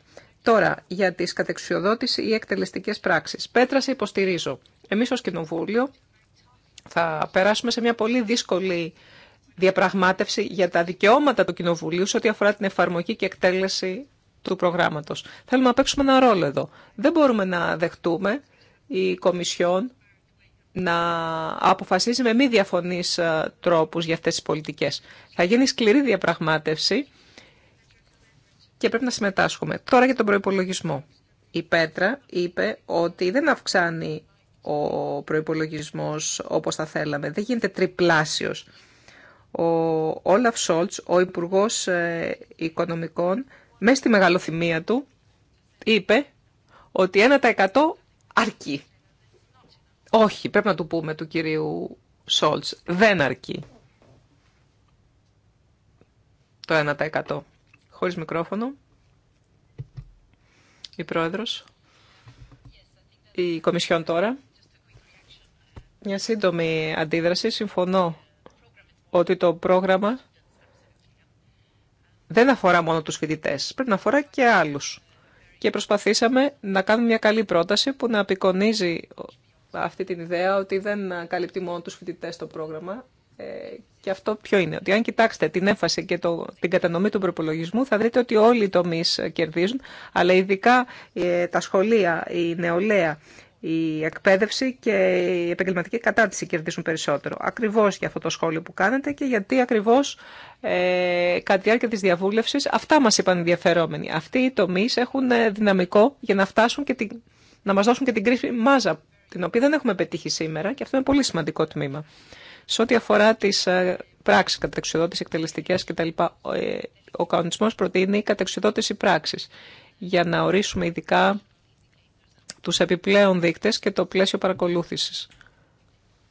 Τώρα, για τις κατεξιοδότηση ή εκτελεστικές πράξεις. Πέτρα, σε υποστηρίζω. Εμείς ως Κοινοβούλιο θα περάσουμε σε μια πολύ δύσκολη διαπραγμάτευση για τα δικαιώματα του Κοινοβουλίου σε ό,τι αφορά την εφαρμογή και εκτέλεση του προγράμματος. Θέλουμε να παίξουμε ένα ρόλο εδώ. Δεν μπορούμε να δεχτούμε η Κομισιόν να αποφασίζει με μη διαφωνείς ε, τρόπους για αυτές τις πολιτικές. Θα γίνει σκληρή διαπραγμάτευση και πρέπει να συμμετάσχουμε. Τώρα για τον προϋπολογισμό. Η Πέτρα είπε ότι δεν αυξάνει ο προϋπολογισμός όπως θα θέλαμε. Δεν γίνεται τριπλάσιος. Ο Όλαφ Σόλτς, ο Υπουργός ε, Οικονομικών, μέσα στη μεγαλοθυμία του, είπε ότι 1% αρκεί. Όχι, πρέπει να του πούμε του κυρίου Σόλτς, δεν αρκεί το 1% χωρίς μικρόφωνο. Η Πρόεδρος. Η Κομισιόν τώρα. Μια σύντομη αντίδραση. Συμφωνώ ότι το πρόγραμμα δεν αφορά μόνο τους φοιτητές. Πρέπει να αφορά και άλλους. Και προσπαθήσαμε να κάνουμε μια καλή πρόταση που να απεικονίζει αυτή την ιδέα ότι δεν καλύπτει μόνο τους φοιτητές το πρόγραμμα, ε, και αυτό ποιο είναι, ότι αν κοιτάξετε την έμφαση και το, την κατανομή του προπολογισμού θα δείτε ότι όλοι οι τομείς κερδίζουν, αλλά ειδικά ε, τα σχολεία, η νεολαία, η εκπαίδευση και η επαγγελματική κατάρτιση κερδίζουν περισσότερο. Ακριβώς για αυτό το σχόλιο που κάνετε και γιατί ακριβώς ε, κατά τη διάρκεια της διαβούλευσης αυτά μας είπαν ενδιαφερόμενοι. Αυτοί οι τομείς έχουν ε, δυναμικό για να φτάσουν και την, να μας δώσουν και την κρίση μάζα, την οποία δεν έχουμε πετύχει σήμερα και αυτό είναι πολύ σημαντικό τμήμα. Σε ό,τι αφορά τις ε, πράξεις, κατεξουδότηση, εκτελεστικές κτλ. Ο ε, κανονισμός προτείνει κατεξουδότηση πράξη. για να ορίσουμε ειδικά τους επιπλέον δείκτες και το πλαίσιο παρακολούθησης.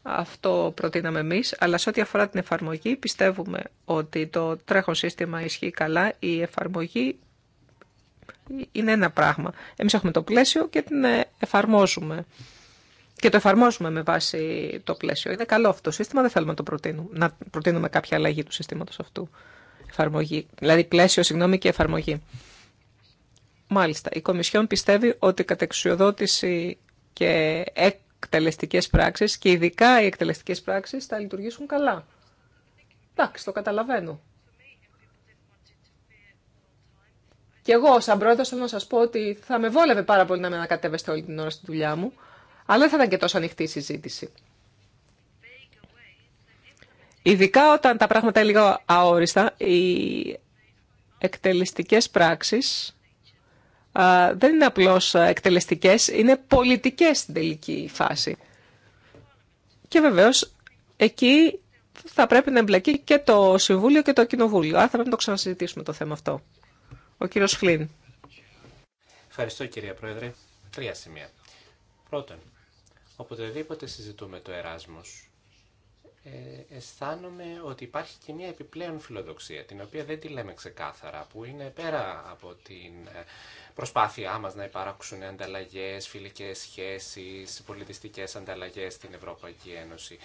Αυτό προτείναμε εμεί, αλλά σε ό,τι αφορά την εφαρμογή πιστεύουμε ότι το τρέχον σύστημα ισχύει καλά, η εφαρμογή είναι ένα πράγμα. Εμείς έχουμε το πλαίσιο και την ε, εφαρμόζουμε και το εφαρμόζουμε με βάση το πλαίσιο. Είναι καλό αυτό το σύστημα, δεν θέλουμε να το προτείνουμε, να προτείνουμε κάποια αλλαγή του συστήματο αυτού. Εφαρμογή, δηλαδή πλαίσιο, συγγνώμη, και εφαρμογή. Μάλιστα, η Κομισιόν πιστεύει ότι κατεξουσιοδότηση και εκτελεστικέ πράξει και ειδικά οι εκτελεστικέ πράξει θα λειτουργήσουν καλά. Εντάξει, το καταλαβαίνω. Και εγώ, σαν πρόεδρο, θέλω να σα πω ότι θα με βόλευε πάρα πολύ να με ανακατεύεστε όλη την ώρα στη δουλειά μου αλλά δεν θα ήταν και τόσο ανοιχτή η συζήτηση. Ειδικά όταν τα πράγματα είναι λίγο αόριστα, οι εκτελεστικές πράξεις δεν είναι απλώς εκτελεστικές, είναι πολιτικές στην τελική φάση. Και βεβαίως εκεί θα πρέπει να εμπλακεί και το Συμβούλιο και το Κοινοβούλιο. Άρα θα πρέπει να το ξανασυζητήσουμε το θέμα αυτό. Ο κύριος Φλίν. Ευχαριστώ κυρία Πρόεδρε. Τρία σημεία. Πρώτον, Οποτεδήποτε συζητούμε το Εράσμος, ε, αισθάνομαι ότι υπάρχει και μια επιπλέον φιλοδοξία, την οποία δεν τη λέμε ξεκάθαρα, που είναι πέρα από την ε, προσπάθειά μας να υπάρξουν ανταλλαγές, φιλικές σχέσεις, πολιτιστικές ανταλλαγές στην Ευρωπαϊκή Ένωση.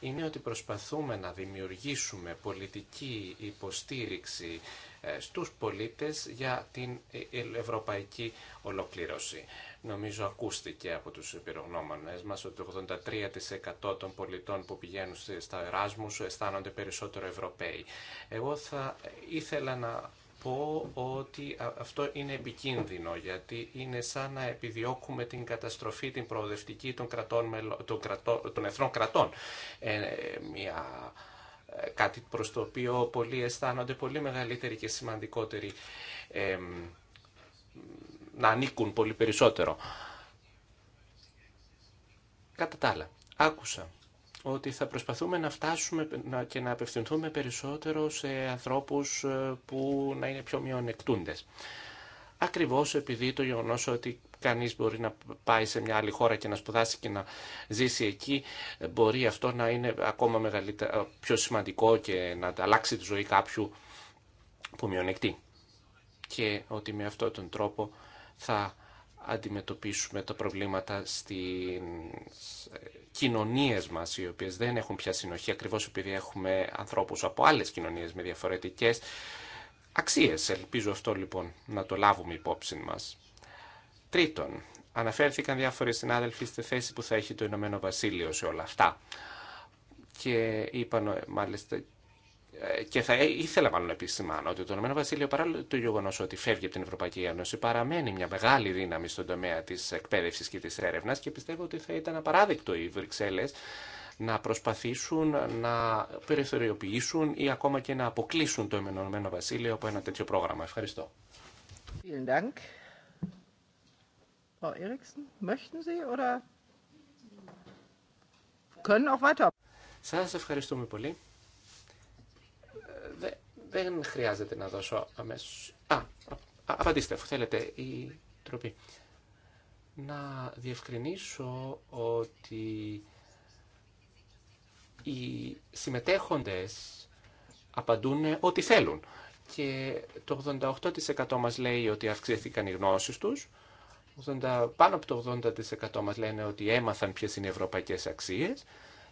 Είναι ότι προσπαθούμε να δημιουργήσουμε πολιτική υποστήριξη ε, στους πολίτες για την ε, ευρωπαϊκή ολοκλήρωση. Νομίζω ακούστηκε από τους πυρογνώμανες μας ότι το 83% των πολιτών που πηγαίνουν στα Εράσμους αισθάνονται περισσότερο Ευρωπαίοι. Εγώ θα ήθελα να πω ότι αυτό είναι επικίνδυνο γιατί είναι σαν να επιδιώκουμε την καταστροφή, την προοδευτική των, κρατών, των, κρατών, εθνών κρατών. Ε, μια, ε, κάτι προς το οποίο πολλοί αισθάνονται πολύ μεγαλύτερη και σημαντικότερη να ανήκουν πολύ περισσότερο. Κατά τα άλλα, άκουσα ότι θα προσπαθούμε να φτάσουμε και να απευθυνθούμε περισσότερο σε ανθρώπους ε, που να είναι πιο μειονεκτούντες. Ακριβώς επειδή το γεγονό ότι κανείς μπορεί να πάει σε μια άλλη χώρα και να σπουδάσει και να ζήσει εκεί, μπορεί αυτό να είναι ακόμα μεγαλύτερο, πιο σημαντικό και να αλλάξει τη ζωή κάποιου που μειονεκτεί. Και ότι με αυτόν τον τρόπο θα αντιμετωπίσουμε τα προβλήματα στις κοινωνίες μας, οι οποίες δεν έχουν πια συνοχή, ακριβώς επειδή έχουμε ανθρώπους από άλλες κοινωνίες με διαφορετικές αξίες. Ελπίζω αυτό λοιπόν να το λάβουμε υπόψη μας. Τρίτον, αναφέρθηκαν διάφοροι συνάδελφοι στη θέση που θα έχει το Ηνωμένο Βασίλειο σε όλα αυτά. Και είπαν μάλιστα ε, και θα ήθελα μάλλον να επισημάνω ότι το Ηνωμένο Βασίλειο παράλληλα το γεγονό ότι φεύγει από την Ευρωπαϊκή Ένωση παραμένει μια μεγάλη δύναμη στον τομέα τη εκπαίδευση και τη έρευνα και πιστεύω ότι θα ήταν απαράδεκτο οι Βρυξέλλε να προσπαθήσουν να περιθωριοποιήσουν ή ακόμα και να αποκλείσουν το Ηνωμένο Βασίλειο από ένα τέτοιο πρόγραμμα. Ευχαριστώ. Σας ευχαριστούμε πολύ. Δεν χρειάζεται να δώσω αμέσως... Α, απαντήστε θέλετε η τροπή. Να διευκρινίσω ότι οι συμμετέχοντες απαντούν ό,τι θέλουν. Και το 88% μας λέει ότι αυξήθηκαν οι γνώσεις τους, πάνω από το 80% μας λένε ότι έμαθαν ποιες είναι οι ευρωπαϊκές αξίες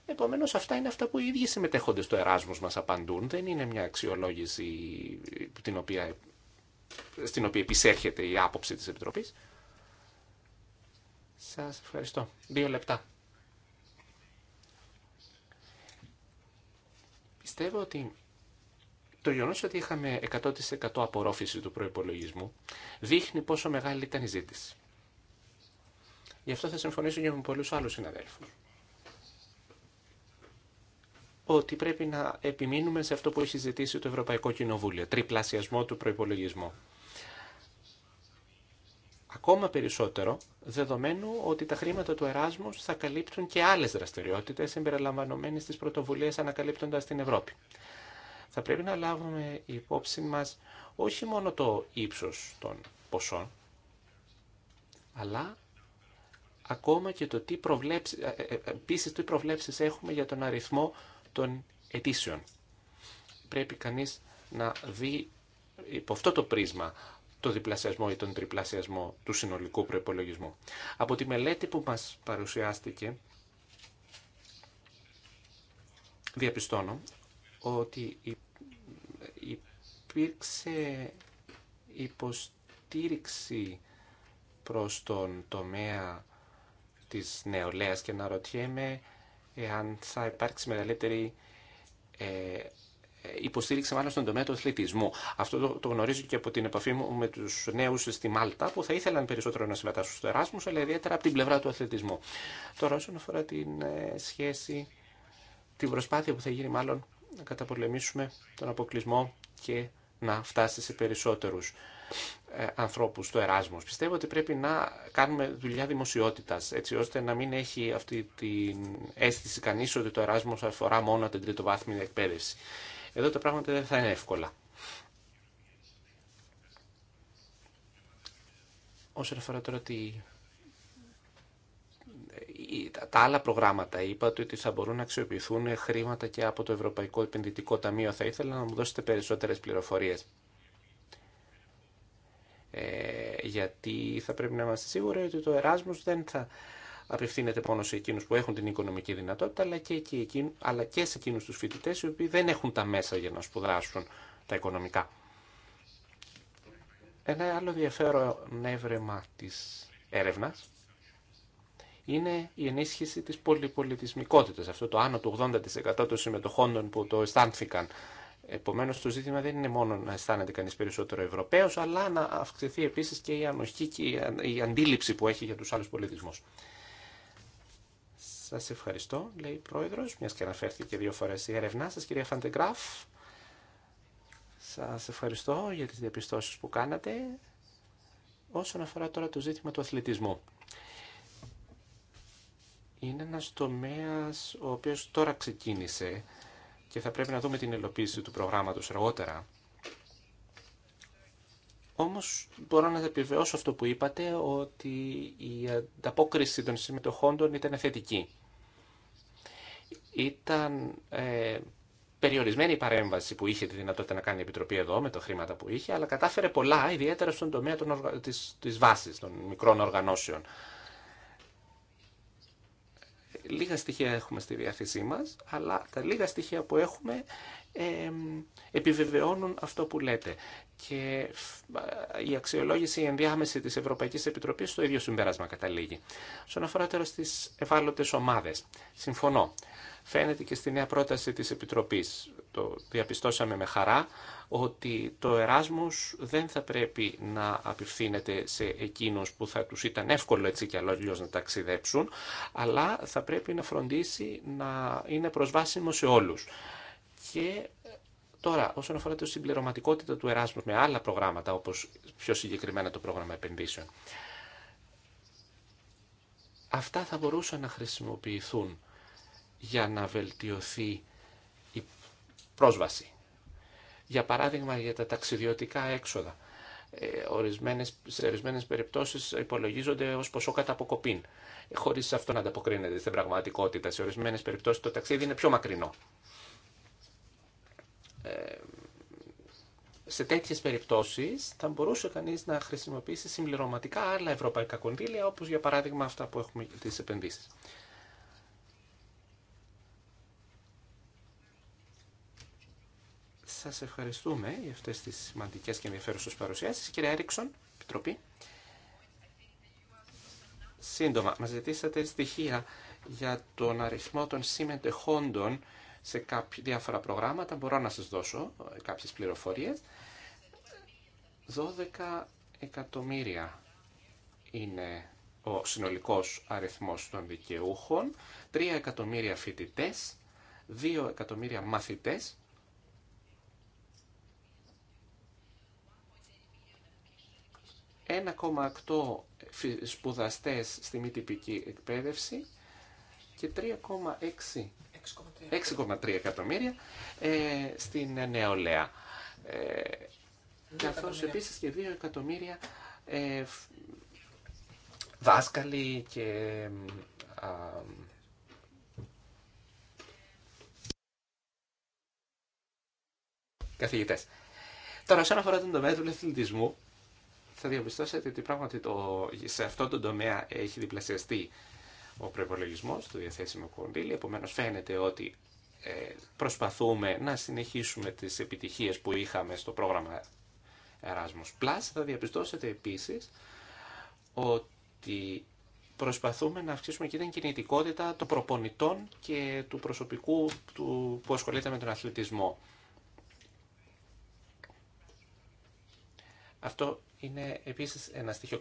Επομένως αυτά είναι αυτά που οι ίδιοι συμμετέχονται στο Εράσμους μας απαντούν. Δεν είναι μια αξιολόγηση την οποία, στην οποία επισέρχεται η άποψη της Επιτροπής. Σας ευχαριστώ. Δύο λεπτά. Πιστεύω ότι το γεγονό ότι είχαμε 100% απορρόφηση του προπολογισμού δείχνει πόσο μεγάλη ήταν η ζήτηση. Γι' αυτό θα συμφωνήσω και με πολλού άλλου συναδέλφου ότι πρέπει να επιμείνουμε σε αυτό που έχει ζητήσει το Ευρωπαϊκό Κοινοβούλιο, τριπλασιασμό του προϋπολογισμού. Ακόμα περισσότερο, δεδομένου ότι τα χρήματα του Εράσμου θα καλύπτουν και άλλες δραστηριότητες συμπεριλαμβανομένες της πρωτοβουλίας ανακαλύπτοντας την Ευρώπη. Θα πρέπει να λάβουμε υπόψη μας όχι μόνο το ύψος των ποσών, αλλά ακόμα και το τι προβλέψεις, ε, ε, ε, επίσης τι προβλέψεις έχουμε για τον αριθμό των αιτήσεων. Πρέπει κανείς να δει υπό αυτό το πρίσμα το διπλασιασμό ή τον τριπλασιασμό του συνολικού προϋπολογισμού. Από τη μελέτη που μας παρουσιάστηκε, διαπιστώνω ότι υπήρξε υποστήριξη προς τον τομέα της νεολαίας και να ρωτιέμαι εάν θα υπάρξει μεγαλύτερη ε, υποστήριξη μάλλον στον τομέα του αθλητισμού. Αυτό το, γνωρίζω και από την επαφή μου με του νέου στη Μάλτα που θα ήθελαν περισσότερο να συμμετάσχουν στο Εράσμου, αλλά ιδιαίτερα από την πλευρά του αθλητισμού. Τώρα, όσον αφορά την ε, σχέση, την προσπάθεια που θα γίνει μάλλον να καταπολεμήσουμε τον αποκλεισμό και να φτάσει σε περισσότερους. Ε, ανθρώπους στο Εράσμος. Πιστεύω ότι πρέπει να κάνουμε δουλειά δημοσιότητας, έτσι ώστε να μην έχει αυτή την αίσθηση κανείς ότι το Εράσμος αφορά μόνο την τριτοβάθμια εκπαίδευση. Εδώ τα πράγματα δεν θα είναι εύκολα. Όσον αφορά τώρα τη... τα άλλα προγράμματα, είπατε ότι θα μπορούν να αξιοποιηθούν χρήματα και από το Ευρωπαϊκό Επενδυτικό Ταμείο. Θα ήθελα να μου δώσετε περισσότερες πληροφορίες. Ε, γιατί θα πρέπει να είμαστε σίγουροι ότι το Εράσμος δεν θα απευθύνεται μόνο σε εκείνους που έχουν την οικονομική δυνατότητα, αλλά και, αλλά και σε εκείνους τους φοιτητές οι οποίοι δεν έχουν τα μέσα για να σπουδάσουν τα οικονομικά. Ένα άλλο ενδιαφέρον έβρεμα τη έρευνα είναι η ενίσχυση της πολυπολιτισμικότητας, αυτό το άνω του 80% των συμμετοχών που το αισθάνθηκαν Επομένως το ζήτημα δεν είναι μόνο να αισθάνεται κανεί περισσότερο Ευρωπαίος, αλλά να αυξηθεί επίσης και η ανοχή και η αντίληψη που έχει για τους άλλου πολιτισμού. Σας ευχαριστώ, λέει η Πρόεδρος, μιας και αναφέρθηκε δύο φορέ η έρευνά σας, κυρία Φαντεγκράφ. Σας ευχαριστώ για τις διαπιστώσει που κάνατε. Όσον αφορά τώρα το ζήτημα του αθλητισμού. Είναι ένας τομέας ο οποίος τώρα ξεκίνησε και θα πρέπει να δούμε την υλοποίηση του προγράμματος αργότερα. Όμως μπορώ να επιβεβαιώσω αυτό που είπατε ότι η ανταπόκριση των συμμετοχόντων ήταν θετική. Ήταν ε, περιορισμένη η παρέμβαση που είχε τη δυνατότητα να κάνει η Επιτροπή εδώ με τα χρήματα που είχε, αλλά κατάφερε πολλά, ιδιαίτερα στον τομέα των οργα... της βάσης των μικρών οργανώσεων λίγα στοιχεία έχουμε στη διάθεσή μας, αλλά τα λίγα στοιχεία που έχουμε επιβεβαιώνουν αυτό που λέτε. Και η αξιολόγηση ενδιάμεση της Ευρωπαϊκής Επιτροπής στο ίδιο συμπέρασμα καταλήγει. Στον αφορά τώρα στις ευάλωτες ομάδες. Συμφωνώ. Φαίνεται και στη νέα πρόταση της Επιτροπής το διαπιστώσαμε με χαρά ότι το Εράσμος δεν θα πρέπει να απευθύνεται σε εκείνους που θα τους ήταν εύκολο έτσι και αλλιώς να ταξιδέψουν, αλλά θα πρέπει να φροντίσει να είναι προσβάσιμο σε όλους. Και ε, τώρα, όσον αφορά τη συμπληρωματικότητα του Εράσμου με άλλα προγράμματα, όπως πιο συγκεκριμένα το πρόγραμμα επενδύσεων, αυτά θα μπορούσαν να χρησιμοποιηθούν για να βελτιωθεί πρόσβαση. Για παράδειγμα, για τα ταξιδιωτικά έξοδα. Ε, ορισμένες, σε ορισμένε περιπτώσει υπολογίζονται ω ποσό κατά αποκοπήν, χωρί αυτό να ανταποκρίνεται στην πραγματικότητα. Σε ορισμένε περιπτώσει το ταξίδι είναι πιο μακρινό. Ε, σε τέτοιες περιπτώσεις θα μπορούσε κανείς να χρησιμοποιήσει συμπληρωματικά άλλα ευρωπαϊκά κονδύλια, όπως για παράδειγμα αυτά που έχουμε τις επενδύσεις. Σας ευχαριστούμε για αυτές τις σημαντικές και ενδιαφέρουσες παρουσιάσεις. Κύριε Έριξον, Επιτροπή. Σύντομα, μας ζητήσατε στοιχεία για τον αριθμό των συμμετεχόντων σε κάποια διάφορα προγράμματα. Μπορώ να σας δώσω κάποιες πληροφορίες. 12 εκατομμύρια είναι ο συνολικός αριθμός των δικαιούχων, 3 εκατομμύρια φοιτητές, 2 εκατομμύρια μαθητές 1,8 σπουδαστές στη μη τυπική εκπαίδευση και 3,6 6,3 εκατομμύρια ε, στην νεολαία. Ε, καθώς επίσης και 2 εκατομμύρια ε, δάσκαλοι και α, καθηγητές. Τώρα, όσον αφορά τον τομέα του αθλητισμού, θα διαπιστώσετε ότι πράγματι το, σε αυτό το τομέα έχει διπλασιαστεί ο προπολογισμό του διαθέσιμου κονδύλι. Επομένω, φαίνεται ότι ε, προσπαθούμε να συνεχίσουμε τις επιτυχίες που είχαμε στο πρόγραμμα Erasmus Plus. Θα διαπιστώσετε επίσης ότι προσπαθούμε να αυξήσουμε και την κινητικότητα των προπονητών και του προσωπικού του, που ασχολείται με τον αθλητισμό. Αυτό είναι επίσης ένα στοιχείο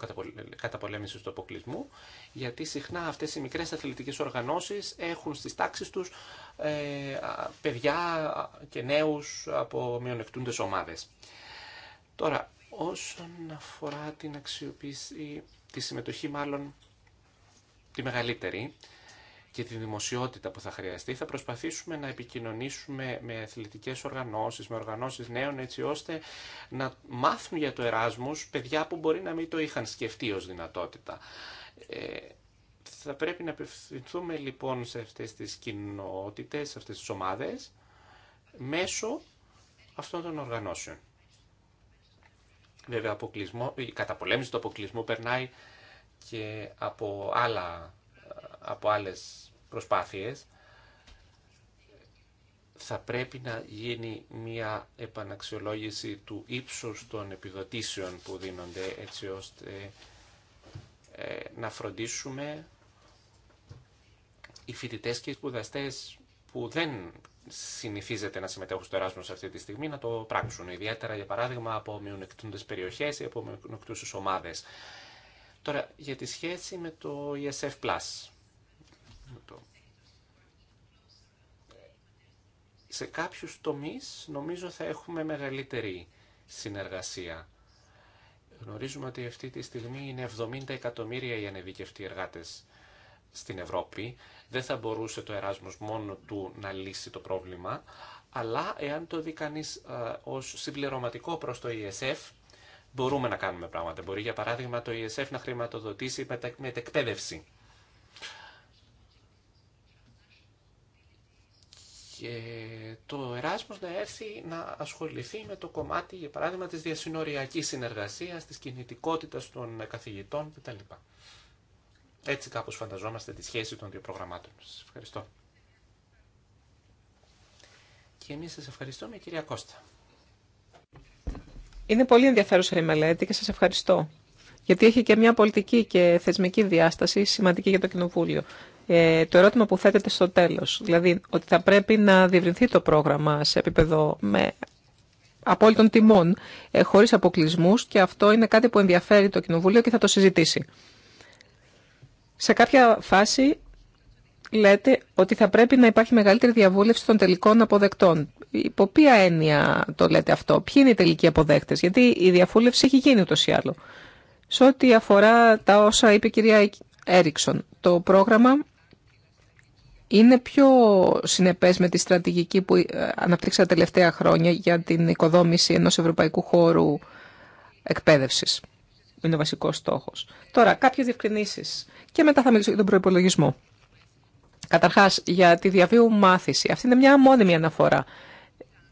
καταπολέμησης του αποκλεισμού, γιατί συχνά αυτές οι μικρές αθλητικές οργανώσεις έχουν στις τάξεις τους ε, παιδιά και νέους από μειονεκτούντες ομάδες. Τώρα, όσον αφορά την αξιοποίηση, τη συμμετοχή μάλλον τη μεγαλύτερη, και τη δημοσιότητα που θα χρειαστεί. Θα προσπαθήσουμε να επικοινωνήσουμε με αθλητικές οργανώσεις, με οργανώσεις νέων, έτσι ώστε να μάθουν για το Εράσμους παιδιά που μπορεί να μην το είχαν σκεφτεί ως δυνατότητα. Ε, θα πρέπει να απευθυνθούμε λοιπόν σε αυτές τις κοινότητες, σε αυτές τις ομάδες, μέσω αυτών των οργανώσεων. Βέβαια, η καταπολέμηση του αποκλεισμού περνάει και από άλλα από άλλες προσπάθειες, θα πρέπει να γίνει μια επαναξιολόγηση του ύψους των επιδοτήσεων που δίνονται έτσι ώστε ε, να φροντίσουμε οι φοιτητέ και οι σπουδαστέ που δεν συνηθίζεται να συμμετέχουν στο Εράσμο αυτή τη στιγμή να το πράξουν. Ιδιαίτερα, για παράδειγμα, από μειονεκτούντε περιοχέ ή από μειονεκτούσε ομάδε. Τώρα, για τη σχέση με το ESF σε κάποιους τομείς νομίζω θα έχουμε μεγαλύτερη συνεργασία. Γνωρίζουμε ότι αυτή τη στιγμή είναι 70 εκατομμύρια οι ανεδικευτοί εργάτες στην Ευρώπη. Δεν θα μπορούσε το Εράσμος μόνο του να λύσει το πρόβλημα, αλλά εάν το δει κανείς ως συμπληρωματικό προς το ESF, μπορούμε να κάνουμε πράγματα. Μπορεί για παράδειγμα το ESF να χρηματοδοτήσει μετεκπαίδευση και το Εράσμος να έρθει να ασχοληθεί με το κομμάτι, για παράδειγμα, της διασυνοριακής συνεργασίας, της κινητικότητας των καθηγητών κτλ. Έτσι κάπως φανταζόμαστε τη σχέση των δύο προγραμμάτων. Σας ευχαριστώ. Και εμείς σας ευχαριστούμε, κυρία Κώστα. Είναι πολύ ενδιαφέρουσα η μελέτη και σας ευχαριστώ. Γιατί έχει και μια πολιτική και θεσμική διάσταση σημαντική για το Κοινοβούλιο. Ε, το ερώτημα που θέτεται στο τέλος. Δηλαδή ότι θα πρέπει να διευρυνθεί το πρόγραμμα σε επίπεδο με απόλυτων τιμών, ε, χωρίς αποκλεισμού και αυτό είναι κάτι που ενδιαφέρει το Κοινοβούλιο και θα το συζητήσει. Σε κάποια φάση λέτε ότι θα πρέπει να υπάρχει μεγαλύτερη διαβούλευση των τελικών αποδεκτών. Υπό ποια έννοια το λέτε αυτό, ποιοι είναι οι τελικοί αποδέκτες, γιατί η διαβούλευση ούτως ή άλλο. Σε ό,τι αφορά τα όσα είπε η κυρία Έριξον, το πρόγραμμα είναι πιο συνεπές με τη στρατηγική που ε, αναπτύξατε τα τελευταία χρόνια για την οικοδόμηση ενός ευρωπαϊκού χώρου εκπαίδευσης. Είναι ο βασικός στόχος. Τώρα, κάποιες διευκρινήσεις και μετά θα μιλήσω για τον προϋπολογισμό. Καταρχάς, για τη διαβίου μάθηση. Αυτή είναι μια μόνιμη αναφορά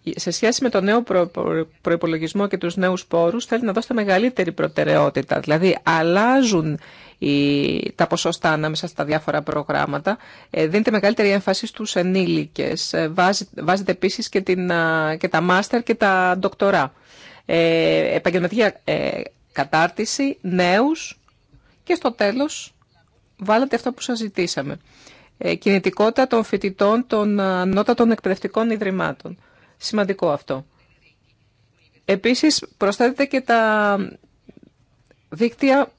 σε σχέση με τον νέο προϋπολογισμό και τους νέους πόρους θέλει να δώσετε μεγαλύτερη προτεραιότητα. Δηλαδή αλλάζουν τα ποσοστά ανάμεσα στα διάφορα προγράμματα. Ε, δίνεται μεγαλύτερη έμφαση στους ενήλικες. Ε, βάζετε, βάζετε επίσης και, την, και τα μάστερ και τα ντοκτορά. Ε, επαγγελματική ε, κατάρτιση, νέους και στο τέλος βάλετε αυτό που σας ζητήσαμε. Ε, κινητικότητα των φοιτητών των ανώτατων εκπαιδευτικών ιδρυμάτων. Σημαντικό αυτό. Επίσης, προσθέτεται και τα δίκτυα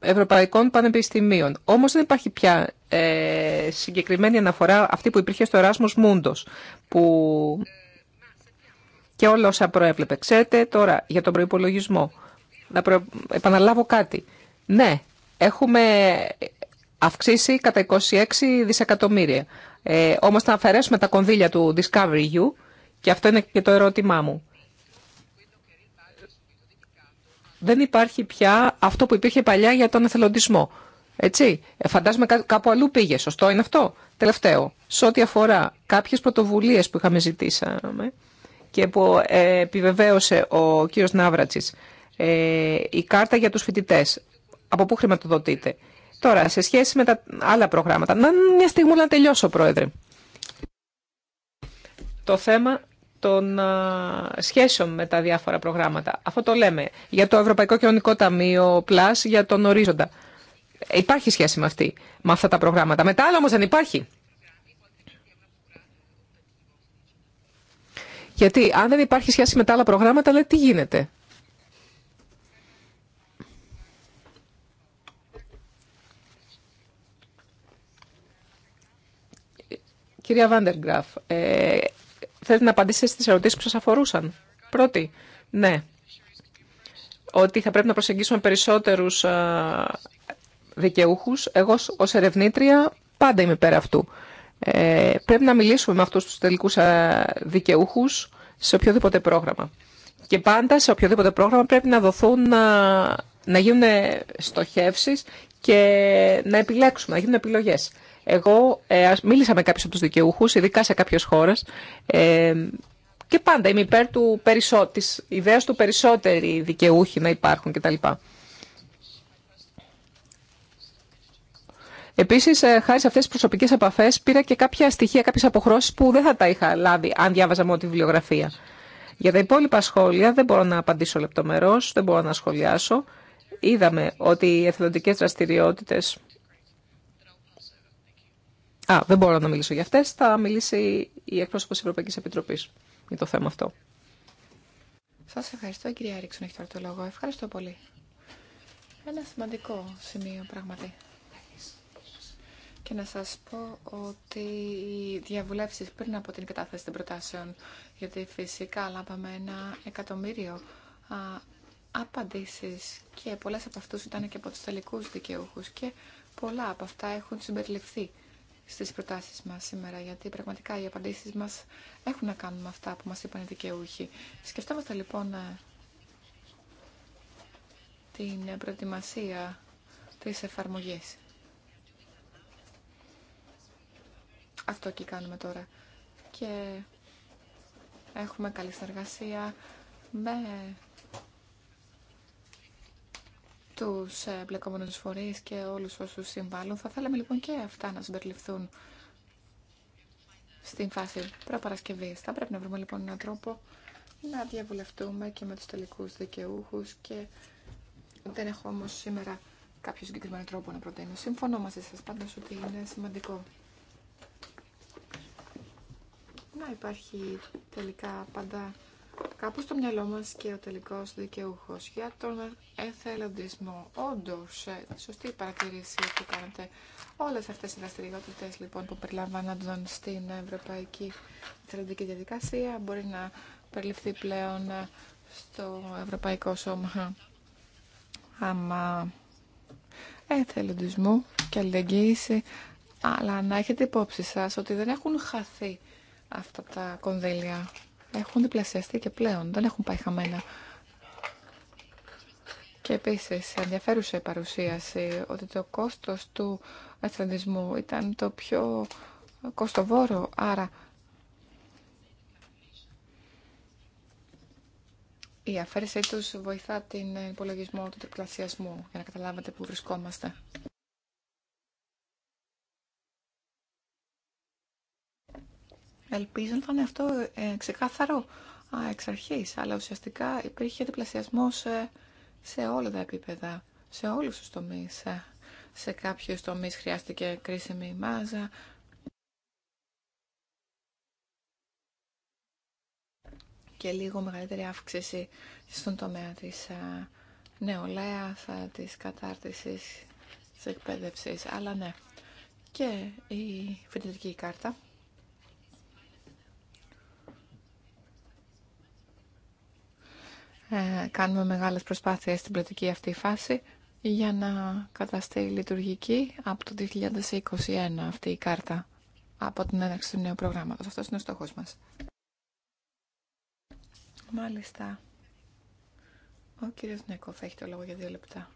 ευρωπαϊκών πανεπιστημίων. Όμως δεν υπάρχει πια ε, συγκεκριμένη αναφορά αυτή που υπήρχε στο Εράσμος Μούντος, που και όλα όσα προέβλεπε. Ξέρετε τώρα για τον προϋπολογισμό. Να επαναλάβω κάτι. Ναι, έχουμε αυξήσει κατά 26 δισεκατομμύρια. Ε, όμως θα αφαιρέσουμε τα κονδύλια του Discovery U, και αυτό είναι και το ερώτημά μου. Δεν υπάρχει πια αυτό που υπήρχε παλιά για τον εθελοντισμό. Έτσι, ε, φαντάζομαι κάπου αλλού πήγε, σωστό είναι αυτό. Τελευταίο, σε ό,τι αφορά κάποιες πρωτοβουλίες που είχαμε ζητήσαμε και που ε, επιβεβαίωσε ο κύριος Ναύρατσης, ε, η κάρτα για τους φοιτητέ. από πού χρηματοδοτείται. Τώρα, σε σχέση με τα άλλα προγράμματα, να μια στιγμή να τελειώσω, Πρόεδρε. Το θέμα των σχέσεων με τα διάφορα προγράμματα. Αυτό το λέμε για το Ευρωπαϊκό Κοινωνικό Ταμείο Plus, για τον ορίζοντα. Υπάρχει σχέση με, αυτή, με αυτά τα προγράμματα. Με άλλα όμως δεν υπάρχει. Γιατί αν δεν υπάρχει σχέση με τα άλλα προγράμματα, λέει τι γίνεται. Κυρία Βάντεργκραφ, ε, θέλετε να απαντήσετε στις ερωτήσεις που σας αφορούσαν. Πρώτη, ναι, ότι θα πρέπει να προσεγγίσουμε περισσότερους δικαιούχους. Εγώ ως ερευνήτρια πάντα είμαι πέρα αυτού. Ε, πρέπει να μιλήσουμε με αυτούς τους τελικούς δικαιούχους σε οποιοδήποτε πρόγραμμα. Και πάντα σε οποιοδήποτε πρόγραμμα πρέπει να δοθούν να, γίνουν στοχεύσεις και να επιλέξουμε, να γίνουν επιλογές. Εγώ ε, μίλησα με κάποιου από του δικαιούχου, ειδικά σε κάποιε χώρε. ε, και πάντα είμαι υπέρ του περισσό, της ιδέας του περισσότεροι δικαιούχοι να υπάρχουν κτλ. Επίσης, ε, χάρη σε αυτές τις προσωπικές επαφέ, πήρα και κάποια στοιχεία, κάποιε αποχρώσεις που δεν θα τα είχα λάβει αν διάβαζα μόνο τη βιβλιογραφία. Για τα υπόλοιπα σχόλια δεν μπορώ να απαντήσω λεπτομερώς, δεν μπορώ να σχολιάσω. Είδαμε ότι οι εθελοντικές δραστηριότητες Α, δεν μπορώ να μιλήσω για αυτές. Θα μιλήσει η εκπρόσωπος της Ευρωπαϊκής Επιτροπής για το θέμα αυτό. Σας ευχαριστώ, κυρία Ρίξον, έχει τώρα το λόγο. Ευχαριστώ πολύ. Ένα σημαντικό σημείο, πράγματι. Και να σας πω ότι οι διαβουλεύσεις πριν από την κατάθεση των προτάσεων, γιατί φυσικά λάβαμε ένα εκατομμύριο απαντήσει απαντήσεις και πολλές από αυτούς ήταν και από τους τελικούς δικαιούχους και πολλά από αυτά έχουν συμπεριληφθεί στις προτάσεις μας σήμερα, γιατί πραγματικά οι απαντήσεις μας έχουν να κάνουν με αυτά που μας είπαν οι δικαιούχοι. Σκεφτόμαστε λοιπόν ε, την προετοιμασία της εφαρμογής. Αυτό και κάνουμε τώρα. Και έχουμε καλή συνεργασία με τους εμπλεκόμενους φορείς και όλους όσους συμβάλλουν. Θα θέλαμε λοιπόν και αυτά να συμπεριληφθούν στην φάση προπαρασκευή. Θα πρέπει να βρούμε λοιπόν έναν τρόπο να διαβουλευτούμε και με τους τελικούς δικαιούχους και δεν έχω όμω σήμερα κάποιο συγκεκριμένο τρόπο να προτείνω. Συμφωνώ μαζί σας πάντως ότι είναι σημαντικό να υπάρχει τελικά πάντα κάπου στο μυαλό μας και ο τελικός δικαιούχος για τον εθελοντισμό. Όντως, ε, σωστή παρατηρήση που κάνετε. Όλες αυτές οι δραστηριότητε λοιπόν που περιλαμβάνονταν στην Ευρωπαϊκή Εθελοντική Διαδικασία μπορεί να περιληφθεί πλέον ε, στο Ευρωπαϊκό Σώμα άμα εθελοντισμού και αλληλεγγύηση αλλά να έχετε υπόψη σας ότι δεν έχουν χαθεί αυτά τα κονδύλια έχουν διπλασιαστεί και πλέον, δεν έχουν πάει χαμένα. Και επίσης ενδιαφέρουσε η παρουσίαση ότι το κόστος του αστραντισμού ήταν το πιο κοστοβόρο, άρα η αφαίρεσή τους βοηθά την υπολογισμό του τριπλασιασμού για να καταλάβετε που βρισκόμαστε. Ελπίζω να ήταν αυτό ε, ξεκάθαρο εξ αρχής, αλλά ουσιαστικά υπήρχε διπλασιασμό σε, σε όλα τα επίπεδα, σε όλους τους τομείς. Ε. Σε κάποιους τομείς χρειάστηκε κρίσιμη μάζα, και λίγο μεγαλύτερη αύξηση στον τομέα της ε, νεολαίας, της κατάρτισης, της εκπαίδευσης. Αλλά ναι, και η φοιτητική κάρτα Ε, κάνουμε μεγάλες προσπάθειες στην πλωτική αυτή φάση για να καταστεί λειτουργική από το 2021 αυτή η κάρτα από την έναρξη του νέου προγράμματος. Αυτός είναι ο στόχος μας. Μάλιστα. Ο κύριος Νέκοφ έχει το λόγο για δύο λεπτά.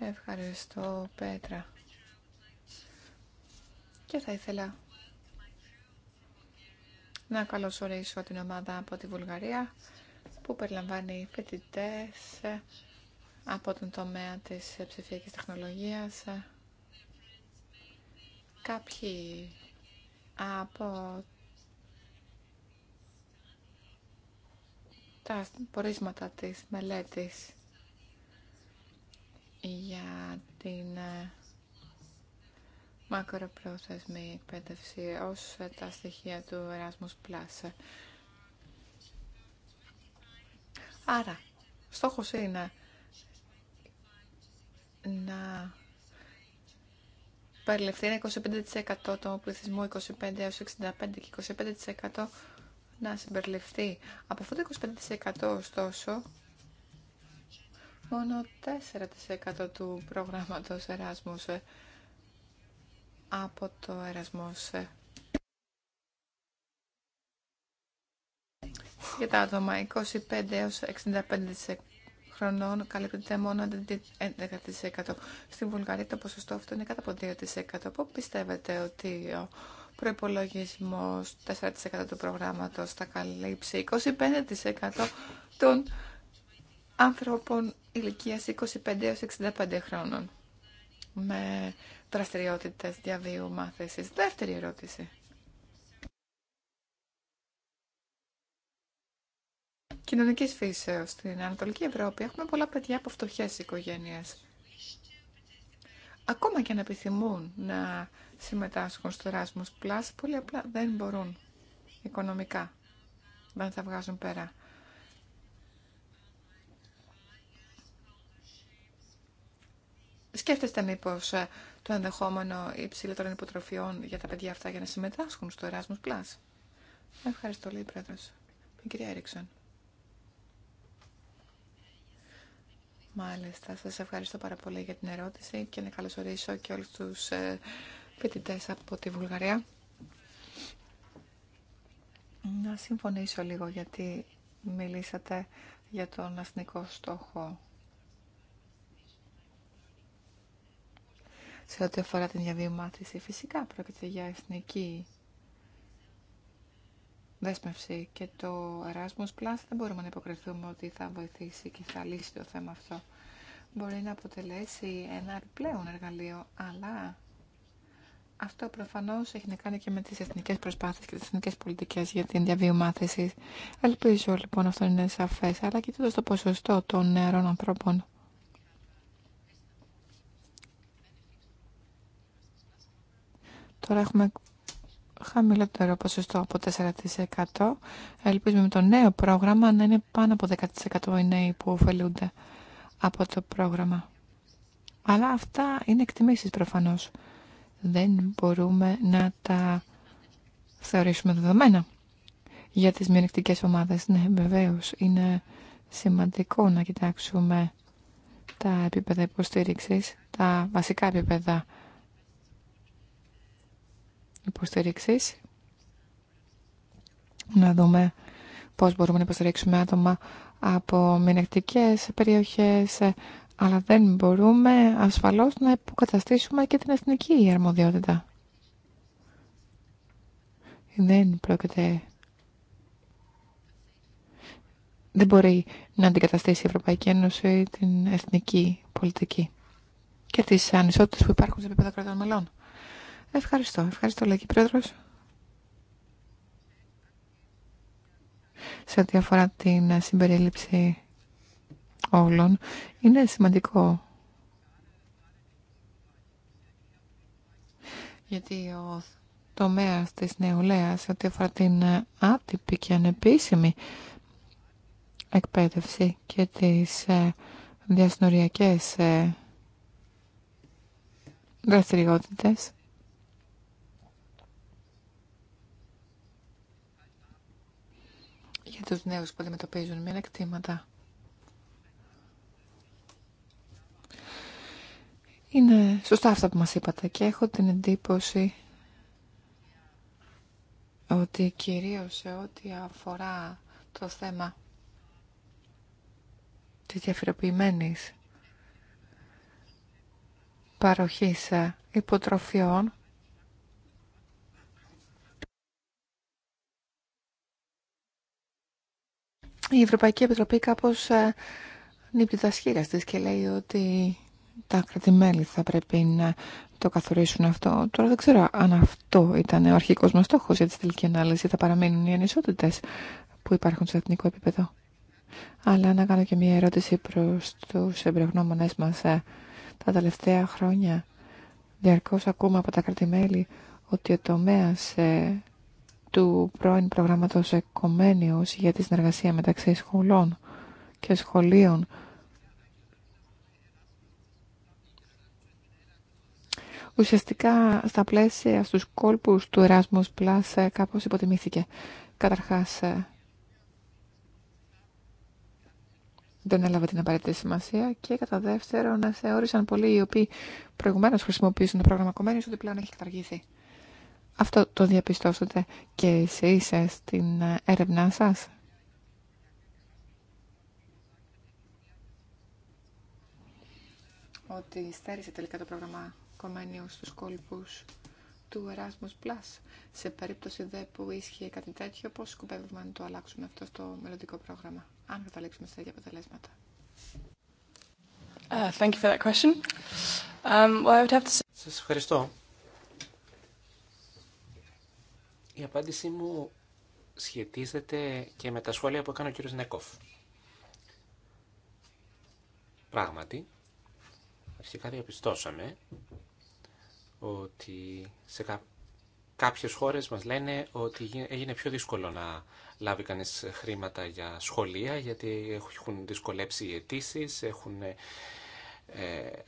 Ευχαριστώ, Πέτρα. Και θα ήθελα να καλωσορίσω την ομάδα από τη Βουλγαρία που περιλαμβάνει φοιτητέ από τον τομέα της ψηφιακής τεχνολογίας, κάποιοι από τα πορίσματα της μελέτης για την ε, μακροπρόθεσμη εκπαίδευση ως τα στοιχεία του Erasmus Άρα, στόχος είναι να περιληφθεί ένα 25% το πληθυσμό, 25 έως 65 και 25% να συμπεριληφθεί. Από αυτό το 25% ωστόσο, μόνο 4% του προγράμματος Εράσμους ε, από το Ερασμός ε, για τα άτομα 25 έως 65 χρονών καλύπτεται μόνο 11%. Στην Βουλγαρία το ποσοστό αυτό είναι κάτω από 2%. Πού πιστεύετε ότι ο προϋπολογισμός 4% του προγράμματος θα καλύψει 25% των ανθρώπων ηλικίας 25 έως 65 χρόνων με δραστηριότητες διαβίου μάθησης. Δεύτερη ερώτηση. κοινωνική φύσεω. Στην Ανατολική Ευρώπη έχουμε πολλά παιδιά από φτωχέ οικογένειε. Ακόμα και αν επιθυμούν να συμμετάσχουν στο Erasmus Plus, πολύ απλά δεν μπορούν οικονομικά. Δεν θα βγάζουν πέρα. Σκέφτεστε μήπω ε, το ενδεχόμενο υψηλότερων υποτροφιών για τα παιδιά αυτά για να συμμετάσχουν στο Erasmus Plus. Ευχαριστώ, λέει η πρόεδρο. Κυρία Έριξον. Μάλιστα, σας ευχαριστώ πάρα πολύ για την ερώτηση και να καλωσορίσω και όλους τους ε, φοιτητέ από τη Βουλγαρία. Να συμφωνήσω λίγο γιατί μιλήσατε για τον εθνικό στόχο σε ό,τι αφορά την διαβίου Φυσικά πρόκειται για εθνική δέσμευση και το Erasmus Plus δεν μπορούμε να υποκριθούμε ότι θα βοηθήσει και θα λύσει το θέμα αυτό. Μπορεί να αποτελέσει ένα επιπλέον εργαλείο, αλλά αυτό προφανώς έχει να κάνει και με τις εθνικές προσπάθειες και τις εθνικές πολιτικές για την διαβίου μάθηση. Ελπίζω λοιπόν αυτό είναι σαφές, αλλά κοιτώντας το ποσοστό των νεαρών ανθρώπων Τώρα έχουμε χαμηλότερο ποσοστό από 4%. Ελπίζουμε με το νέο πρόγραμμα να είναι πάνω από 10% οι νέοι που ωφελούνται από το πρόγραμμα. Αλλά αυτά είναι εκτιμήσεις προφανώς. Δεν μπορούμε να τα θεωρήσουμε δεδομένα για τις μειονεκτικές ομάδες. Ναι, βεβαίως, είναι σημαντικό να κοιτάξουμε τα επίπεδα υποστήριξης, τα βασικά επίπεδα υποστήριξης. Να δούμε πώς μπορούμε να υποστηρίξουμε άτομα από μηνεκτικές περιοχές, αλλά δεν μπορούμε ασφαλώς να υποκαταστήσουμε και την εθνική αρμοδιότητα. Δεν πρόκειται... Δεν μπορεί να αντικαταστήσει η Ευρωπαϊκή Ένωση την εθνική πολιτική και τις ανισότητες που υπάρχουν σε επίπεδο κρατών μελών. Ευχαριστώ. Ευχαριστώ, λέει πρόεδρος. Σε ό,τι αφορά την συμπερίληψη όλων, είναι σημαντικό. Γιατί ο τομέα της νεολαίας, σε ό,τι αφορά την άτυπη και ανεπίσημη εκπαίδευση και τις ε, διασυνοριακές ε, δραστηριότητες, για τους νέους που αντιμετωπίζουν μείον εκτήματα. Είναι σωστά αυτά που μας είπατε και έχω την εντύπωση ότι κυρίως σε ό,τι αφορά το θέμα της διαφοροποιημένης παροχής υποτροφιών η Ευρωπαϊκή Επιτροπή κάπως ε, νύπτει τα σχήρα της και λέει ότι τα κρατημέλη θα πρέπει να το καθορίσουν αυτό. Τώρα δεν ξέρω αν αυτό ήταν ο αρχικός μας στόχος για τη τελική ανάλυση. Θα παραμείνουν οι ανισότητες που υπάρχουν σε εθνικό επίπεδο. Αλλά να κάνω και μια ερώτηση προς τους εμπρεγνώμονες μας. Ε, τα τελευταία χρόνια διαρκώς ακούμε από τα κρατημέλη ότι ο τομέας ε, του πρώην προγράμματος Εκομένιος για τη συνεργασία μεταξύ σχολών και σχολείων. Ουσιαστικά στα πλαίσια στους κόλπους του Erasmus Plus ε, κάπως υποτιμήθηκε. Καταρχάς ε, δεν έλαβε την απαραίτητη σημασία και κατά δεύτερον ε, θεώρησαν πολλοί οι οποίοι προηγουμένως χρησιμοποιήσαν το πρόγραμμα κομμένιος ότι πλέον έχει καταργηθεί. Αυτό το διαπιστώσατε και εσείς ε, στην ε, έρευνά σας. Ότι στέρισε τελικά το πρόγραμμα Κομμένιου στους κόλπους του Erasmus Plus. Σε περίπτωση δε που ίσχυε κάτι τέτοιο, πώς σκοπεύουμε να το αλλάξουμε αυτό στο μελλοντικό πρόγραμμα, αν καταλήξουμε στα ίδια αποτελέσματα. Uh, thank you for that question. Um, well, I would have to... Σας ευχαριστώ. Η απάντησή μου σχετίζεται και με τα σχόλια που έκανε ο κύριος Νέκοφ. Πράγματι, αρχικά διαπιστώσαμε ότι σε κάποιες χώρες μας λένε ότι έγινε πιο δύσκολο να λάβει κανείς χρήματα για σχολεία γιατί έχουν δυσκολέψει οι αιτήσει, έχουν ε,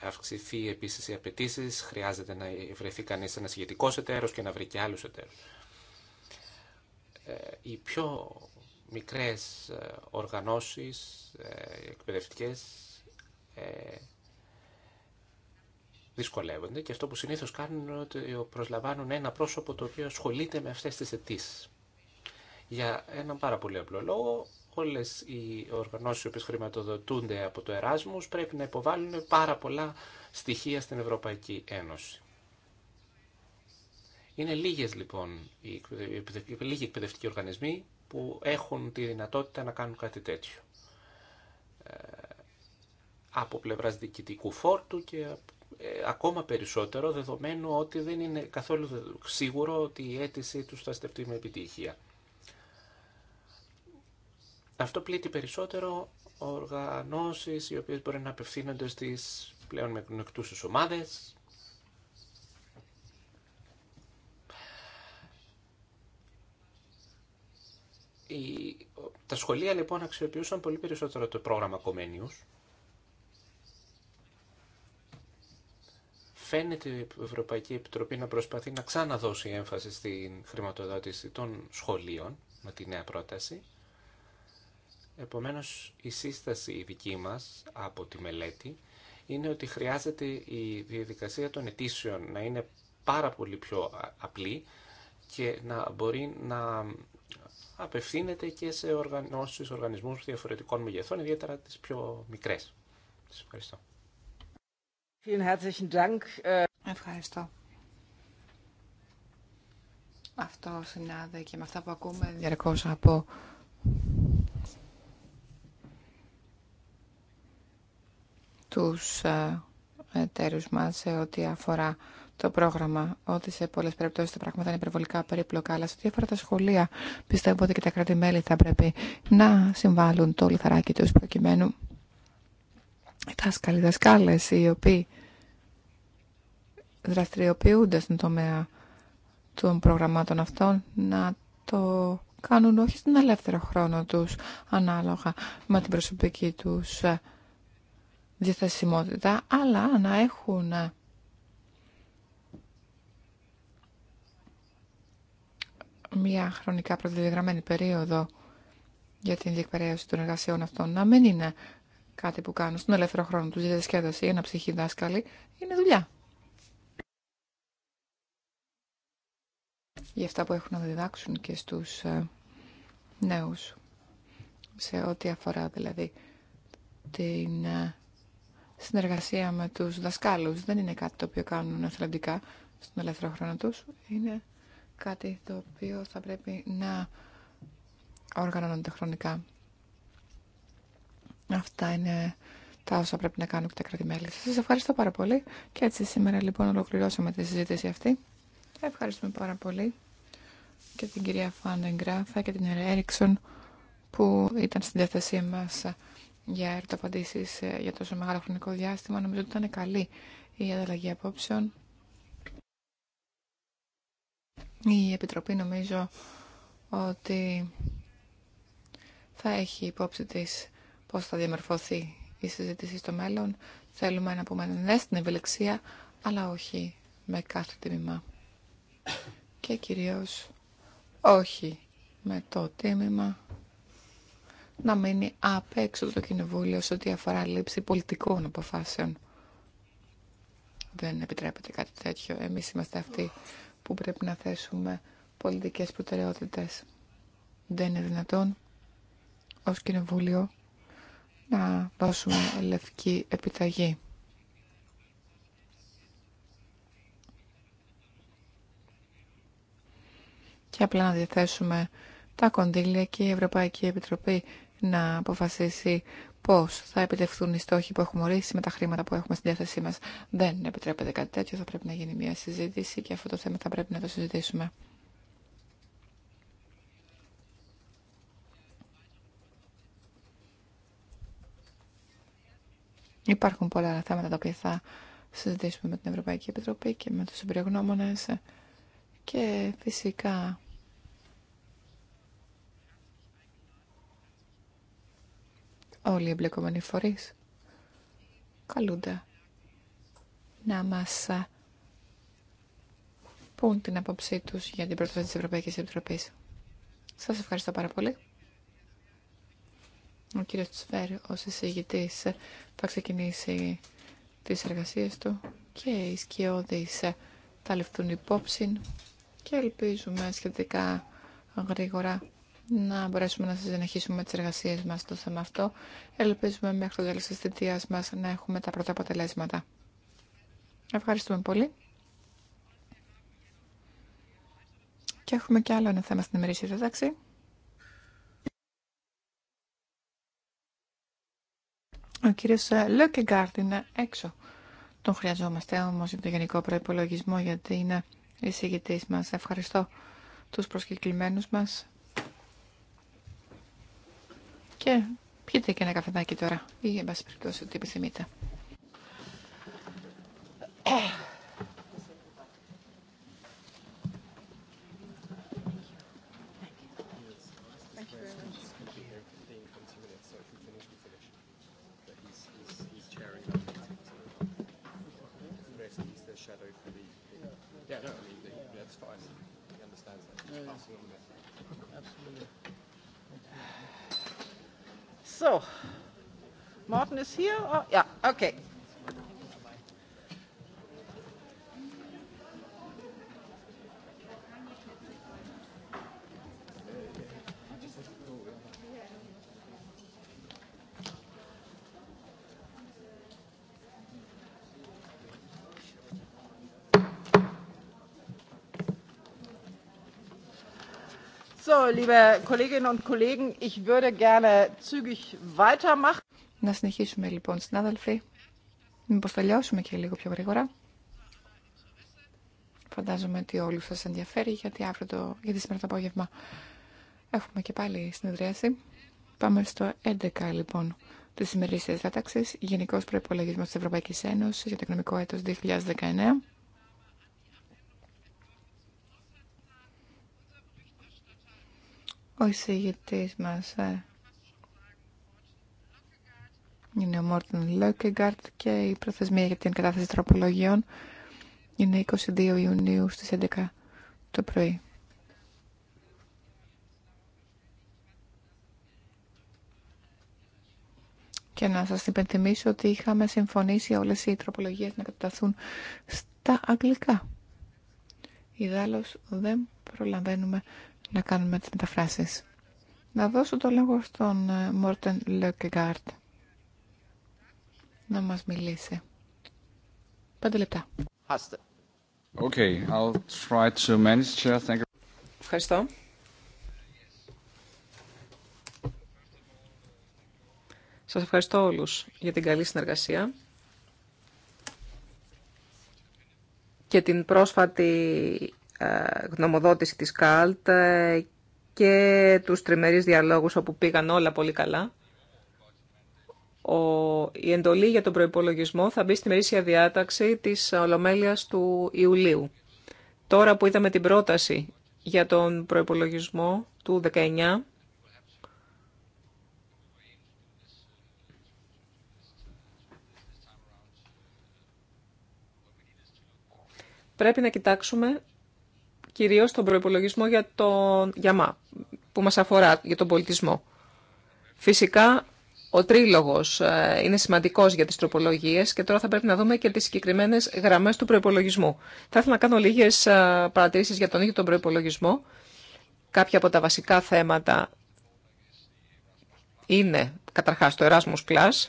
αυξηθεί επίσης οι απαιτήσει, χρειάζεται να βρεθεί κανείς ένας ηγετικός εταίρος και να βρει και άλλους εταίρους. Ε, οι πιο μικρές ε, οργανώσεις ε, εκπαιδευτικές δυσκολεύονται και αυτό που συνήθως κάνουν είναι ότι προσλαμβάνουν ένα πρόσωπο το οποίο ασχολείται με αυτές τις αιτήσει. Για έναν πάρα πολύ απλό λόγο, όλες οι οργανώσεις που χρηματοδοτούνται από το Εράσμους πρέπει να υποβάλουν πάρα πολλά στοιχεία στην Ευρωπαϊκή Ένωση. Είναι λίγες λοιπόν οι λίγοι εκπαιδευτικοί οργανισμοί που έχουν τη δυνατότητα να κάνουν κάτι τέτοιο. Ε, από πλευράς διοικητικού φόρτου και ε, ακόμα περισσότερο δεδομένου ότι δεν είναι καθόλου σίγουρο ότι η αίτησή τους θα στεφτεί με επιτυχία. Αυτό πλήττει περισσότερο οργανώσεις οι οποίες μπορεί να απευθύνονται στις πλέον μεκτούσες ομάδες, τα σχολεία λοιπόν αξιοποιούσαν πολύ περισσότερο το πρόγραμμα κομένιους. Φαίνεται η Ευρωπαϊκή Επιτροπή να προσπαθεί να ξαναδώσει έμφαση στην χρηματοδότηση των σχολείων με τη νέα πρόταση. Επομένως, η σύσταση δική μας από τη μελέτη είναι ότι χρειάζεται η διαδικασία των αιτήσεων να είναι πάρα πολύ πιο απλή και να μπορεί να απευθύνεται και σε οργανώσει, οργανισμούς διαφορετικών μεγεθών, ιδιαίτερα τι πιο μικρές. Σα ευχαριστώ. Ε, ευχαριστώ. Αυτό συνάδε και με αυτά που ακούμε διαρκώ από τους ε, εταίρους μας σε ό,τι αφορά το πρόγραμμα, ότι σε πολλέ περιπτώσει τα πράγματα είναι υπερβολικά περίπλοκα, αλλά σε διάφορα τα σχολεία πιστεύω ότι και τα κράτη-μέλη θα πρέπει να συμβάλλουν το λιθαράκι του προκειμένου οι δάσκαλοι, δασκάλες οι οποίοι δραστηριοποιούνται στον τομέα των προγραμμάτων αυτών να το κάνουν όχι στον ελεύθερο χρόνο τους ανάλογα με την προσωπική τους ε, διαθεσιμότητα αλλά να έχουν ε, μια χρονικά προδιαγραμμένη περίοδο για την διεκπαιρέωση των εργασιών αυτών να μην είναι κάτι που κάνουν στον ελεύθερο χρόνο του διασκεδάση ή ένα ψυχή δάσκαλη. είναι δουλειά. Για αυτά που έχουν να διδάξουν και στους ε, νέους, σε ό,τι αφορά δηλαδή την ε, συνεργασία με τους δασκάλους. Δεν είναι κάτι το οποίο κάνουν εθελοντικά στον ελεύθερο χρόνο τους, είναι κάτι το οποίο θα πρέπει να οργανώνονται χρονικά. Αυτά είναι τα όσα πρέπει να κάνουν και τα κρατημέλη. Σας ευχαριστώ πάρα πολύ και έτσι σήμερα λοιπόν ολοκληρώσαμε τη συζήτηση αυτή. Ευχαριστούμε πάρα πολύ και την κυρία Φάντεγκράφα και την Έριξον που ήταν στην διαθεσία μας για ερωταπαντήσεις ε, για τόσο μεγάλο χρονικό διάστημα. Νομίζω ότι ήταν καλή η ανταλλαγή απόψεων. Η Επιτροπή νομίζω ότι θα έχει υπόψη της πώς θα διαμορφωθεί η συζήτηση στο μέλλον. Θέλουμε να πούμε ναι στην ευελιξία, αλλά όχι με κάθε τίμημα. Και κυρίως όχι με το τίμημα να μείνει απ' έξω το Κοινοβούλιο σε ό,τι αφορά λήψη πολιτικών αποφάσεων. Δεν επιτρέπεται κάτι τέτοιο. Εμείς είμαστε αυτοί που πρέπει να θέσουμε πολιτικές προτεραιότητες. Δεν είναι δυνατόν ως κοινοβούλιο να δώσουμε λευκή επιταγή. Και απλά να διαθέσουμε τα κονδύλια και η Ευρωπαϊκή Επιτροπή να αποφασίσει πώ θα επιτευχθούν οι στόχοι που έχουμε ορίσει με τα χρήματα που έχουμε στην διάθεσή μα. Δεν επιτρέπεται κάτι τέτοιο. Θα πρέπει να γίνει μια συζήτηση και αυτό το θέμα θα πρέπει να το συζητήσουμε. Υπάρχουν πολλά άλλα θέματα τα οποία θα συζητήσουμε με την Ευρωπαϊκή Επιτροπή και με τους εμπειρογνώμονες και φυσικά όλοι οι εμπλεκόμενοι φορείς καλούνται να μας ε, πούν την απόψή τους για την πρόταση της Ευρωπαϊκής Επιτροπής. Σας ευχαριστώ πάρα πολύ. Ο κύριος Τσφέρ, ω συζητητής, ε, θα ξεκινήσει τις εργασίες του και οι σκιώδεις ε, θα λεφτούν υπόψη και ελπίζουμε σχετικά γρήγορα να μπορέσουμε να συνεχίσουμε τις εργασίες μας στο θέμα αυτό. Ελπίζουμε μέχρι το τέλος της θητείας μας να έχουμε τα πρώτα αποτελέσματα. Ευχαριστούμε πολύ. Και έχουμε και άλλο ένα θέμα στην ημερήσια εντάξει. Ο κύριος ε, Λόκεγκάρτ είναι έξω. Τον χρειαζόμαστε όμως για το γενικό προϋπολογισμό γιατί είναι εισηγητής μας. Ευχαριστώ τους προσκεκλημένους μας. Και πιείτε και ένα καφεδάκι τώρα ή εν πάση περιπτώσει ό,τι επιθυμείτε. liebe Kolleginnen und Kollegen, ich würde gerne zügig weitermachen. Να συνεχίσουμε λοιπόν, συνάδελφοι. Μήπω τελειώσουμε και λίγο πιο γρήγορα. Φαντάζομαι ότι όλου σα ενδιαφέρει, γιατί, αύριο το, γιατί σήμερα το απόγευμα έχουμε και πάλι συνεδρίαση. Πάμε στο 11 λοιπόν τη ημερήσια διάταξη Γενικό Προπολογισμό τη Ευρωπαϊκή Ένωση για το Οικονομικό Έτο 2019. Ο εισηγητής μας ε, είναι ο Μόρτιν Λόκεγκαρτ και η προθεσμία για την κατάθεση τροπολογιών είναι 22 Ιουνίου στις 11 το πρωί. Και να σας υπενθυμίσω ότι είχαμε συμφωνήσει όλες οι τροπολογίες να καταταθούν στα αγγλικά. Ιδάλλως δεν προλαβαίνουμε να κάνουμε τις μεταφράσεις. Να δώσω το λόγο στον ε, Μόρτεν Λεκεγκάρτ να μας μιλήσει. Πέντε λεπτά. Okay, I'll try to manage. Thank you. Ευχαριστώ. Σας ευχαριστώ όλους για την καλή συνεργασία και την πρόσφατη ε, γνωμοδότηση της ΚΑΛΤ ε, και τους τριμερείς διαλόγους όπου πήγαν όλα πολύ καλά. Ο, η εντολή για τον προϋπολογισμό θα μπει στη μερίσια διάταξη της Ολομέλειας του Ιουλίου. Τώρα που είδαμε την πρόταση για τον προϋπολογισμό του 19, πρέπει να κοιτάξουμε κυρίως τον προπολογισμό για τον ΓΙΑΜΑ, που μας αφορά για τον πολιτισμό. Φυσικά, ο τρίλογος ε, είναι σημαντικός για τις τροπολογίες και τώρα θα πρέπει να δούμε και τις συγκεκριμένες γραμμές του προπολογισμού. Θα ήθελα να κάνω λίγες ε, παρατηρήσεις για τον ίδιο τον προπολογισμό. Κάποια από τα βασικά θέματα είναι, καταρχά το Erasmus+, Plus,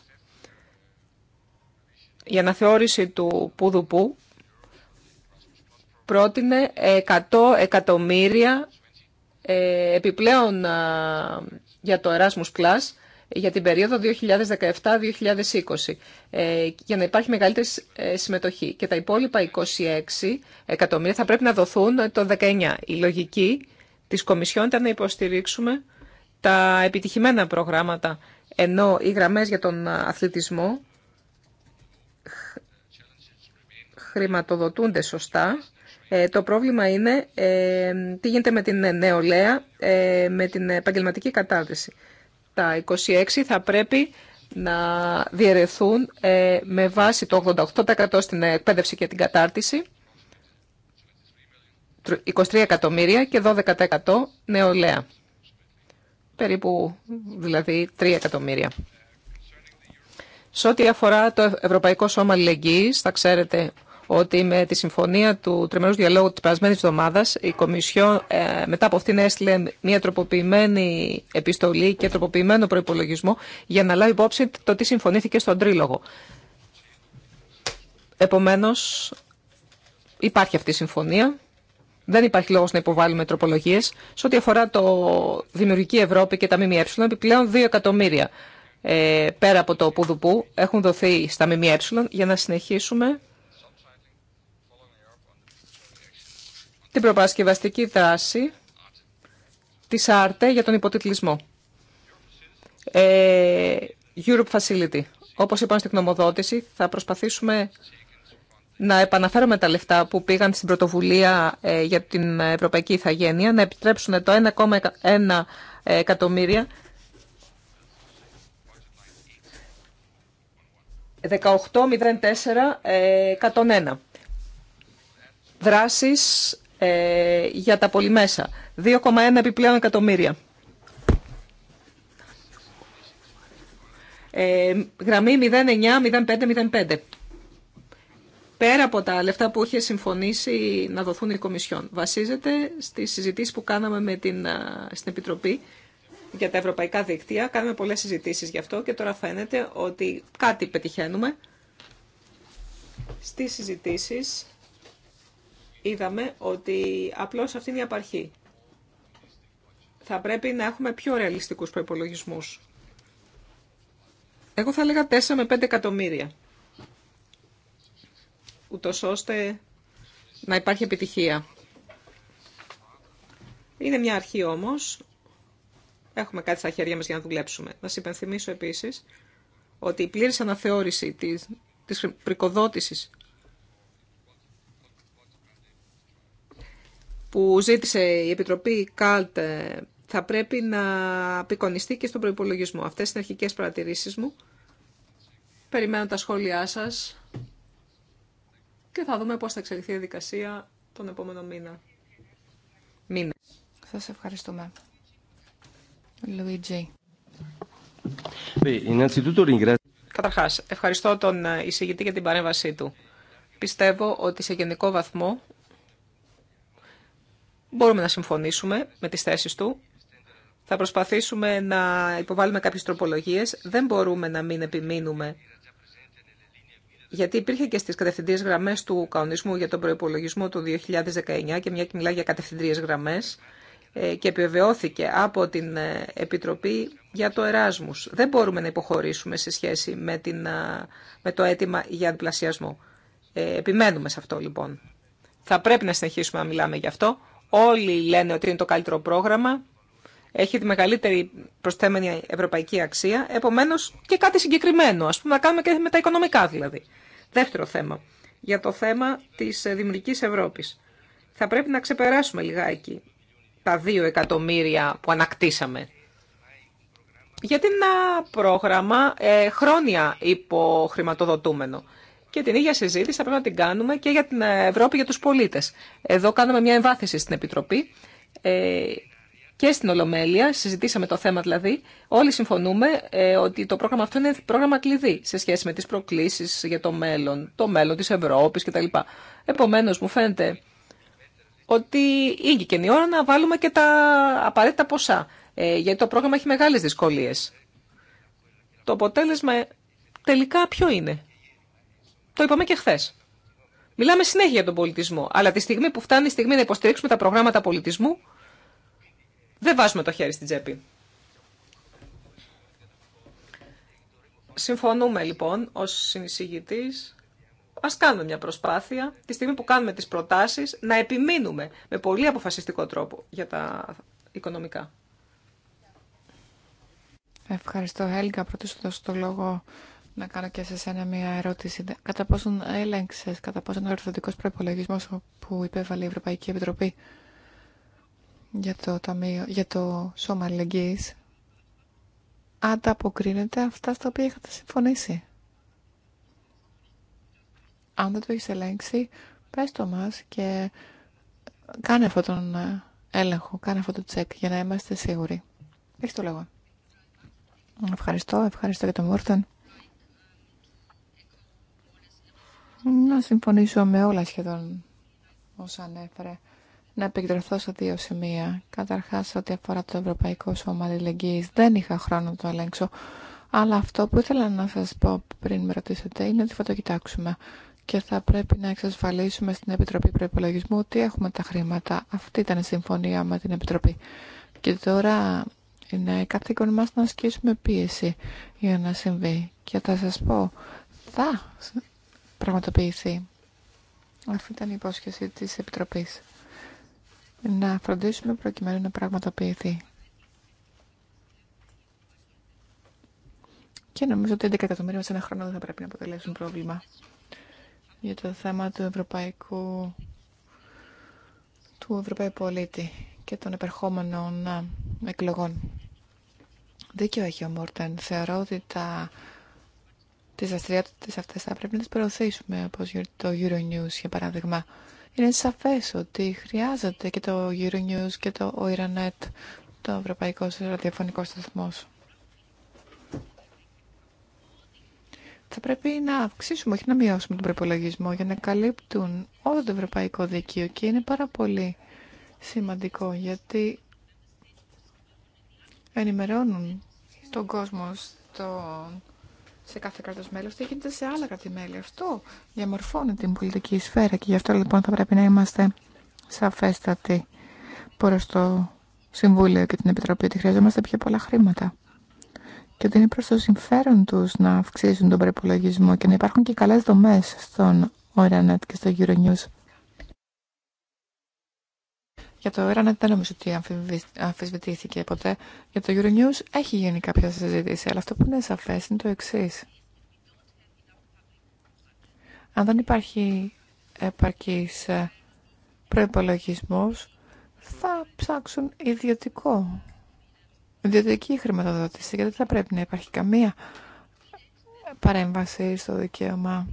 η αναθεώρηση του Πουδουπού πρότεινε 100 εκατομμύρια ε, επιπλέον για το Erasmus Plus για την περίοδο 2017-2020 ε, για να υπάρχει μεγαλύτερη ε, συμμετοχή. Και τα υπόλοιπα 26 εκατομμύρια θα πρέπει να δοθούν το 19. Η λογική της Κομισιόν ήταν να υποστηρίξουμε τα επιτυχημένα προγράμματα ενώ οι γραμμές για τον αθλητισμό χρηματοδοτούνται σωστά ε, το πρόβλημα είναι ε, τι γίνεται με την νεολαία, ε, με την επαγγελματική κατάρτιση. Τα 26 θα πρέπει να διαιρεθούν με βάση το 88% στην εκπαίδευση και την κατάρτιση, 23 εκατομμύρια και 12% νεολαία. Περίπου δηλαδή 3 εκατομμύρια. Σε ό,τι αφορά το Ευρωπαϊκό Σώμα Αλληλεγγύης, θα ξέρετε ότι με τη συμφωνία του τριμερού διαλόγου τη περασμένη εβδομάδα, η Κομισιό ε, μετά από αυτήν έστειλε μια τροποποιημένη επιστολή και τροποποιημένο προπολογισμό για να λάβει υπόψη το τι συμφωνήθηκε στον Τρίλογο. Επομένω, υπάρχει αυτή η συμφωνία. Δεν υπάρχει λόγο να υποβάλουμε τροπολογίε. Σε ό,τι αφορά το Δημιουργική Ευρώπη και τα ΜΜΕ, επιπλέον 2 εκατομμύρια ε, πέρα από το πουδουπού έχουν δοθεί στα ΜΜΕ για να συνεχίσουμε την προπαρασκευαστική δράση της ΑΡΤΕ για τον υποτιτλισμό. Ε, Europe Facility. Όπως είπαμε στην κνομοδότηση, θα προσπαθήσουμε να επαναφέρουμε τα λεφτά που πήγαν στην πρωτοβουλία ε, για την Ευρωπαϊκή Ιθαγένεια, να επιτρέψουν το 1,1 εκατομμύρια 18.04.101. Ε, Δράσεις ε, για τα πολυμέσα. 2,1 επιπλέον εκατομμύρια. Ε, γραμμή 09-05-05. Πέρα από τα λεφτά που είχε συμφωνήσει να δοθούν οι Κομισιόν, βασίζεται στις συζητήσεις που κάναμε με την, στην Επιτροπή για τα ευρωπαϊκά δίκτυα. Κάναμε πολλές συζητήσεις γι' αυτό και τώρα φαίνεται ότι κάτι πετυχαίνουμε. Στις συζητήσεις είδαμε ότι απλώς αυτή είναι η απαρχή. Θα πρέπει να έχουμε πιο ρεαλιστικούς προϋπολογισμούς. Εγώ θα έλεγα 4 με 5 εκατομμύρια. Ούτως ώστε να υπάρχει επιτυχία. Είναι μια αρχή όμως. Έχουμε κάτι στα χέρια μας για να δουλέψουμε. Να σας υπενθυμίσω επίσης ότι η πλήρης αναθεώρηση της, της πρικοδότησης που ζήτησε η Επιτροπή ΚΑΛΤ ε, θα πρέπει να απεικονιστεί και στον προϋπολογισμό. Αυτές είναι αρχικές παρατηρήσεις μου. Περιμένω τα σχόλιά σας και θα δούμε πώς θα εξελιχθεί η δικασία τον επόμενο μήνα. Μήνα. Σας ευχαριστούμε. Λουίτζι. Καταρχάς, ευχαριστώ τον ε, εισηγητή για την παρέμβασή του. Πιστεύω ότι σε γενικό βαθμό Μπορούμε να συμφωνήσουμε με τις θέσεις του. Θα προσπαθήσουμε να υποβάλουμε κάποιες τροπολογίες. Δεν μπορούμε να μην επιμείνουμε γιατί υπήρχε και στις κατευθυντήριες γραμμές του κανονισμού για τον προϋπολογισμό του 2019 και μια και μιλάει για κατευθυντήριες γραμμές ε, και επιβεβαιώθηκε από την ε, Επιτροπή για το Εράσμους. Δεν μπορούμε να υποχωρήσουμε σε σχέση με, την, ε, με το αίτημα για αντιπλασιασμό. επιμένουμε σε αυτό λοιπόν. Θα πρέπει να συνεχίσουμε να μιλάμε γι' αυτό. Όλοι λένε ότι είναι το καλύτερο πρόγραμμα. Έχει τη μεγαλύτερη προσθέμενη ευρωπαϊκή αξία. Επομένω και κάτι συγκεκριμένο. Α πούμε να κάνουμε και με τα οικονομικά δηλαδή. Δεύτερο θέμα. Για το θέμα τη δημιουργική Ευρώπη. Θα πρέπει να ξεπεράσουμε λιγάκι τα δύο εκατομμύρια που ανακτήσαμε. Γιατί ένα πρόγραμμα ε, χρόνια υποχρηματοδοτούμενο. Και την ίδια συζήτηση θα πρέπει να την κάνουμε και για την Ευρώπη, για τους πολίτες. Εδώ κάναμε μια εμβάθυνση στην Επιτροπή ε, και στην Ολομέλεια, συζητήσαμε το θέμα δηλαδή, όλοι συμφωνούμε ε, ότι το πρόγραμμα αυτό είναι πρόγραμμα κλειδί σε σχέση με τις προκλήσεις για το μέλλον, το μέλλον της Ευρώπης κτλ. Επομένως, μου φαίνεται ότι είναι και η ώρα να βάλουμε και τα απαραίτητα ποσά, ε, γιατί το πρόγραμμα έχει μεγάλες δυσκολίες. Το αποτέλεσμα τελικά ποιο είναι. Το είπαμε και χθε. Μιλάμε συνέχεια για τον πολιτισμό, αλλά τη στιγμή που φτάνει η στιγμή να υποστηρίξουμε τα προγράμματα πολιτισμού, δεν βάζουμε το χέρι στην τσέπη. Συμφωνούμε λοιπόν ως συνεισηγητή. α κάνουμε μια προσπάθεια, τη στιγμή που κάνουμε τις προτάσεις, να επιμείνουμε με πολύ αποφασιστικό τρόπο για τα οικονομικά. Ευχαριστώ, Έλγα. Πρώτα σου δώσω το λόγο να κάνω και σε σένα μια ερώτηση. Κατά πόσον έλεγξε, κατά πόσον ο ερθωτικός προπολογισμό που υπέβαλε η Ευρωπαϊκή Επιτροπή για το, ταμείο, για το Σώμα αλληλεγγύη, ανταποκρίνεται αυτά στα οποία είχατε συμφωνήσει. Αν δεν το έχει ελέγξει, πε το μα και κάνε αυτόν τον έλεγχο, κάνε αυτό το τσεκ για να είμαστε σίγουροι. Έχει το λόγο. Ευχαριστώ, ευχαριστώ και τον Μόρτον. Να συμφωνήσω με όλα σχεδόν όσα ανέφερε. Να επικεντρωθώ σε δύο σημεία. Καταρχάς, ό,τι αφορά το Ευρωπαϊκό Σώμα Αλληλεγγύη, δεν είχα χρόνο να το ελέγξω. Αλλά αυτό που ήθελα να σα πω πριν με ρωτήσετε είναι ότι θα το κοιτάξουμε και θα πρέπει να εξασφαλίσουμε στην Επιτροπή Προπολογισμού ότι έχουμε τα χρήματα. Αυτή ήταν η συμφωνία με την Επιτροπή. Και τώρα είναι καθήκον μας να ασκήσουμε πίεση για να συμβεί. Και θα σα πω, θα πραγματοποιηθεί. Αυτή ήταν η υπόσχεση της Επιτροπής. Να φροντίσουμε προκειμένου να πραγματοποιηθεί. Και νομίζω ότι 11 εκατομμύρια σε ένα χρόνο δεν θα πρέπει να αποτελέσουν πρόβλημα. Για το θέμα του ευρωπαϊκού του Ευρωπαϊκού Πολίτη και των επερχόμενων ε, εκλογών. Δίκιο έχει ο Μόρτεν. Θεωρώ ότι τα τις δραστηριότητες αυτές θα πρέπει να τις προωθήσουμε, όπως το Euronews για παράδειγμα. Είναι σαφές ότι χρειάζεται και το Euronews και το Euronet το Ευρωπαϊκό Ραδιοφωνικό Σταθμό. Θα πρέπει να αυξήσουμε, όχι να μειώσουμε τον προπολογισμό για να καλύπτουν όλο το ευρωπαϊκό Δικείο και είναι πάρα πολύ σημαντικό γιατί ενημερώνουν τον κόσμο στον σε κάθε κράτο μέλος, τι γίνεται σε άλλα κράτη-μέλη. Αυτό διαμορφώνει την πολιτική σφαίρα και γι' αυτό λοιπόν θα πρέπει να είμαστε σαφέστατοι προ το Συμβούλιο και την Επιτροπή ότι χρειαζόμαστε πιο πολλά χρήματα. Και ότι είναι προ το συμφέρον τους να αυξήσουν τον προπολογισμό και να υπάρχουν και καλέ δομέ στον Ωρανέτ και στο Euronews. Για το Ιρανέτ δεν νομίζω ότι αμφισβητήθηκε ποτέ. Για το Euronews έχει γίνει κάποια συζήτηση, αλλά αυτό που είναι σαφέ είναι το εξή. Αν δεν υπάρχει επαρκή ε, προπολογισμό, θα ψάξουν ιδιωτικό. Ιδιωτική χρηματοδότηση, γιατί δεν θα πρέπει να υπάρχει καμία παρέμβαση στο δικαίωμα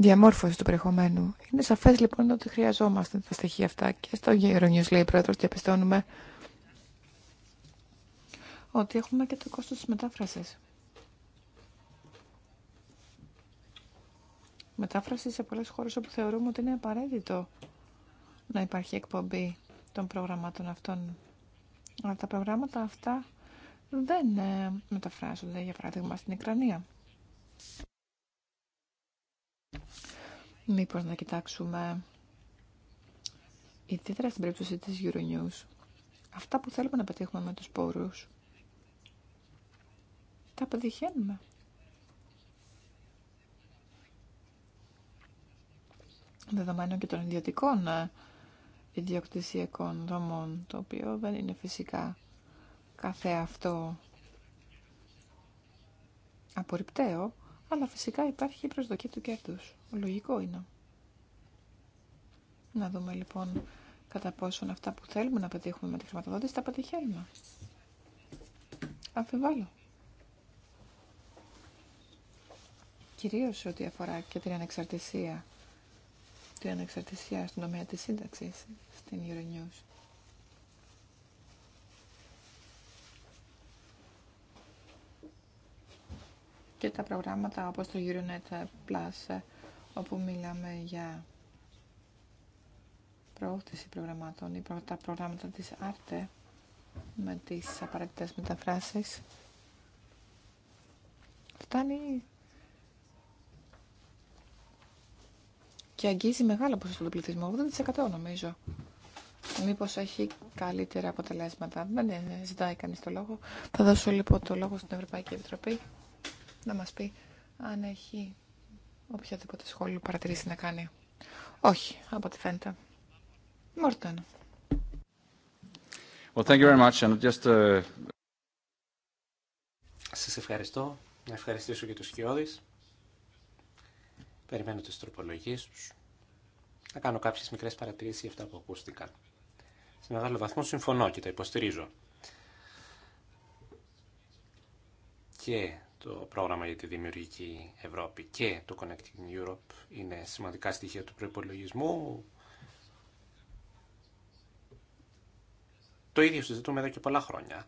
διαμόρφωση του περιεχομένου. Είναι σαφέ λοιπόν ότι χρειαζόμαστε τα στοιχεία αυτά και στο Euronews λέει πρόεδρο διαπιστώνουμε ότι έχουμε και το κόστος τη μετάφραση. Μετάφραση σε πολλέ χώρε όπου θεωρούμε ότι είναι απαραίτητο να υπάρχει εκπομπή των προγραμμάτων αυτών. Αλλά τα προγράμματα αυτά δεν ε, μεταφράζονται, για παράδειγμα, στην Ικρανία. Μήπως να κοιτάξουμε ιδιαίτερα στην περίπτωση της Euronews αυτά που θέλουμε να πετύχουμε με τους πόρους τα πετυχαίνουμε. Δεδομένων και των ιδιωτικών ε, ιδιοκτησιακών δομών, το οποίο δεν είναι φυσικά καθε αυτό απορριπταίο, αλλά φυσικά υπάρχει η προσδοκία του κέρδους. Λογικό είναι. Να δούμε λοιπόν κατά πόσον αυτά που θέλουμε να πετύχουμε με τη χρηματοδότηση τα πετυχαίνουμε. Αμφιβάλλω. Κυρίως ό,τι αφορά και την ανεξαρτησία. Την ανεξαρτησία στον τομέα της σύνταξης στην Euronews. και τα προγράμματα όπως το Euronet Plus, όπου μιλάμε για προώθηση προγραμμάτων ή τα προγράμματα της ΑΡΤΕ με τις απαραίτητες μεταφράσεις. Φτάνει και αγγίζει μεγάλο ποσοστό του πληθυσμού, 80% νομίζω. Μήπως έχει καλύτερα αποτελέσματα. Δεν ζητάει κανείς το λόγο. Θα δώσω λοιπόν το λόγο στην Ευρωπαϊκή Επιτροπή να μας πει αν έχει οποιαδήποτε σχόλιο παρατηρήσει να κάνει. Όχι, από ό,τι φαίνεται. Μόρτεν. Well, thank you very much. And just, uh, Σας ευχαριστώ. Να ευχαριστήσω και τους Σκιώδης. Περιμένω τις τροπολογίες τους. Να κάνω κάποιες μικρές παρατηρήσεις για αυτά που ακούστηκαν. Σε μεγάλο βαθμό συμφωνώ και τα υποστηρίζω. Και το πρόγραμμα για τη Δημιουργική Ευρώπη και το Connecting Europe είναι σημαντικά στοιχεία του προπολογισμού. Το ίδιο συζητούμε εδώ και πολλά χρόνια.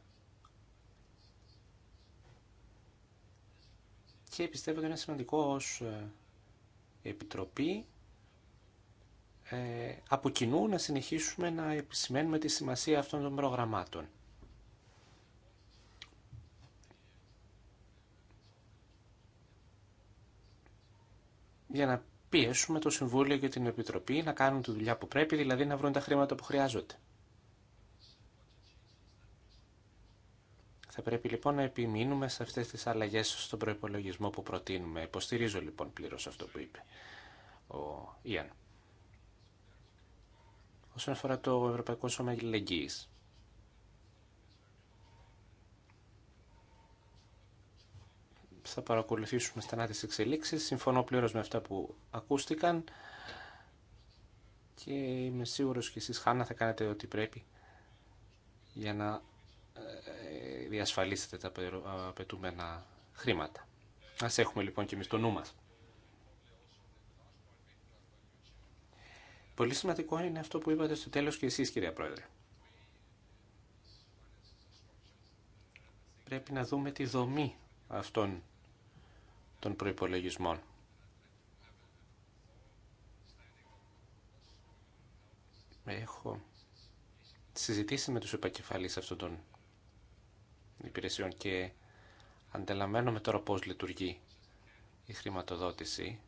Και πιστεύω ότι είναι σημαντικό ως ε, Επιτροπή ε, από κοινού να συνεχίσουμε να επισημαίνουμε τη σημασία αυτών των προγραμμάτων. για να πιέσουμε το Συμβούλιο και την Επιτροπή να κάνουν τη δουλειά που πρέπει, δηλαδή να βρουν τα χρήματα που χρειάζονται. Θα πρέπει λοιπόν να επιμείνουμε σε αυτές τις αλλαγές στον προϋπολογισμό που προτείνουμε. Υποστηρίζω λοιπόν πλήρως αυτό που είπε ο Ιαν. Όσον αφορά το Ευρωπαϊκό Σώμα Λεγγύης, θα παρακολουθήσουμε στενά τις εξελίξεις. Συμφωνώ πλήρως με αυτά που ακούστηκαν και είμαι σίγουρος και εσείς Χάνα θα κάνετε ό,τι πρέπει για να ε, διασφαλίσετε τα απαιτούμενα χρήματα. Ας έχουμε λοιπόν και εμείς το νου μας. Πολύ σημαντικό είναι αυτό που είπατε στο τέλος και εσείς κυρία Πρόεδρε. Πρέπει να δούμε τη δομή αυτών των προϋπολογισμών. Έχω συζητήσει με τους επακεφαλείς αυτών των υπηρεσιών και με τώρα πώς λειτουργεί η χρηματοδότηση.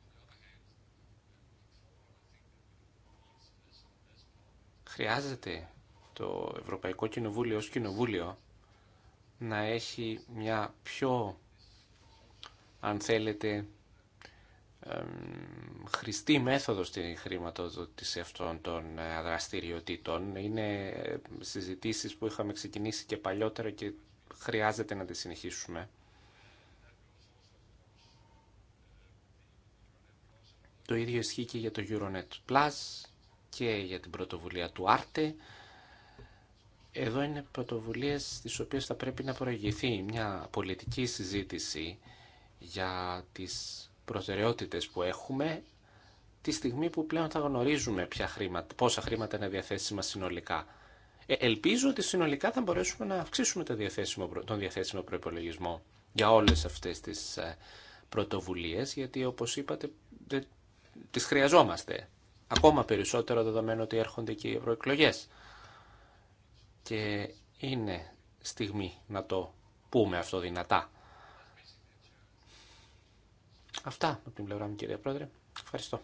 Χρειάζεται το Ευρωπαϊκό Κοινοβούλιο ως Κοινοβούλιο να έχει μια πιο αν θέλετε, χρηστή μέθοδο στην χρηματοδότηση αυτών των ε, δραστηριοτήτων. Είναι ε, συζητήσεις που είχαμε ξεκινήσει και παλιότερα και χρειάζεται να τις συνεχίσουμε. Το ίδιο ισχύει και για το Euronet Plus και για την πρωτοβουλία του Άρτε. Εδώ είναι πρωτοβουλίες τις οποίες θα πρέπει να προηγηθεί μια πολιτική συζήτηση για τις προτεραιότητες που έχουμε τη στιγμή που πλέον θα γνωρίζουμε ποια χρήματα, πόσα χρήματα είναι διαθέσιμα συνολικά. Ε, ελπίζω ότι συνολικά θα μπορέσουμε να αυξήσουμε το διαθέσιμο, τον διαθέσιμο προπολογισμό για όλες αυτές τις ε, πρωτοβουλίες, γιατί όπως είπατε τις χρειαζόμαστε. Ακόμα περισσότερο δεδομένου ότι έρχονται και οι ευρωεκλογέ. Και είναι στιγμή να το πούμε αυτό δυνατά. Αυτά από την πλευρά μου κύριε Πρόεδρε. Ευχαριστώ.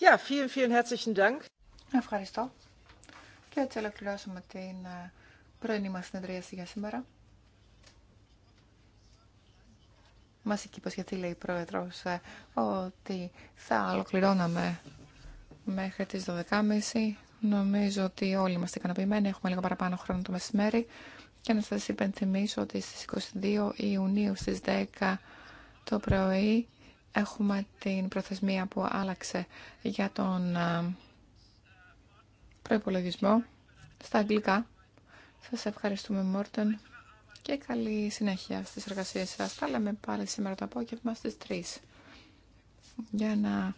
Ja, vielen, vielen herzlichen Ευχαριστώ. Και έτσι ολοκληρώσαμε την ε, πρώην μα συνεδρίαση για σήμερα. Μα εκεί γιατί λέει η πρόεδρο, ε, ότι θα ολοκληρώναμε μέχρι τι 12.30. Νομίζω ότι όλοι είμαστε ικανοποιημένοι. Έχουμε λίγο παραπάνω χρόνο το μεσημέρι. Και να σα υπενθυμίσω ότι στι 22 Ιουνίου στι 10 το πρωί έχουμε την προθεσμία που άλλαξε για τον προϋπολογισμό στα αγγλικά. Σας ευχαριστούμε Μόρτον και καλή συνέχεια στις εργασίες σας. Τα λέμε πάλι σήμερα το απόγευμα στις 3 για να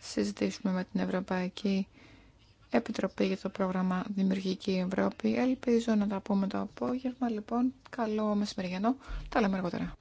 συζητήσουμε με την Ευρωπαϊκή Επιτροπή για το πρόγραμμα Δημιουργική Ευρώπη. Ελπίζω να τα πούμε το απόγευμα. Λοιπόν, καλό μεσημεριανό. Τα λέμε αργότερα.